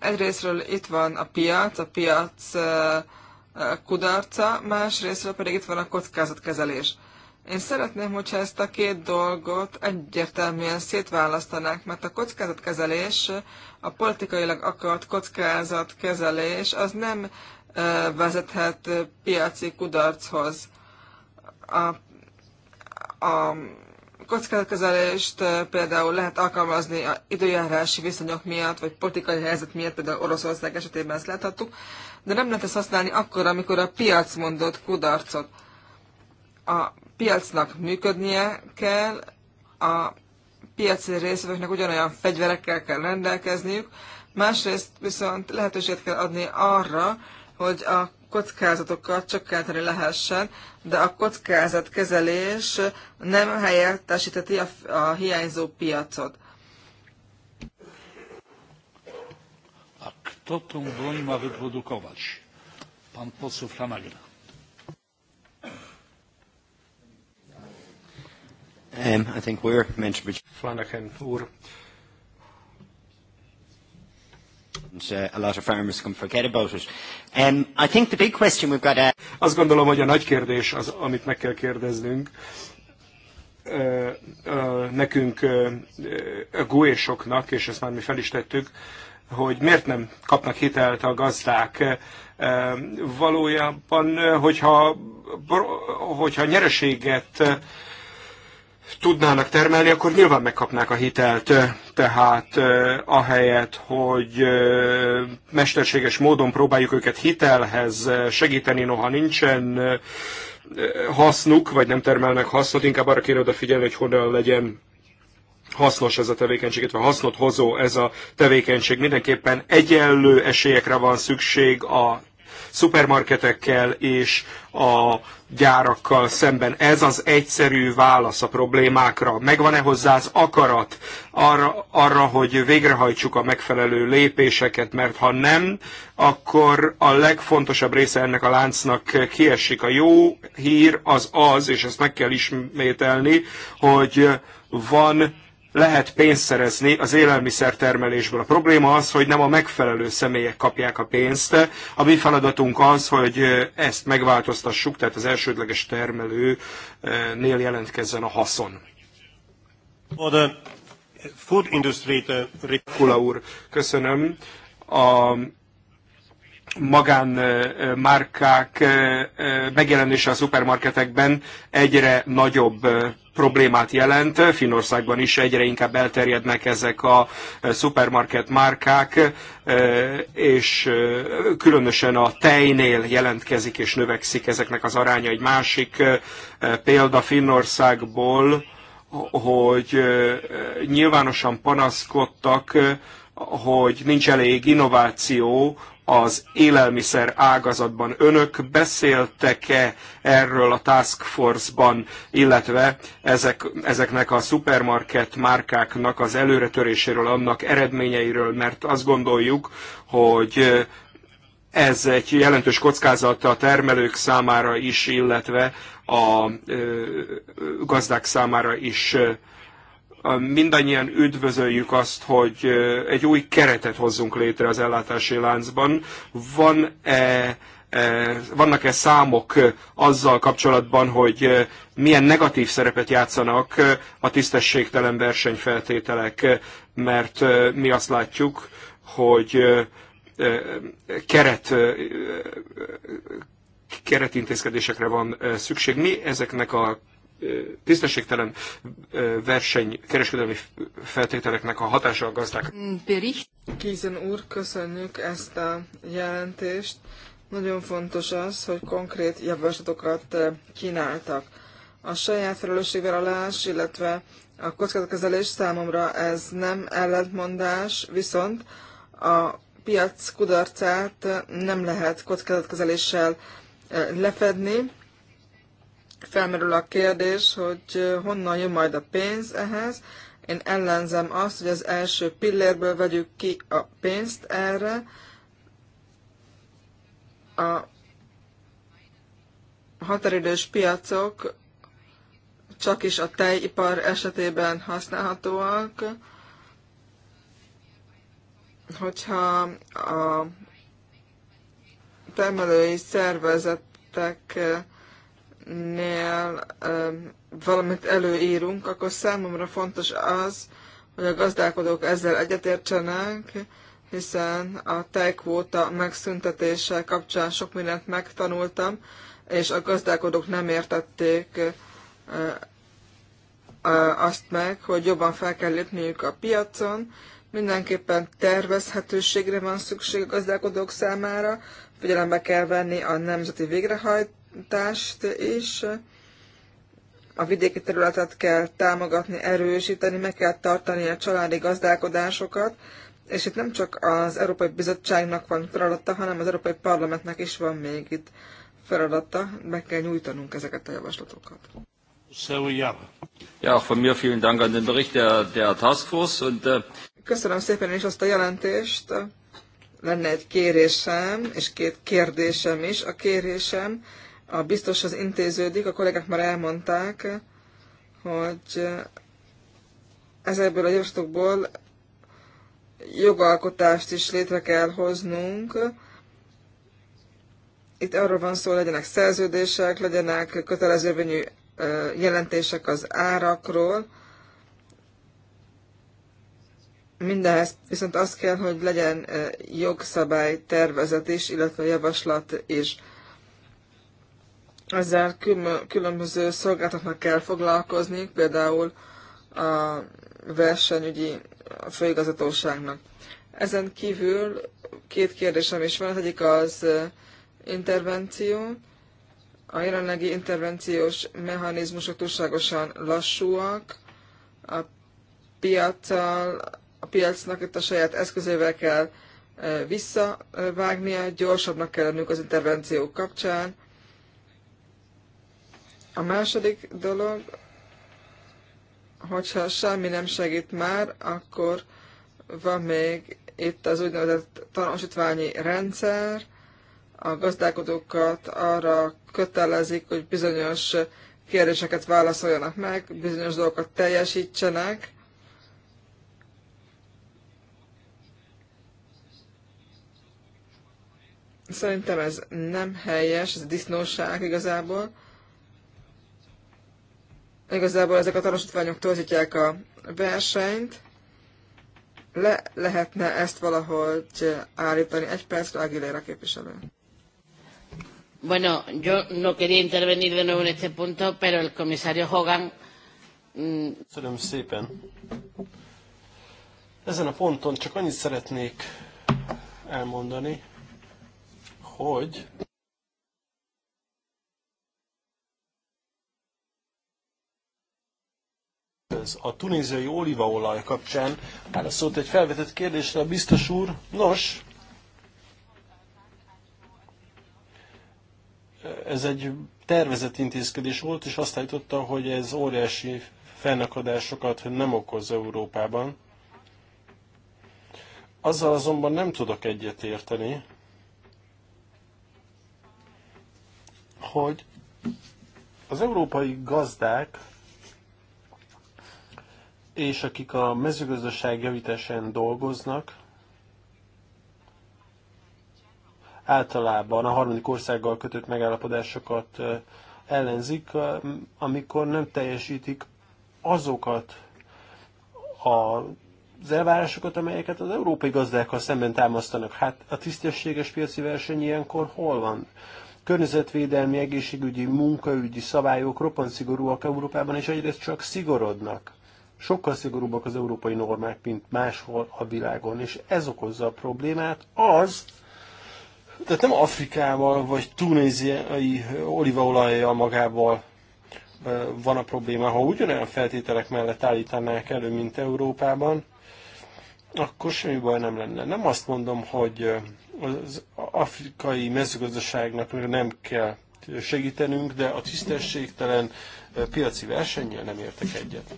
egyrésztről itt van a piac, a piac kudarca, másrésztről pedig itt van a kockázatkezelés. Én szeretném, hogyha ezt a két dolgot egyértelműen szétválasztanák, mert a kockázatkezelés, a politikailag akart kockázatkezelés, az nem vezethet piaci kudarchoz. A, a kockázatkezelést például lehet alkalmazni a időjárási viszonyok miatt, vagy politikai helyzet miatt, például Oroszország esetében ezt láthattuk, de nem lehet ezt használni akkor, amikor a piac mondott kudarcot. A piacnak működnie kell, a piaci részvevőknek ugyanolyan fegyverekkel kell rendelkezniük, másrészt viszont lehetőséget kell adni arra, hogy a kockázatokat csökkenteni lehessen, de a kockázatkezelés nem helyettesíteti a, a hiányzó piacot. A kto tą broń ma wyprodukować? Pan poseł Flanagan. Um, I think we're meant to be... Flanagan úr, azt gondolom, hogy a nagy kérdés az, amit meg kell kérdeznünk, uh, uh, nekünk uh, a guésoknak, és ezt már mi fel is tettük, hogy miért nem kapnak hitelt a gazdák. Valójában, hogyha, hogyha nyereséget tudnának termelni, akkor nyilván megkapnák a hitelt. Tehát ahelyett, hogy mesterséges módon próbáljuk őket hitelhez segíteni, noha nincsen hasznuk, vagy nem termelnek hasznot, inkább arra kéne odafigyelni, hogy hogyan legyen hasznos ez a tevékenység, illetve hasznot hozó ez a tevékenység. Mindenképpen egyenlő esélyekre van szükség a szupermarketekkel és a gyárakkal szemben. Ez az egyszerű válasz a problémákra. Megvan-e hozzá az akarat arra, arra, hogy végrehajtsuk a megfelelő lépéseket, mert ha nem, akkor a legfontosabb része ennek a láncnak kiesik. A jó hír az az, és ezt meg kell ismételni, hogy van lehet pénzt szerezni az élelmiszertermelésből. A probléma az, hogy nem a megfelelő személyek kapják a pénzt. A mi feladatunk az, hogy ezt megváltoztassuk, tehát az elsődleges termelőnél jelentkezzen a haszon. A food industry... Kula úr, köszönöm. A magánmárkák megjelenése a szupermarketekben egyre nagyobb problémát jelent. Finországban is egyre inkább elterjednek ezek a eh, szupermarket márkák, eh, és eh, különösen a tejnél jelentkezik és növekszik ezeknek az aránya. Egy másik példa Finnországból, hogy nyilvánosan panaszkodtak, hogy nincs elég innováció az élelmiszer ágazatban. Önök beszéltek-e erről a Task Force-ban, illetve ezek, ezeknek a szupermarket márkáknak az előretöréséről, annak eredményeiről, mert azt gondoljuk, hogy ez egy jelentős kockázata a termelők számára is, illetve a gazdák számára is mindannyian üdvözöljük azt, hogy egy új keretet hozzunk létre az ellátási láncban. Van-e vannak-e számok azzal kapcsolatban, hogy milyen negatív szerepet játszanak a tisztességtelen versenyfeltételek, mert mi azt látjuk, hogy keret, keretintézkedésekre van szükség. Mi ezeknek a tisztességtelen verseny kereskedelmi feltételeknek a hatása a gazdák. Kízen úr, köszönjük ezt a jelentést. Nagyon fontos az, hogy konkrét javaslatokat kínáltak. A saját felelősségvállalás, illetve a kockázatkezelés számomra ez nem ellentmondás, viszont a piac kudarcát nem lehet kockázatkezeléssel lefedni, felmerül a kérdés, hogy honnan jön majd a pénz ehhez. Én ellenzem azt, hogy az első pillérből vegyük ki a pénzt erre. A határidős piacok csak is a tejipar esetében használhatóak. Hogyha a termelői szervezetek nél valamit előírunk, akkor számomra fontos az, hogy a gazdálkodók ezzel egyetértsenek, hiszen a tejkvóta megszüntetése kapcsán sok mindent megtanultam, és a gazdálkodók nem értették azt meg, hogy jobban fel kell lépniük a piacon, mindenképpen tervezhetőségre van szükség a gazdálkodók számára, figyelembe kell venni a nemzeti végrehajt támogatást és A vidéki területet kell támogatni, erősíteni, meg kell tartani a családi gazdálkodásokat, és itt nem csak az Európai Bizottságnak van feladata, hanem az Európai Parlamentnek is van még itt feladata, meg kell nyújtanunk ezeket a javaslatokat. Äh, Köszönöm szépen is azt a jelentést. Lenne egy kérésem, és két kérdésem is. A kérésem a biztoshoz intéződik, a kollégák már elmondták, hogy ezekből a javaslatokból jogalkotást is létre kell hoznunk. Itt arról van szó, legyenek szerződések, legyenek kötelezővényű jelentések az árakról. Mindenhez viszont az kell, hogy legyen jogszabály tervezet is, illetve javaslat is ezzel különböző szolgáltatnak kell foglalkozni, például a versenyügyi főigazgatóságnak. Ezen kívül két kérdésem is van, az egyik az intervenció. A jelenlegi intervenciós mechanizmusok túlságosan lassúak, a piacsal, a piacnak itt a saját eszközével kell visszavágnia, gyorsabbnak kell lennünk az intervenció kapcsán, a második dolog, hogyha semmi nem segít már, akkor van még itt az úgynevezett tanúsítványi rendszer, a gazdálkodókat arra kötelezik, hogy bizonyos kérdéseket válaszoljanak meg, bizonyos dolgokat teljesítsenek. Szerintem ez nem helyes, ez disznóság igazából. Igazából ezek a tanúsítványok torzítják a versenyt. Le lehetne ezt valahogy állítani. Egy percre Aguilera képviselő. Bueno, yo no quería intervenir de nuevo en este punto, pero el comisario Hogan... Mm, Köszönöm szépen. Ezen a ponton csak annyit szeretnék elmondani, hogy ez a tunéziai olívaolaj kapcsán válaszolt egy felvetett kérdésre a biztos úr. Nos, ez egy tervezett intézkedés volt, és azt állította, hogy ez óriási fennakadásokat nem okoz Európában. Azzal azonban nem tudok egyet érteni, hogy az európai gazdák és akik a mezőgazdaság javításán dolgoznak, általában a harmadik országgal kötött megállapodásokat ellenzik, amikor nem teljesítik azokat a az elvárásokat, amelyeket az európai gazdákkal szemben támasztanak. Hát a tisztességes piaci verseny ilyenkor hol van? Környezetvédelmi, egészségügyi, munkaügyi szabályok roppant szigorúak Európában, és egyrészt csak szigorodnak. Sokkal szigorúbbak az európai normák, mint máshol a világon, és ez okozza a problémát. Az, tehát nem Afrikával vagy tunéziai olívaolajjal magával van a probléma. Ha ugyanolyan feltételek mellett állítanák elő, mint Európában, akkor semmi baj nem lenne. Nem azt mondom, hogy az afrikai mezőgazdaságnak nem kell segítenünk, de a tisztességtelen piaci versennyel nem értek egyet.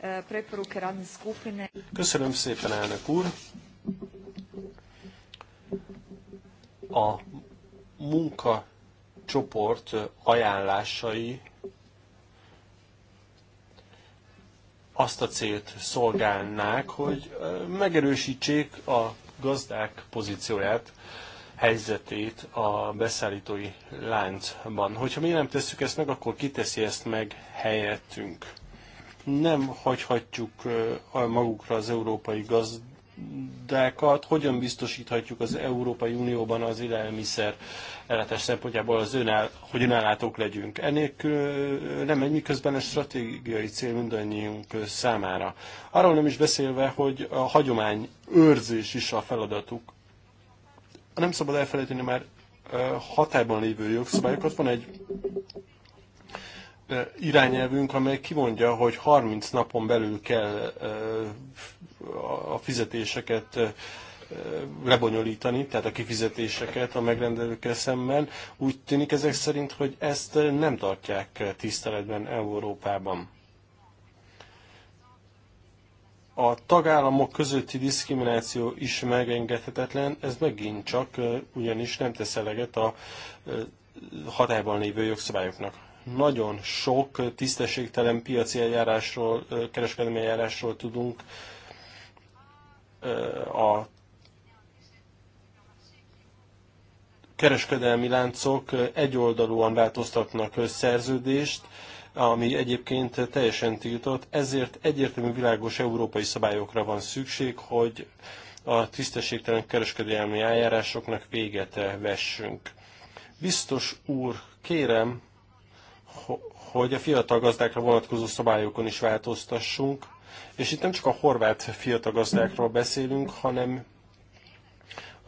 E, Köszönöm szépen, elnök úr! A munkacsoport ajánlásai azt a célt szolgálnák, hogy megerősítsék a gazdák pozícióját helyzetét a beszállítói láncban. Hogyha mi nem tesszük ezt meg, akkor kiteszi ezt meg helyettünk. Nem hagyhatjuk magukra az európai gazdákat, hogyan biztosíthatjuk az Európai Unióban az élelmiszer ellátás szempontjából az önáll, hogy önállátók legyünk. Ennek nem egy miközben ez stratégiai cél mindannyiunk számára. Arról nem is beszélve, hogy a hagyomány őrzés is a feladatuk, nem szabad elfelejteni már hatályban lévő jogszabályokat. Van egy irányelvünk, amely kimondja, hogy 30 napon belül kell a fizetéseket lebonyolítani, tehát a kifizetéseket a megrendelőkkel szemben. Úgy tűnik ezek szerint, hogy ezt nem tartják tiszteletben Európában. A tagállamok közötti diszkrimináció is megengedhetetlen, ez megint csak ugyanis nem tesz eleget a hatályban lévő jogszabályoknak nagyon sok tisztességtelen piaci eljárásról, kereskedelmi eljárásról tudunk a kereskedelmi láncok egyoldalúan változtatnak szerződést, ami egyébként teljesen tiltott, ezért egyértelmű világos európai szabályokra van szükség, hogy a tisztességtelen kereskedelmi eljárásoknak véget vessünk. Biztos úr, kérem, hogy a fiatal gazdákra vonatkozó szabályokon is változtassunk, és itt nem csak a horvát fiatal gazdákról beszélünk, hanem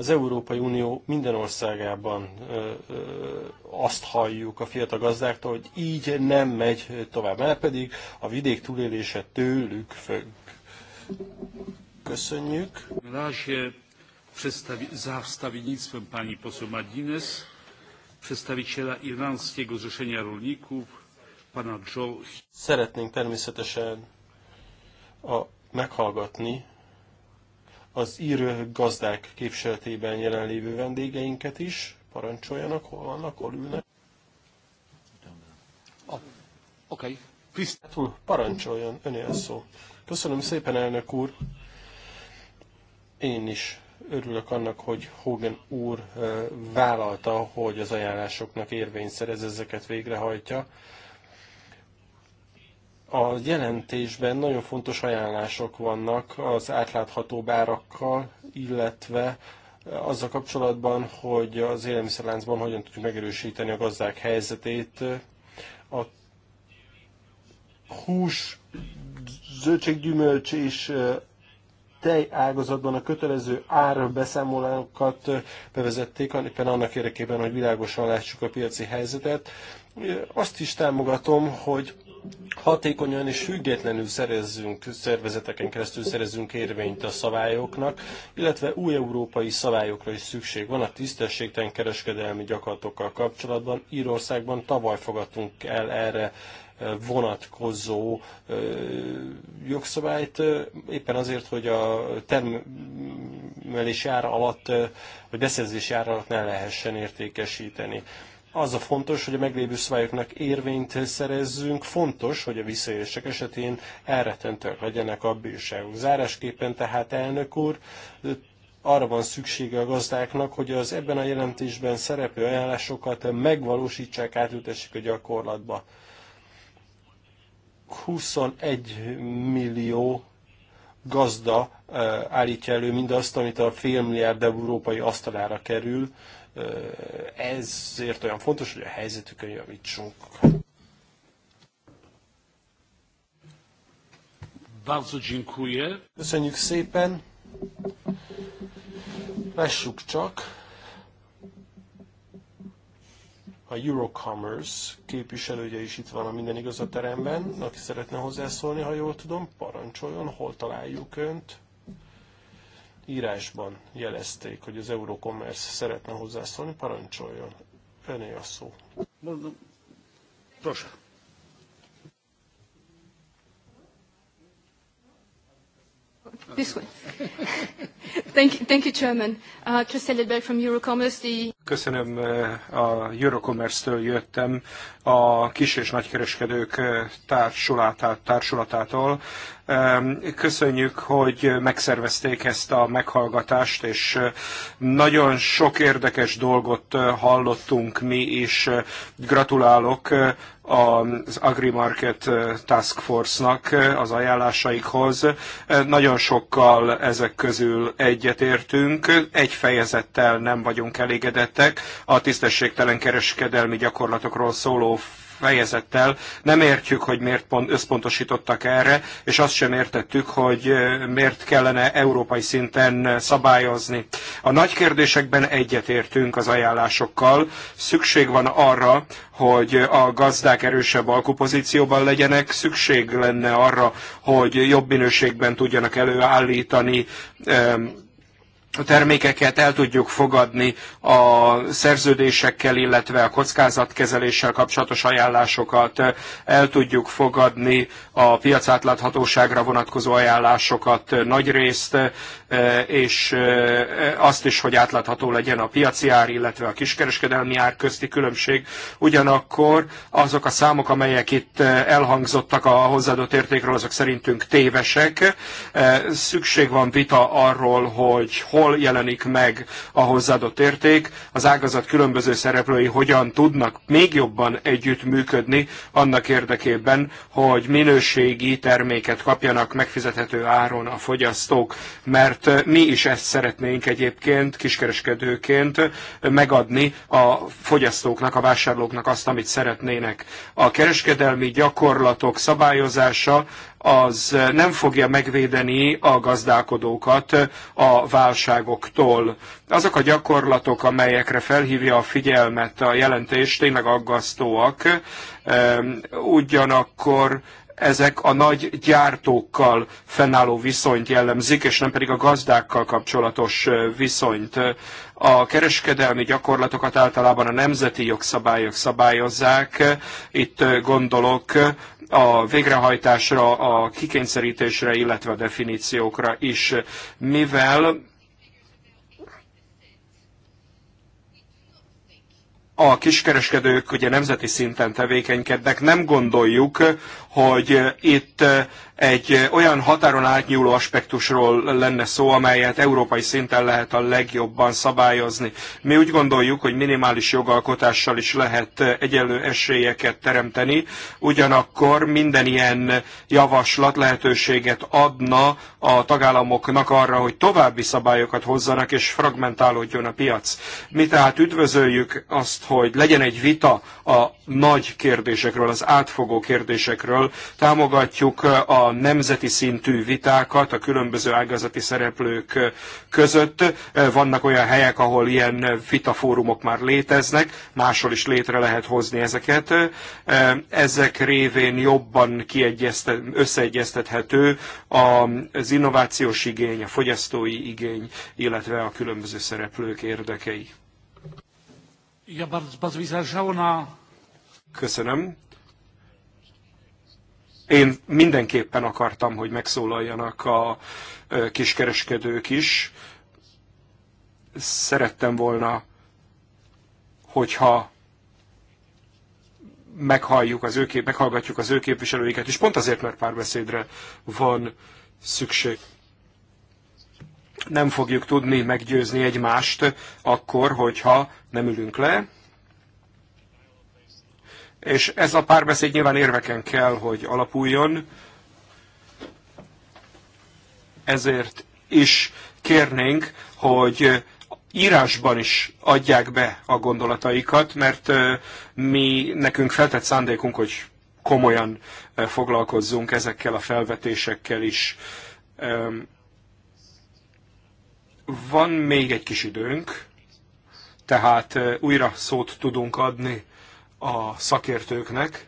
az Európai Unió minden országában azt halljuk a fiatal gazdáktól, hogy így nem megy tovább, mert pedig a vidék túlélése tőlük függ. Köszönjük. Razie za wstawiennictwem pani poseł Madines, przedstawiciela Irlandzkiego Zrzeszenia Rolników, pana Joe. Szeretnénk természetesen a, meghallgatni az ír gazdák képviseletében jelenlévő vendégeinket is. Parancsoljanak, hol vannak, hol ülnek. Oké. Okay. parancsoljon, öné a szó. Köszönöm szépen, elnök úr. Én is örülök annak, hogy Hogan úr vállalta, hogy az ajánlásoknak érvényt szerez, ezeket végrehajtja. A jelentésben nagyon fontos ajánlások vannak az átlátható bárakkal, illetve azzal kapcsolatban, hogy az élelmiszerláncban hogyan tudjuk megerősíteni a gazdák helyzetét. A hús, zöldséggyümölcs és tej ágazatban a kötelező árbeszámolókat bevezették, éppen annak érdekében, hogy világosan lássuk a piaci helyzetet. Azt is támogatom, hogy hatékonyan és függetlenül szerezzünk, szervezeteken keresztül szerezzünk érvényt a szabályoknak, illetve új európai szabályokra is szükség van a tisztességtelen kereskedelmi gyakorlatokkal kapcsolatban. Írországban tavaly fogadtunk el erre eh, vonatkozó eh, jogszabályt, eh, éppen azért, hogy a termelési ára alatt, vagy beszerzési ára alatt ne lehessen értékesíteni az a fontos, hogy a meglévő szabályoknak érvényt szerezzünk, fontos, hogy a visszaélések esetén elretentőek legyenek a bírságok. Zárásképpen tehát elnök úr, arra van szüksége a gazdáknak, hogy az ebben a jelentésben szereplő ajánlásokat megvalósítsák, átültessék a gyakorlatba. 21 millió gazda eh, állítja elő mindazt, amit a félmilliárd európai asztalára kerül. Ezért olyan fontos, hogy a helyzetükön javítsunk. Bardzo dziękuję. Köszönjük szépen. Lássuk csak. A Eurocommerce képviselője is itt van a minden igaz a teremben, aki szeretne hozzászólni, ha jól tudom, parancsoljon, hol találjuk önt írásban jelezték, hogy az Eurocommerce szeretne hozzászólni, parancsoljon. Öné a szó. Prosa. This one. thank, you, thank you, Chairman. Uh, Christelle Ledberg from Eurocommerce. The... Köszönöm, eh, a Eurocommerce-től jöttem, a kis- és nagykereskedők eh, társulatától. Köszönjük, hogy megszervezték ezt a meghallgatást, és eh, nagyon sok érdekes dolgot hallottunk mi is. Gratulálok az Agrimarket Task Force-nak az ajánlásaikhoz. Nagyon sokkal ezek közül egyetértünk, egy fejezettel nem vagyunk elégedettek, elégedettek a tisztességtelen kereskedelmi gyakorlatokról szóló fejezettel. Nem értjük, hogy miért pont összpontosítottak erre, és azt sem értettük, hogy miért kellene európai szinten szabályozni. A nagy kérdésekben egyetértünk az ajánlásokkal. Szükség van arra, hogy a gazdák erősebb alkupozícióban legyenek, szükség lenne arra, hogy jobb minőségben tudjanak előállítani a termékeket el tudjuk fogadni a szerződésekkel, illetve a kockázatkezeléssel kapcsolatos ajánlásokat el tudjuk fogadni a piacátláthatóságra vonatkozó ajánlásokat nagy részt, e, és e, azt is, hogy átlátható legyen a piaci ár, illetve a kiskereskedelmi ár közti különbség. Ugyanakkor azok a számok, amelyek itt e, elhangzottak a hozzáadott értékről, azok szerintünk tévesek. Szükség van vita arról, hogy hol jelenik meg a hozzáadott érték, az ágazat különböző szereplői hogyan tudnak még jobban együttműködni annak érdekében, hogy minőség minőségi terméket kapjanak megfizethető áron a fogyasztók, mert mi is ezt szeretnénk egyébként kiskereskedőként megadni a fogyasztóknak, a vásárlóknak azt, amit szeretnének. A kereskedelmi gyakorlatok szabályozása az nem fogja megvédeni a gazdálkodókat a válságoktól. Azok a gyakorlatok, amelyekre felhívja a figyelmet a jelentés, tényleg aggasztóak, ehm, ugyanakkor ezek a nagy gyártókkal fennálló viszonyt jellemzik, és nem pedig a gazdákkal kapcsolatos viszonyt. A kereskedelmi gyakorlatokat általában a nemzeti jogszabályok szabályozzák. Itt gondolok a végrehajtásra, a kikényszerítésre, illetve a definíciókra is, mivel a kiskereskedők ugye nemzeti szinten tevékenykednek, nem gondoljuk, hogy itt egy olyan határon átnyúló aspektusról lenne szó, amelyet európai szinten lehet a legjobban szabályozni. Mi úgy gondoljuk, hogy minimális jogalkotással is lehet egyenlő esélyeket teremteni, ugyanakkor minden ilyen javaslat lehetőséget adna a tagállamoknak arra, hogy további szabályokat hozzanak és fragmentálódjon a piac. Mi tehát üdvözöljük azt, hogy legyen egy vita a nagy kérdésekről, az átfogó kérdésekről, támogatjuk a a nemzeti szintű vitákat a különböző ágazati szereplők között. Vannak olyan helyek, ahol ilyen vitafórumok már léteznek, máshol is létre lehet hozni ezeket. Ezek révén jobban összeegyeztethető az innovációs igény, a fogyasztói igény, illetve a különböző szereplők érdekei. Ja, bardzo, bardzo na Köszönöm én mindenképpen akartam, hogy megszólaljanak a kiskereskedők is. Szerettem volna, hogyha meghalljuk az ő kép, meghallgatjuk az ő képviselőiket és pont azért, mert párbeszédre van szükség. Nem fogjuk tudni meggyőzni egymást akkor, hogyha nem ülünk le, és ez a párbeszéd nyilván érveken kell, hogy alapuljon, ezért is kérnénk, hogy írásban is adják be a gondolataikat, mert mi nekünk feltett szándékunk, hogy komolyan foglalkozzunk ezekkel a felvetésekkel is. Van még egy kis időnk, tehát újra szót tudunk adni a szakértőknek,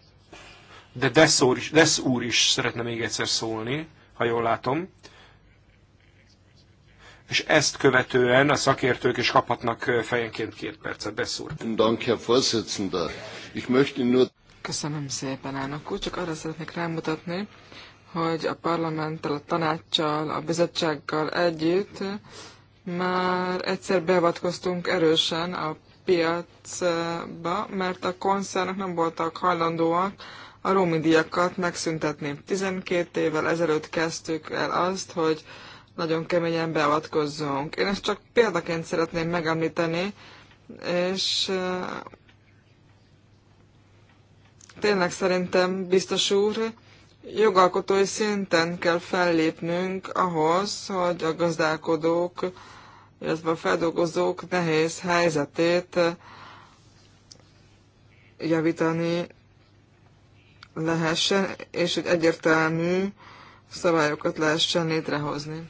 de Dess úr, is, Dess úr is szeretne még egyszer szólni, ha jól látom. És ezt követően a szakértők is kaphatnak fejenként két percet. Dess úr. Köszönöm szépen, elnök úr. Csak arra szeretnék rámutatni, hogy a parlamenttel, a tanácssal, a bizottsággal együtt már egyszer beavatkoztunk erősen a piacba, mert a koncernek nem voltak hajlandóak a rómidiakat megszüntetni. 12 évvel ezelőtt kezdtük el azt, hogy nagyon keményen beavatkozzunk. Én ezt csak példaként szeretném megemlíteni, és tényleg szerintem, biztos úr, jogalkotói szinten kell fellépnünk ahhoz, hogy a gazdálkodók illetve a feldolgozók nehéz helyzetét eh, javítani lehessen, és hogy egyértelmű szabályokat lehessen létrehozni.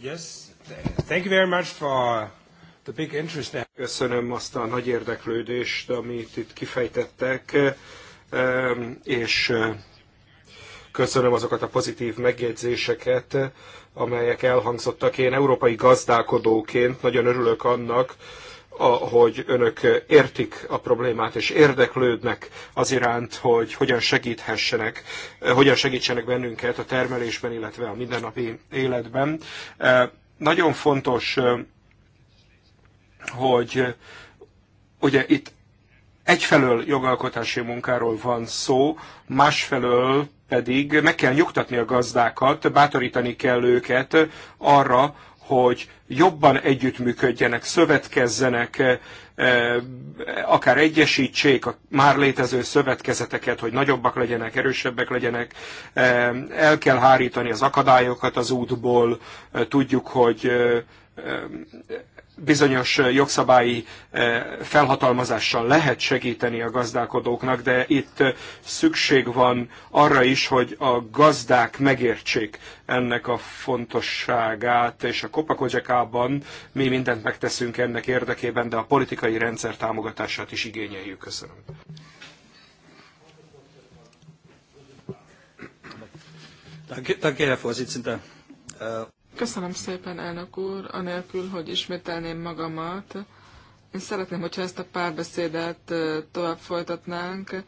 Yes, thank you very much for the big interest. Köszönöm azt a nagy érdeklődést, amit itt kifejtettek, eh, és eh, Köszönöm azokat a pozitív megjegyzéseket, amelyek elhangzottak. Én európai gazdálkodóként nagyon örülök annak, hogy önök értik a problémát és érdeklődnek az iránt, hogy hogyan segíthessenek, hogyan segítsenek bennünket a termelésben, illetve a mindennapi életben. E, nagyon fontos, e, hogy ugye itt egyfelől jogalkotási munkáról van szó, másfelől pedig meg kell nyugtatni a gazdákat, bátorítani kell őket arra, hogy jobban együttműködjenek, szövetkezzenek, eh, akár egyesítsék a már létező szövetkezeteket, hogy nagyobbak legyenek, erősebbek legyenek, eh, el kell hárítani az akadályokat az útból, eh, tudjuk, hogy bizonyos eh, jogszabályi eh, felhatalmazással lehet segíteni a gazdálkodóknak, de itt eh, szükség van arra is, hogy a gazdák megértsék ennek a fontosságát, és a Kopakocsekában mi mindent megteszünk ennek érdekében, de a politikai rendszer támogatását is igényeljük. Köszönöm. Danke, danke Herr Vorsitzender. Äh, Köszönöm szépen, elnök úr, anélkül, hogy ismételném magamat. Én szeretném, hogyha ezt a párbeszédet tovább folytatnánk.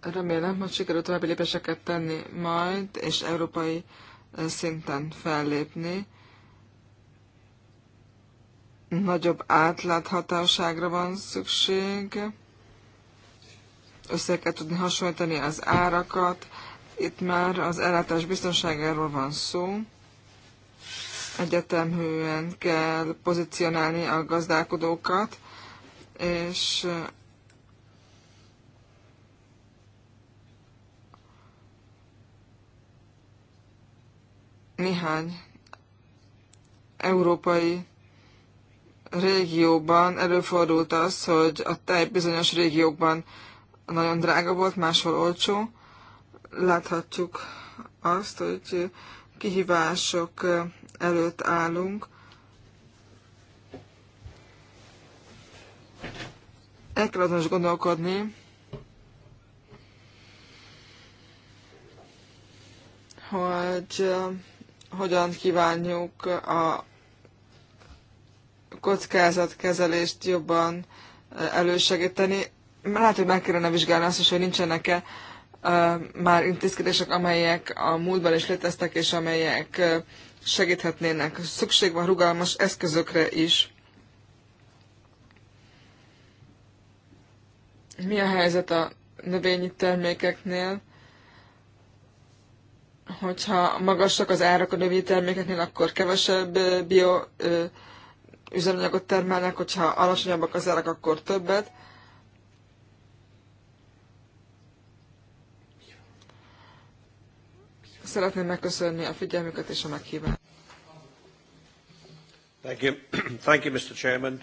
Remélem, hogy sikerül további lépéseket tenni majd, és európai szinten fellépni. Nagyobb átláthatóságra van szükség. Össze kell tudni hasonlítani az árakat, itt már az ellátás biztonságáról van szó. Egyetemhően kell pozícionálni a gazdálkodókat, és eh, néhány európai régióban előfordult az, hogy a tej bizonyos régiókban nagyon drága volt, máshol olcsó, láthatjuk azt, hogy kihívások előtt állunk. El kell azon is gondolkodni, hogy hogyan kívánjuk a kockázatkezelést jobban elősegíteni. Lehet, hogy meg kellene vizsgálni azt is, hogy nincsenek-e már intézkedések, amelyek a múltban is léteztek, és amelyek segíthetnének. Szükség van rugalmas eszközökre is. Mi a helyzet a növényi termékeknél? Hogyha magasak az árak a növényi termékeknél, akkor kevesebb bio üzemanyagot termelnek, hogyha alacsonyabbak az árak, akkor többet szeretném megköszönni a figyelmüket és a meghívást. Thank you. Thank you, Mr. Chairman.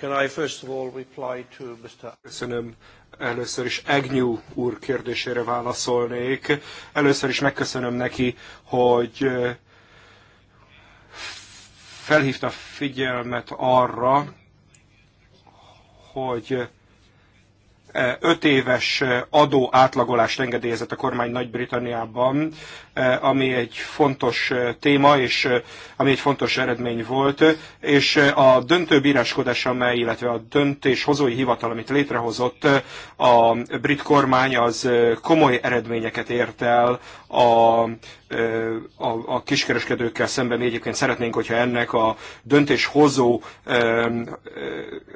Can I first of all reply to Mr. Köszönöm. Először is Agnew úr kérdésére válaszolnék. Először is megköszönöm neki, hogy felhívta figyelmet arra, hogy öt éves adó átlagolást engedélyezett a kormány Nagy-Britanniában. Eh, ami egy fontos eh, téma, és eh, ami egy fontos eredmény volt, és a döntő bíráskodás, amely, illetve a döntéshozói hivatal, amit létrehozott a brit kormány, az komoly eredményeket ért el a, a, a kiskereskedőkkel szemben. Mi egyébként szeretnénk, hogyha ennek a döntéshozó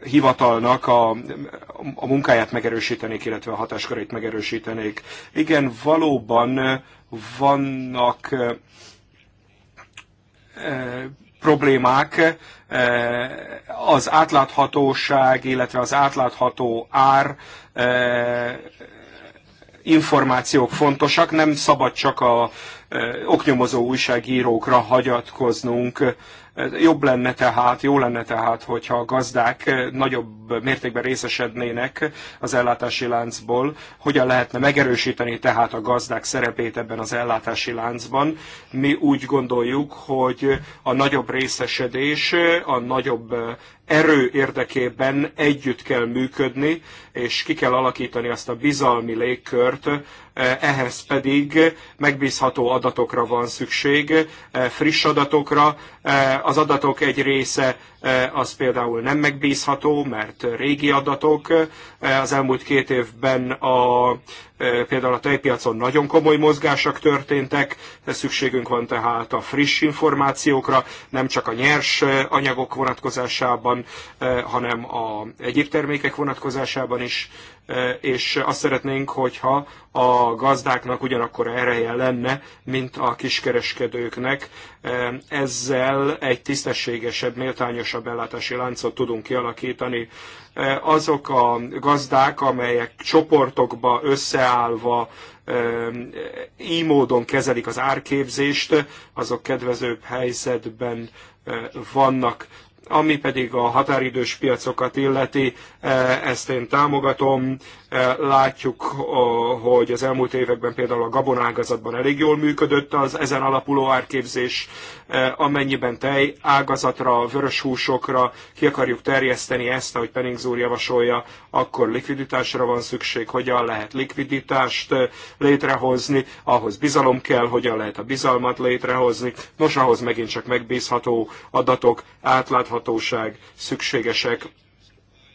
hivatalnak a, a munkáját megerősítenék, illetve a hatáskörét megerősítenék. Igen, valóban vannak problémák, az átláthatóság, illetve az átlátható ár információk fontosak, nem szabad csak a oknyomozó újságírókra hagyatkoznunk Jobb lenne tehát, jó lenne tehát, hogyha a gazdák eh, nagyobb mértékben részesednének az ellátási láncból. Hogyan lehetne megerősíteni tehát a gazdák szerepét ebben az ellátási láncban? Mi úgy gondoljuk, hogy a nagyobb részesedés, a nagyobb eh, erő érdekében együtt kell működni, és ki kell alakítani azt a bizalmi légkört, eh, ehhez pedig megbízható adatokra van szükség, friss adatokra, az adatok egy része e, az például nem megbízható, mert régi adatok. E, az elmúlt két évben a, e, például a tejpiacon nagyon komoly mozgások történtek, szükségünk van tehát a friss információkra, nem csak a nyers anyagok vonatkozásában, hanem a egyéb termékek vonatkozásában is Eh, és azt szeretnénk, hogyha a gazdáknak ugyanakkor ereje lenne, mint a kiskereskedőknek. Eh, ezzel egy tisztességesebb, méltányosabb ellátási láncot tudunk kialakítani. Eh, azok a gazdák, amelyek csoportokba összeállva így módon kezelik az árképzést, azok kedvezőbb helyzetben vannak. Ami pedig a határidős piacokat illeti, e, ezt én támogatom, Eh, látjuk, eh, hogy az elmúlt években például a gabonágazatban elég jól működött az ezen alapuló árképzés, eh, amennyiben tej ágazatra, vörös húsokra ki akarjuk terjeszteni ezt, ahogy Penning úr javasolja, akkor likviditásra van szükség, hogyan lehet likviditást létrehozni, ahhoz bizalom kell, hogyan lehet a bizalmat létrehozni. Nos, ahhoz megint csak megbízható adatok, átláthatóság szükségesek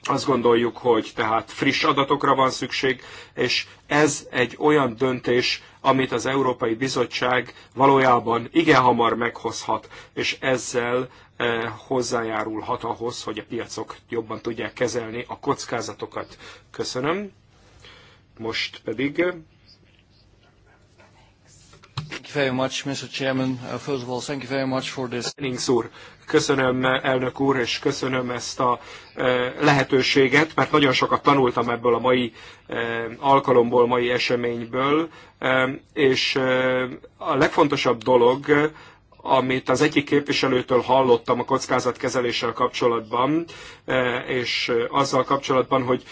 azt gondoljuk, hogy tehát friss adatokra van szükség, és ez egy olyan döntés, amit az Európai Bizottság valójában igen hamar meghozhat, és ezzel eh, hozzájárulhat ahhoz, hogy a piacok jobban tudják kezelni a kockázatokat. Köszönöm. Most pedig very much, Mr. Chairman. Uh, first of all, thank you very much for this. úr, köszönöm eh, elnök úr, és köszönöm ezt a eh, lehetőséget, mert nagyon sokat tanultam ebből a mai eh, alkalomból, mai eseményből, és a legfontosabb dolog, amit az egyik képviselőtől hallottam a kockázatkezeléssel kapcsolatban, e, és e, azzal kapcsolatban, hogy,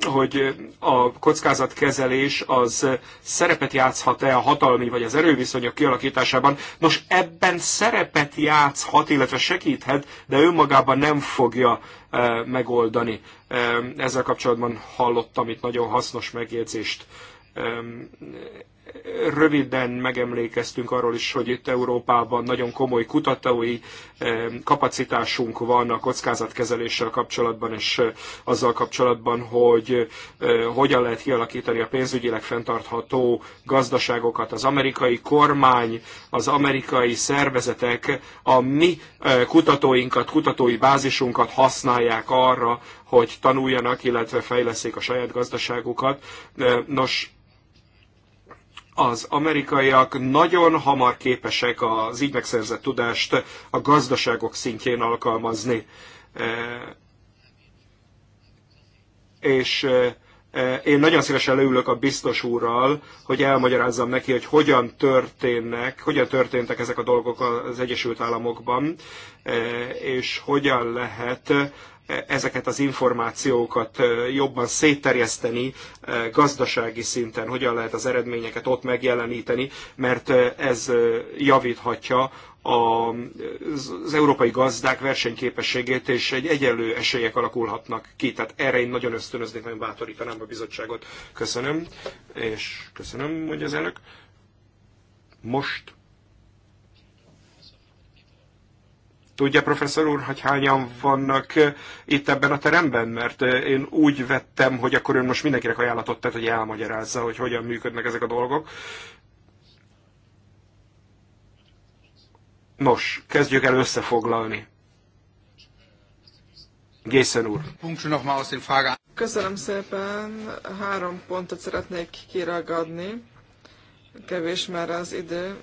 hogy a kockázatkezelés az szerepet játszhat-e a hatalmi vagy az erőviszonyok kialakításában. Nos, ebben szerepet játszhat, illetve segíthet, de önmagában nem fogja e, megoldani. Ezzel kapcsolatban hallottam itt nagyon hasznos megjegyzést röviden megemlékeztünk arról is, hogy itt Európában nagyon komoly kutatói eh, kapacitásunk van a kockázatkezeléssel kapcsolatban, és eh, azzal kapcsolatban, hogy eh, hogyan lehet kialakítani a pénzügyileg fenntartható gazdaságokat. Az amerikai kormány, az amerikai szervezetek a mi kutatóinkat, kutatói bázisunkat használják arra, hogy tanuljanak, illetve fejleszék a saját gazdaságukat. Nos, az amerikaiak nagyon hamar képesek az így megszerzett tudást a gazdaságok szintjén alkalmazni. E, és e, e, én nagyon szívesen leülök a biztos úrral, hogy elmagyarázzam neki, hogy hogyan történnek, hogyan történtek ezek a dolgok az Egyesült Államokban, és hogyan lehet ezeket az információkat jobban szétterjeszteni gazdasági szinten, hogyan lehet az eredményeket ott megjeleníteni, mert ez javíthatja az európai gazdák versenyképességét, és egy egyenlő esélyek alakulhatnak ki. Tehát erre én nagyon ösztönöznék, nagyon bátorítanám a bizottságot. Köszönöm, és köszönöm, hogy az elnök. Most Tudja, professzor úr, hogy hányan vannak eh, itt ebben a teremben? Mert eh, én úgy vettem, hogy akkor ön most mindenkinek ajánlatot tett, hogy elmagyarázza, hogy hogyan működnek ezek a dolgok. Nos, kezdjük el összefoglalni. Gészen úr. Köszönöm szépen. Három pontot szeretnék kiragadni. Kevés már az idő.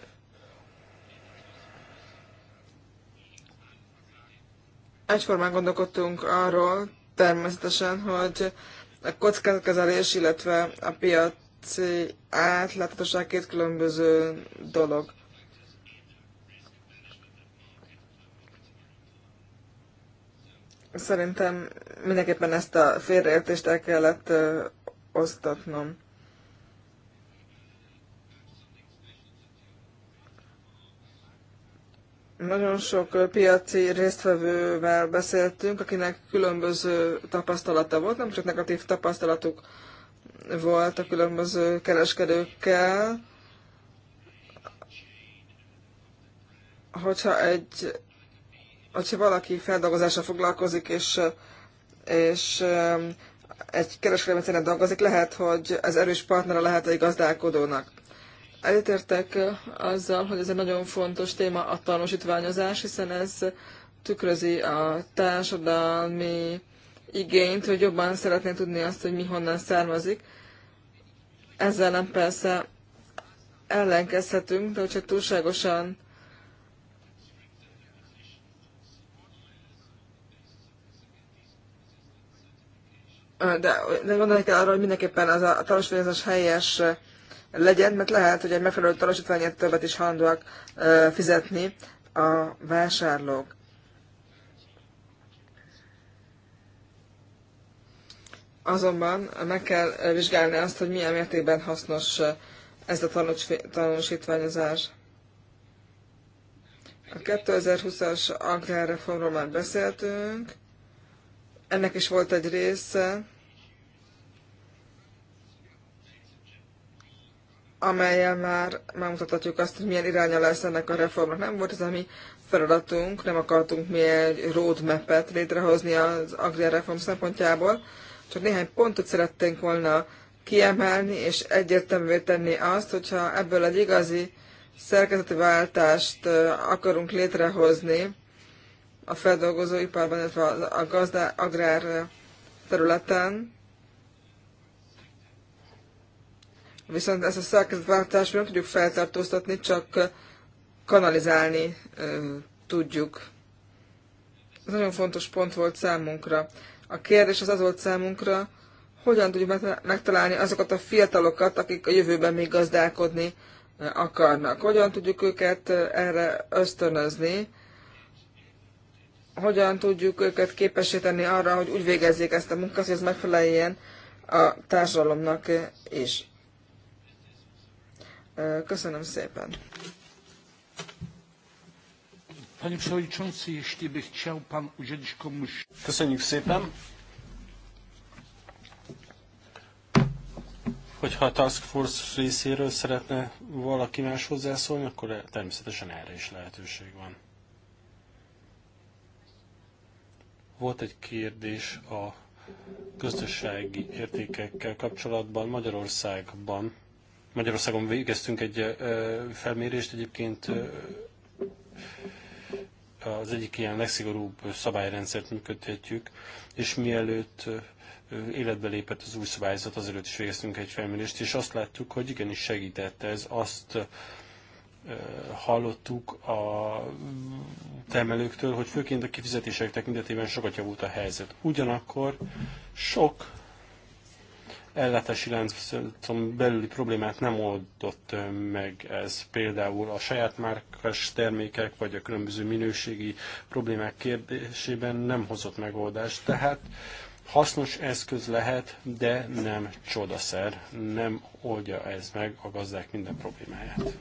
egyformán gondolkodtunk arról természetesen, hogy a kockázatkezelés, illetve a piaci átláthatóság két különböző dolog. Szerintem mindenképpen ezt a félreértést el kellett osztatnom. Nagyon sok piaci résztvevővel beszéltünk, akinek különböző tapasztalata volt, nem csak negatív tapasztalatuk volt a különböző kereskedőkkel. Hogyha egy, hogyha valaki feldolgozásra foglalkozik, és, és egy kereskedelmi dolgozik, lehet, hogy ez erős partnere lehet egy gazdálkodónak. Egyetértek azzal, hogy ez egy nagyon fontos téma a tanúsítványozás, hiszen ez tükrözi a társadalmi igényt, hogy jobban szeretné tudni azt, hogy mi honnan származik. Ezzel nem persze ellenkezhetünk, de hogyha túlságosan de, de gondolni kell arra, hogy mindenképpen az a, a tanúsítványozás helyes legyen, mert lehet, hogy egy megfelelő tanúsítványért többet is hajlandóak fizetni a vásárlók. Azonban meg kell vizsgálni azt, hogy milyen mértékben hasznos ez a tanúsítványozás. A 2020-as agrárreformról már beszéltünk. Ennek is volt egy része, amelyen már megmutathatjuk azt, hogy milyen iránya lesz ennek a reformnak. Nem volt ez a mi feladatunk, nem akartunk mi egy roadmap-et létrehozni az agrárreform szempontjából, csak néhány pontot szerettünk volna kiemelni és egyértelművé tenni azt, hogyha ebből egy igazi szerkezeti váltást akarunk létrehozni a feldolgozóiparban, illetve a gazdá, agrár területen, Viszont ezt a szerkezetváltást mi nem tudjuk feltartóztatni, csak kanalizálni tudjuk. Ez nagyon fontos pont volt számunkra. A kérdés az az volt számunkra, hogyan tudjuk megtalálni azokat a fiatalokat, akik a jövőben még gazdálkodni akarnak. Hogyan tudjuk őket erre ösztönözni, hogyan tudjuk őket képesíteni arra, hogy úgy végezzék ezt a munkát, hogy ez megfeleljen a társadalomnak is. Köszönöm szépen. Panie Przewodniczący, jeśli by chciał Pan udzielić komuś... Köszönjük szépen. Hogyha a Task Force részéről szeretne valaki más hozzászólni, akkor természetesen erre is lehetőség van. Volt egy kérdés a közösségi értékekkel kapcsolatban Magyarországban Magyarországon végeztünk egy felmérést, egyébként az egyik ilyen legszigorúbb szabályrendszert működtetjük, és mielőtt életbe lépett az új szabályzat, azelőtt is végeztünk egy felmérést, és azt láttuk, hogy igenis segített ez, azt hallottuk a termelőktől, hogy főként a kifizetések tekintetében sokat javult a helyzet. Ugyanakkor sok ellátási láncon belüli problémát nem oldott meg ez. Például a saját márkás termékek vagy a különböző minőségi problémák kérdésében nem hozott megoldást. Tehát hasznos eszköz lehet, de nem csodaszer, nem oldja ez meg a gazdák minden problémáját.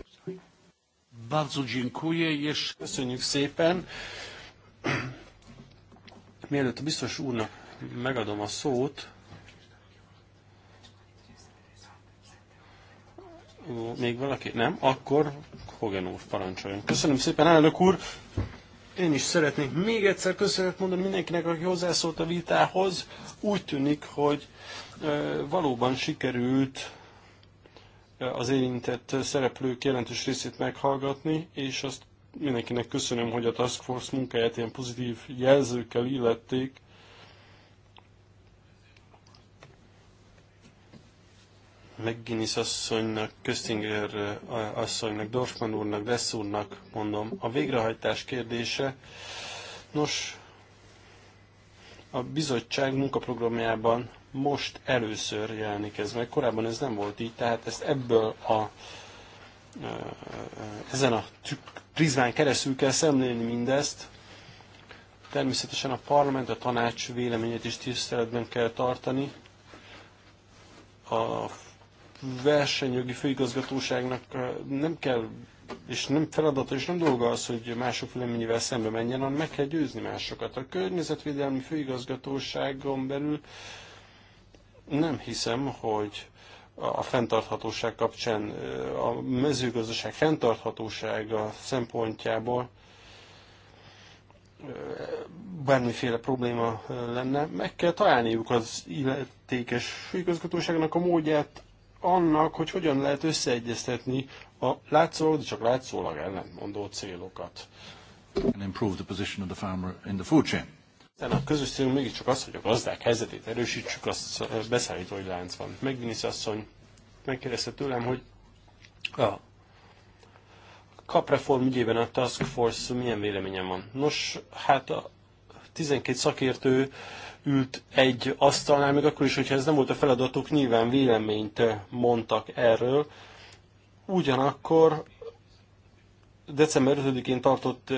Bardzo dziękuję. és Köszönjük szépen. Mielőtt a biztos úrnak megadom a szót, Még valaki? Nem? Akkor Hogan úr parancsoljon. Köszönöm szépen, elnök úr! Én is szeretnék még egyszer köszönet mondani mindenkinek, aki hozzászólt a vitához. Úgy tűnik, hogy valóban sikerült az érintett szereplők jelentős részét meghallgatni, és azt mindenkinek köszönöm, hogy a Task Force munkáját ilyen pozitív jelzőkkel illették. McGinnis asszonynak, Köstinger eh, asszonynak, Dorfman úrnak, Vesz úrnak mondom. A végrehajtás kérdése, nos, a bizottság munkaprogramjában most először jelenik ez meg, korábban ez nem volt így, tehát ezt ebből a eh, eh, ezen a prizmán keresztül kell szemlélni mindezt. Természetesen a parlament, a tanács véleményét is tiszteletben kell tartani. A versenyjogi főigazgatóságnak nem kell, és nem feladata, és nem dolga az, hogy mások véleményével szembe menjen, hanem meg kell győzni másokat. A környezetvédelmi főigazgatóságon belül nem hiszem, hogy a fenntarthatóság kapcsán, a mezőgazdaság fenntarthatósága szempontjából bármiféle probléma lenne, meg kell találniuk az illetékes főigazgatóságnak a módját annak, hogy hogyan lehet összeegyeztetni a látszólag, de csak látszólag ellentmondó célokat. And improve the position of the farmer in the food chain. a közös célunk mégiscsak az, hogy a gazdák helyzetét erősítsük, azt beszállítói lánc van. Megvinis asszony megkérdezte tőlem, hogy a kapreform ügyében a Task Force milyen véleményem van. Nos, hát a 12 szakértő ült egy asztalnál, még akkor is, hogyha ez nem volt a feladatuk, nyilván véleményt mondtak erről. Ugyanakkor december 5-én tartott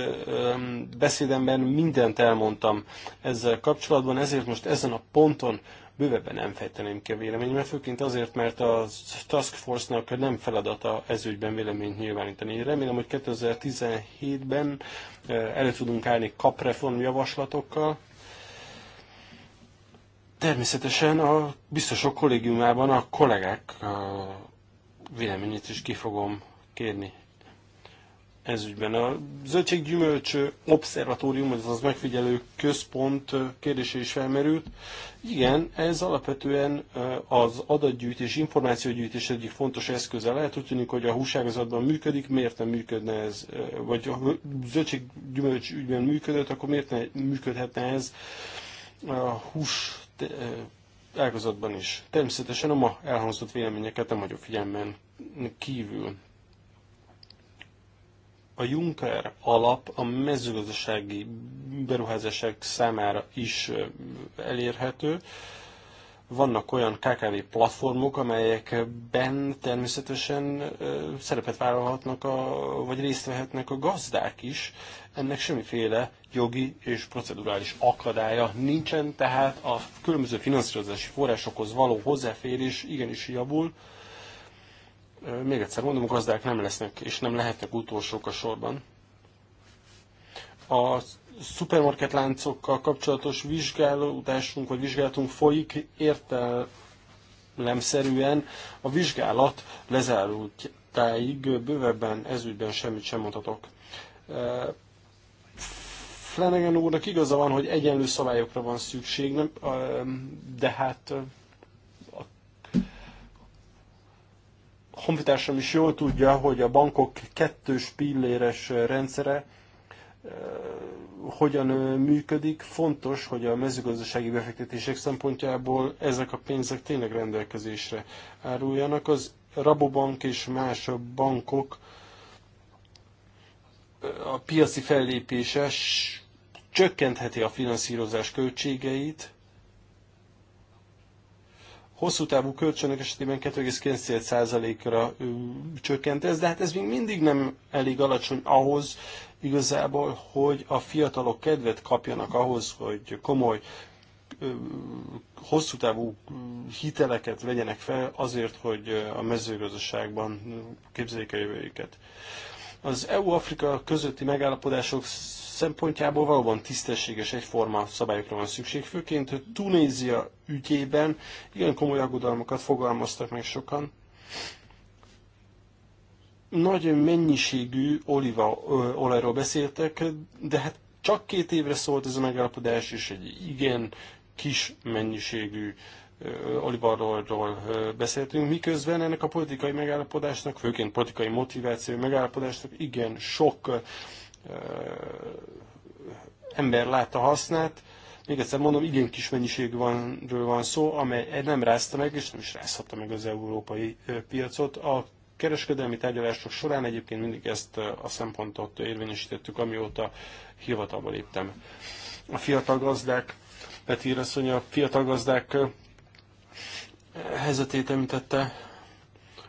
beszédemben mindent elmondtam ezzel kapcsolatban, ezért most ezen a ponton bővebben nem fejteném ki a véleményemet, főként azért, mert a Task Force-nak nem feladata ezügyben véleményt nyilvánítani. Remélem, hogy 2017-ben elő tudunk állni kapreform javaslatokkal, Természetesen a biztosok kollégiumában a kollégák a véleményét is ki fogom kérni ügyben A zöldséggyümölcs obszervatórium, azaz megfigyelő központ kérdése is felmerült. Igen, ez alapvetően az adatgyűjtés, információgyűjtés egyik fontos eszköze. Lehet, úgy tűnik, hogy a húságazatban működik, miért nem működne ez, vagy a zöldséggyümölcs ügyben működött, akkor miért nem működhetne ez a hús ágazatban is. Természetesen a ma elhangzott véleményeket nem vagyok figyelmen kívül. A Juncker alap a mezőgazdasági beruházások számára is elérhető. Vannak olyan KKV platformok, amelyekben természetesen szerepet vállalhatnak, a, vagy részt vehetnek a gazdák is. Ennek semmiféle jogi és procedurális akadálya nincsen, tehát a különböző finanszírozási forrásokhoz való hozzáférés igenis javul. Még egyszer mondom, a gazdák nem lesznek és nem lehetnek utolsók a sorban. a szupermarketláncokkal kapcsolatos vizsgálódásunk vagy vizsgálatunk folyik értelemszerűen a vizsgálat lezárultáig bővebben ezügyben semmit sem mondhatok. Flanagan úrnak igaza van, hogy egyenlő szabályokra van szükség, nem, de hát a honfitársam is jól tudja, hogy a bankok kettős pilléres rendszere hogyan működik. Fontos, hogy a mezőgazdasági befektetések szempontjából ezek a pénzek tényleg rendelkezésre áruljanak. Az Rabobank és más bankok a piaci fellépése csökkentheti a finanszírozás költségeit. Hosszú távú kölcsönök esetében 2,9%-ra csökkent ez, de hát ez még mindig nem elég alacsony ahhoz, igazából, hogy a fiatalok kedvet kapjanak ahhoz, hogy komoly hosszú távú hiteleket vegyenek fel azért, hogy a mezőgazdaságban képzeljék a jövőjüket. Az EU-Afrika közötti megállapodások szempontjából valóban tisztességes egyforma szabályokra van szükség, főként Tunézia ügyében igen komoly aggodalmakat fogalmaztak meg sokan nagy mennyiségű olívaolajról beszéltek, de hát csak két évre szólt ez a megállapodás, és egy igen kis mennyiségű olivarról beszéltünk, miközben ennek a politikai megállapodásnak, főként politikai motiváció megállapodásnak igen sok ember látta hasznát. Még egyszer mondom, igen kis mennyiségű van, van szó, amely nem rázta meg, és nem is rázhatta meg az európai piacot. A kereskedelmi tárgyalások során egyébként mindig ezt a szempontot érvényesítettük, amióta hivatalba léptem. A fiatal gazdák, Peti asszony a fiatal gazdák helyzetét említette,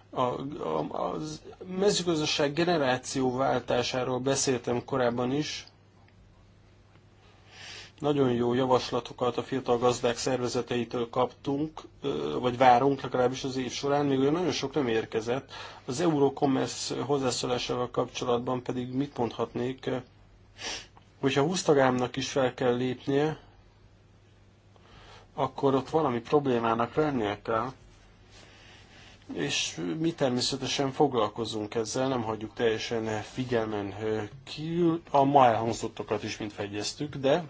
a, a, a mezőgazdaság generációváltásáról beszéltem korábban is, nagyon jó javaslatokat a fiatal gazdák szervezeteitől kaptunk, vagy várunk legalábbis az év során, még olyan nagyon sok nem érkezett. Az Eurocommerce hozzászólásával kapcsolatban pedig mit mondhatnék, hogyha 20 tagámnak is fel kell lépnie, akkor ott valami problémának lennie kell. És mi természetesen foglalkozunk ezzel, nem hagyjuk teljesen figyelmen kívül. A ma elhangzottakat is mind fegyeztük, de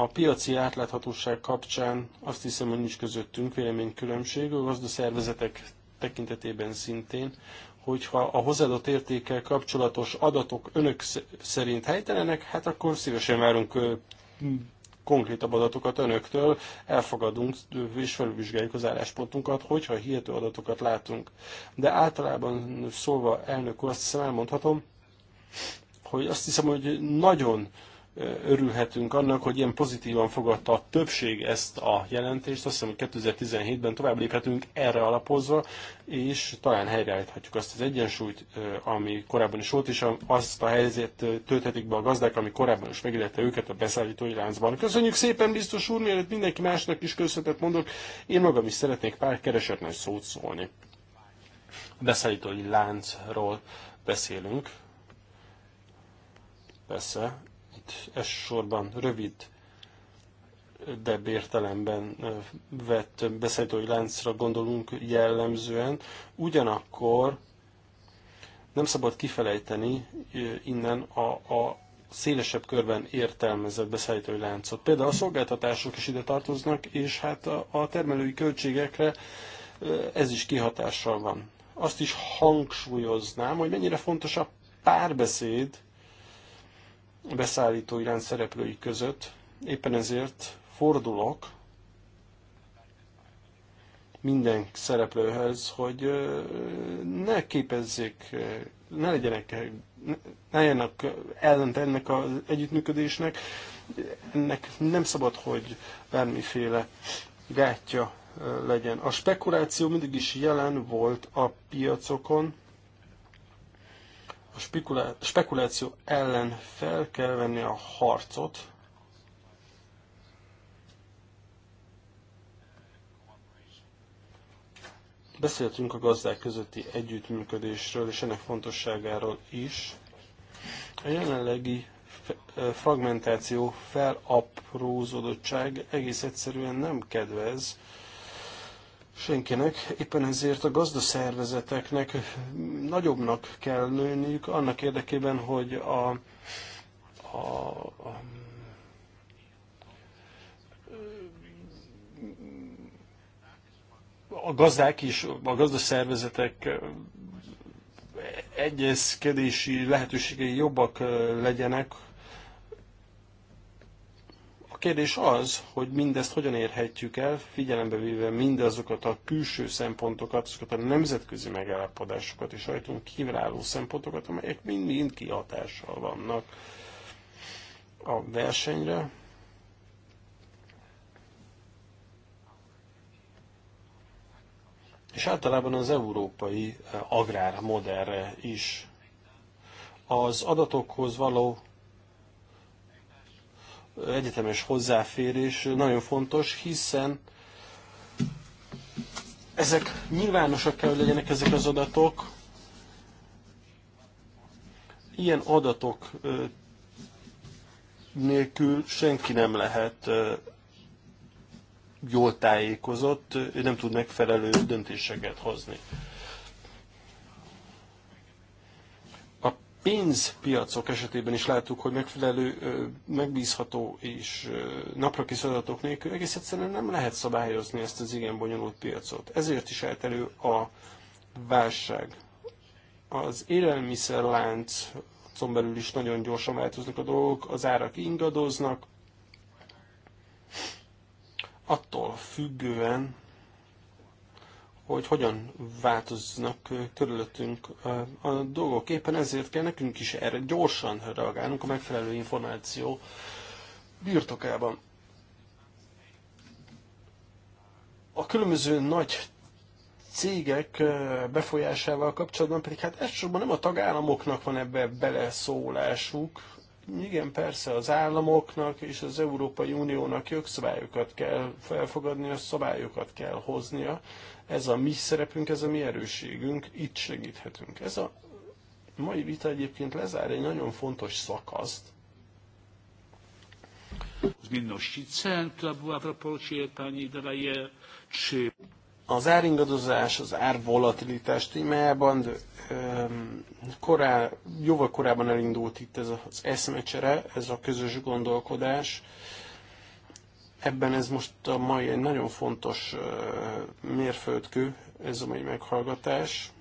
a piaci átláthatóság kapcsán azt hiszem, hogy nincs közöttünk véleménykülönbség, a gazdaszervezetek tekintetében szintén, hogyha a hozzáadott értékkel kapcsolatos adatok önök szerint helytelenek, hát akkor szívesen várunk konkrétabb adatokat önöktől, elfogadunk és felülvizsgáljuk az álláspontunkat, hogyha hihető adatokat látunk. De általában szólva, elnök úr, azt hiszem elmondhatom, hogy azt hiszem, hogy nagyon örülhetünk annak, hogy ilyen pozitívan fogadta a többség ezt a jelentést. Azt hiszem, hogy 2017-ben tovább léphetünk erre alapozva, és talán helyreállíthatjuk azt az egyensúlyt, ami korábban is volt, és azt a helyzet tölthetik be a gazdák, ami korábban is megillette őket a beszállítói láncban. Köszönjük szépen, biztos úr, mielőtt mindenki másnak is köszönetet mondok, én magam is szeretnék pár keresetlen szót szólni. A beszállítói láncról beszélünk. Persze, elsősorban rövid de értelemben vett beszállítói láncra gondolunk jellemzően. Ugyanakkor nem szabad kifelejteni innen a, a szélesebb körben értelmezett beszállítói láncot. Például a szolgáltatások is ide tartoznak, és hát a, a termelői költségekre ez is kihatással van. Azt is hangsúlyoznám, hogy mennyire fontos a párbeszéd beszállító irány szereplői között. Éppen ezért fordulok minden szereplőhöz, hogy ne képezzék, ne legyenek, ne legyenek ellent ennek az együttműködésnek, ennek nem szabad, hogy bármiféle gátja legyen. A spekuláció mindig is jelen volt a piacokon, a spekuláció ellen fel kell venni a harcot, Beszéltünk a gazdák közötti együttműködésről és ennek fontosságáról is. A jelenlegi fragmentáció felaprózódottság egész egyszerűen nem kedvez senkinek, éppen ezért a gazdaszervezeteknek nagyobbnak kell nőniük annak érdekében, hogy a, a, a a gazdák is, a gazdaszervezetek egyezkedési lehetőségei jobbak legyenek, kérdés az, hogy mindezt hogyan érhetjük el, figyelembe véve mindazokat a külső szempontokat, azokat a nemzetközi megállapodásokat és rajtunk kívülálló szempontokat, amelyek mind-mind kihatással vannak a versenyre, és általában az európai eh, agrármodellre is. Az adatokhoz való egyetemes hozzáférés nagyon fontos, hiszen ezek nyilvánosak kell, hogy legyenek ezek az adatok. Ilyen adatok nélkül senki nem lehet jól tájékozott, ő nem tud megfelelő döntéseket hozni. pénzpiacok esetében is láttuk, hogy megfelelő, megbízható és naprakész adatok nélkül egész egyszerűen nem lehet szabályozni ezt az igen bonyolult piacot. Ezért is állt elő a válság. Az élelmiszerlánc belül is nagyon gyorsan változnak a dolgok, az árak ingadoznak, attól függően, hogy hogyan változnak körülöttünk a dolgok. Éppen ezért kell nekünk is erre gyorsan reagálnunk a megfelelő információ birtokában. A különböző nagy cégek befolyásával kapcsolatban pedig hát elsősorban nem a tagállamoknak van ebbe beleszólásuk, igen, persze az államoknak és az Európai Uniónak jogszabályokat kell a szabályokat kell hoznia, ez a mi szerepünk, ez a mi erősségünk, itt segíthetünk. Ez a mai vita egyébként lezár egy nagyon fontos szakaszt. Zmienności cen, Az áringadozás, az árvolatilitás témájában korá, jóval korábban elindult itt ez az eszmecsere, ez a közös gondolkodás. Ebben ez most a mai egy nagyon fontos mérföldkő, ez a mai meghallgatás.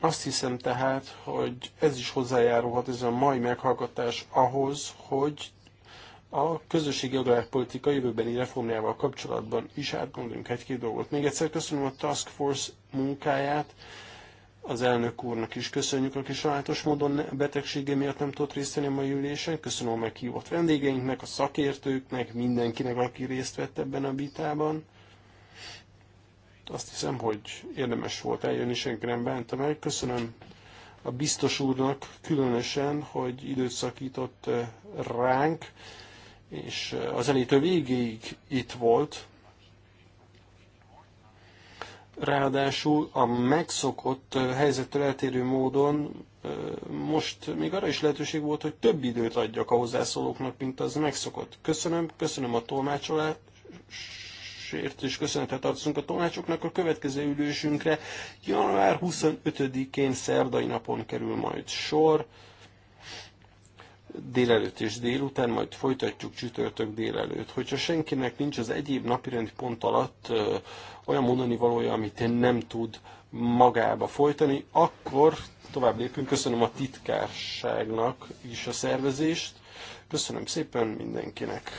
Azt hiszem tehát, hogy ez is hozzájárulhat, ez a mai meghallgatás ahhoz, hogy a közösségi agrárpolitika jövőbeni reformjával kapcsolatban is átgondoljunk egy-két dolgot. Még egyszer köszönöm a Task Force munkáját, az elnök úrnak is köszönjük, aki sajátos módon betegsége miatt nem tudott részt venni a mai ülésen. Köszönöm a meghívott vendégeinknek, a szakértőknek, mindenkinek, aki részt vett ebben a vitában. Azt hiszem, hogy érdemes volt eljönni, senki nem bánta meg. Köszönöm a biztos úrnak különösen, hogy időt szakított eh, ránk, és eh, az elétől végéig itt volt, Ráadásul a megszokott helyzettől eltérő módon most még arra is lehetőség volt, hogy több időt adjak a hozzászólóknak, mint az megszokott. Köszönöm, köszönöm a tolmácsolást, és köszönetet tartozunk a tolmácsoknak. A következő ülésünkre január 25-én szerdai napon kerül majd sor délelőtt és délután, majd folytatjuk csütörtök délelőtt. Hogyha senkinek nincs az egyéb napirendi pont alatt olyan mondani valója, amit nem tud magába folytani, akkor tovább lépünk. Köszönöm a titkárságnak is a szervezést. Köszönöm szépen mindenkinek.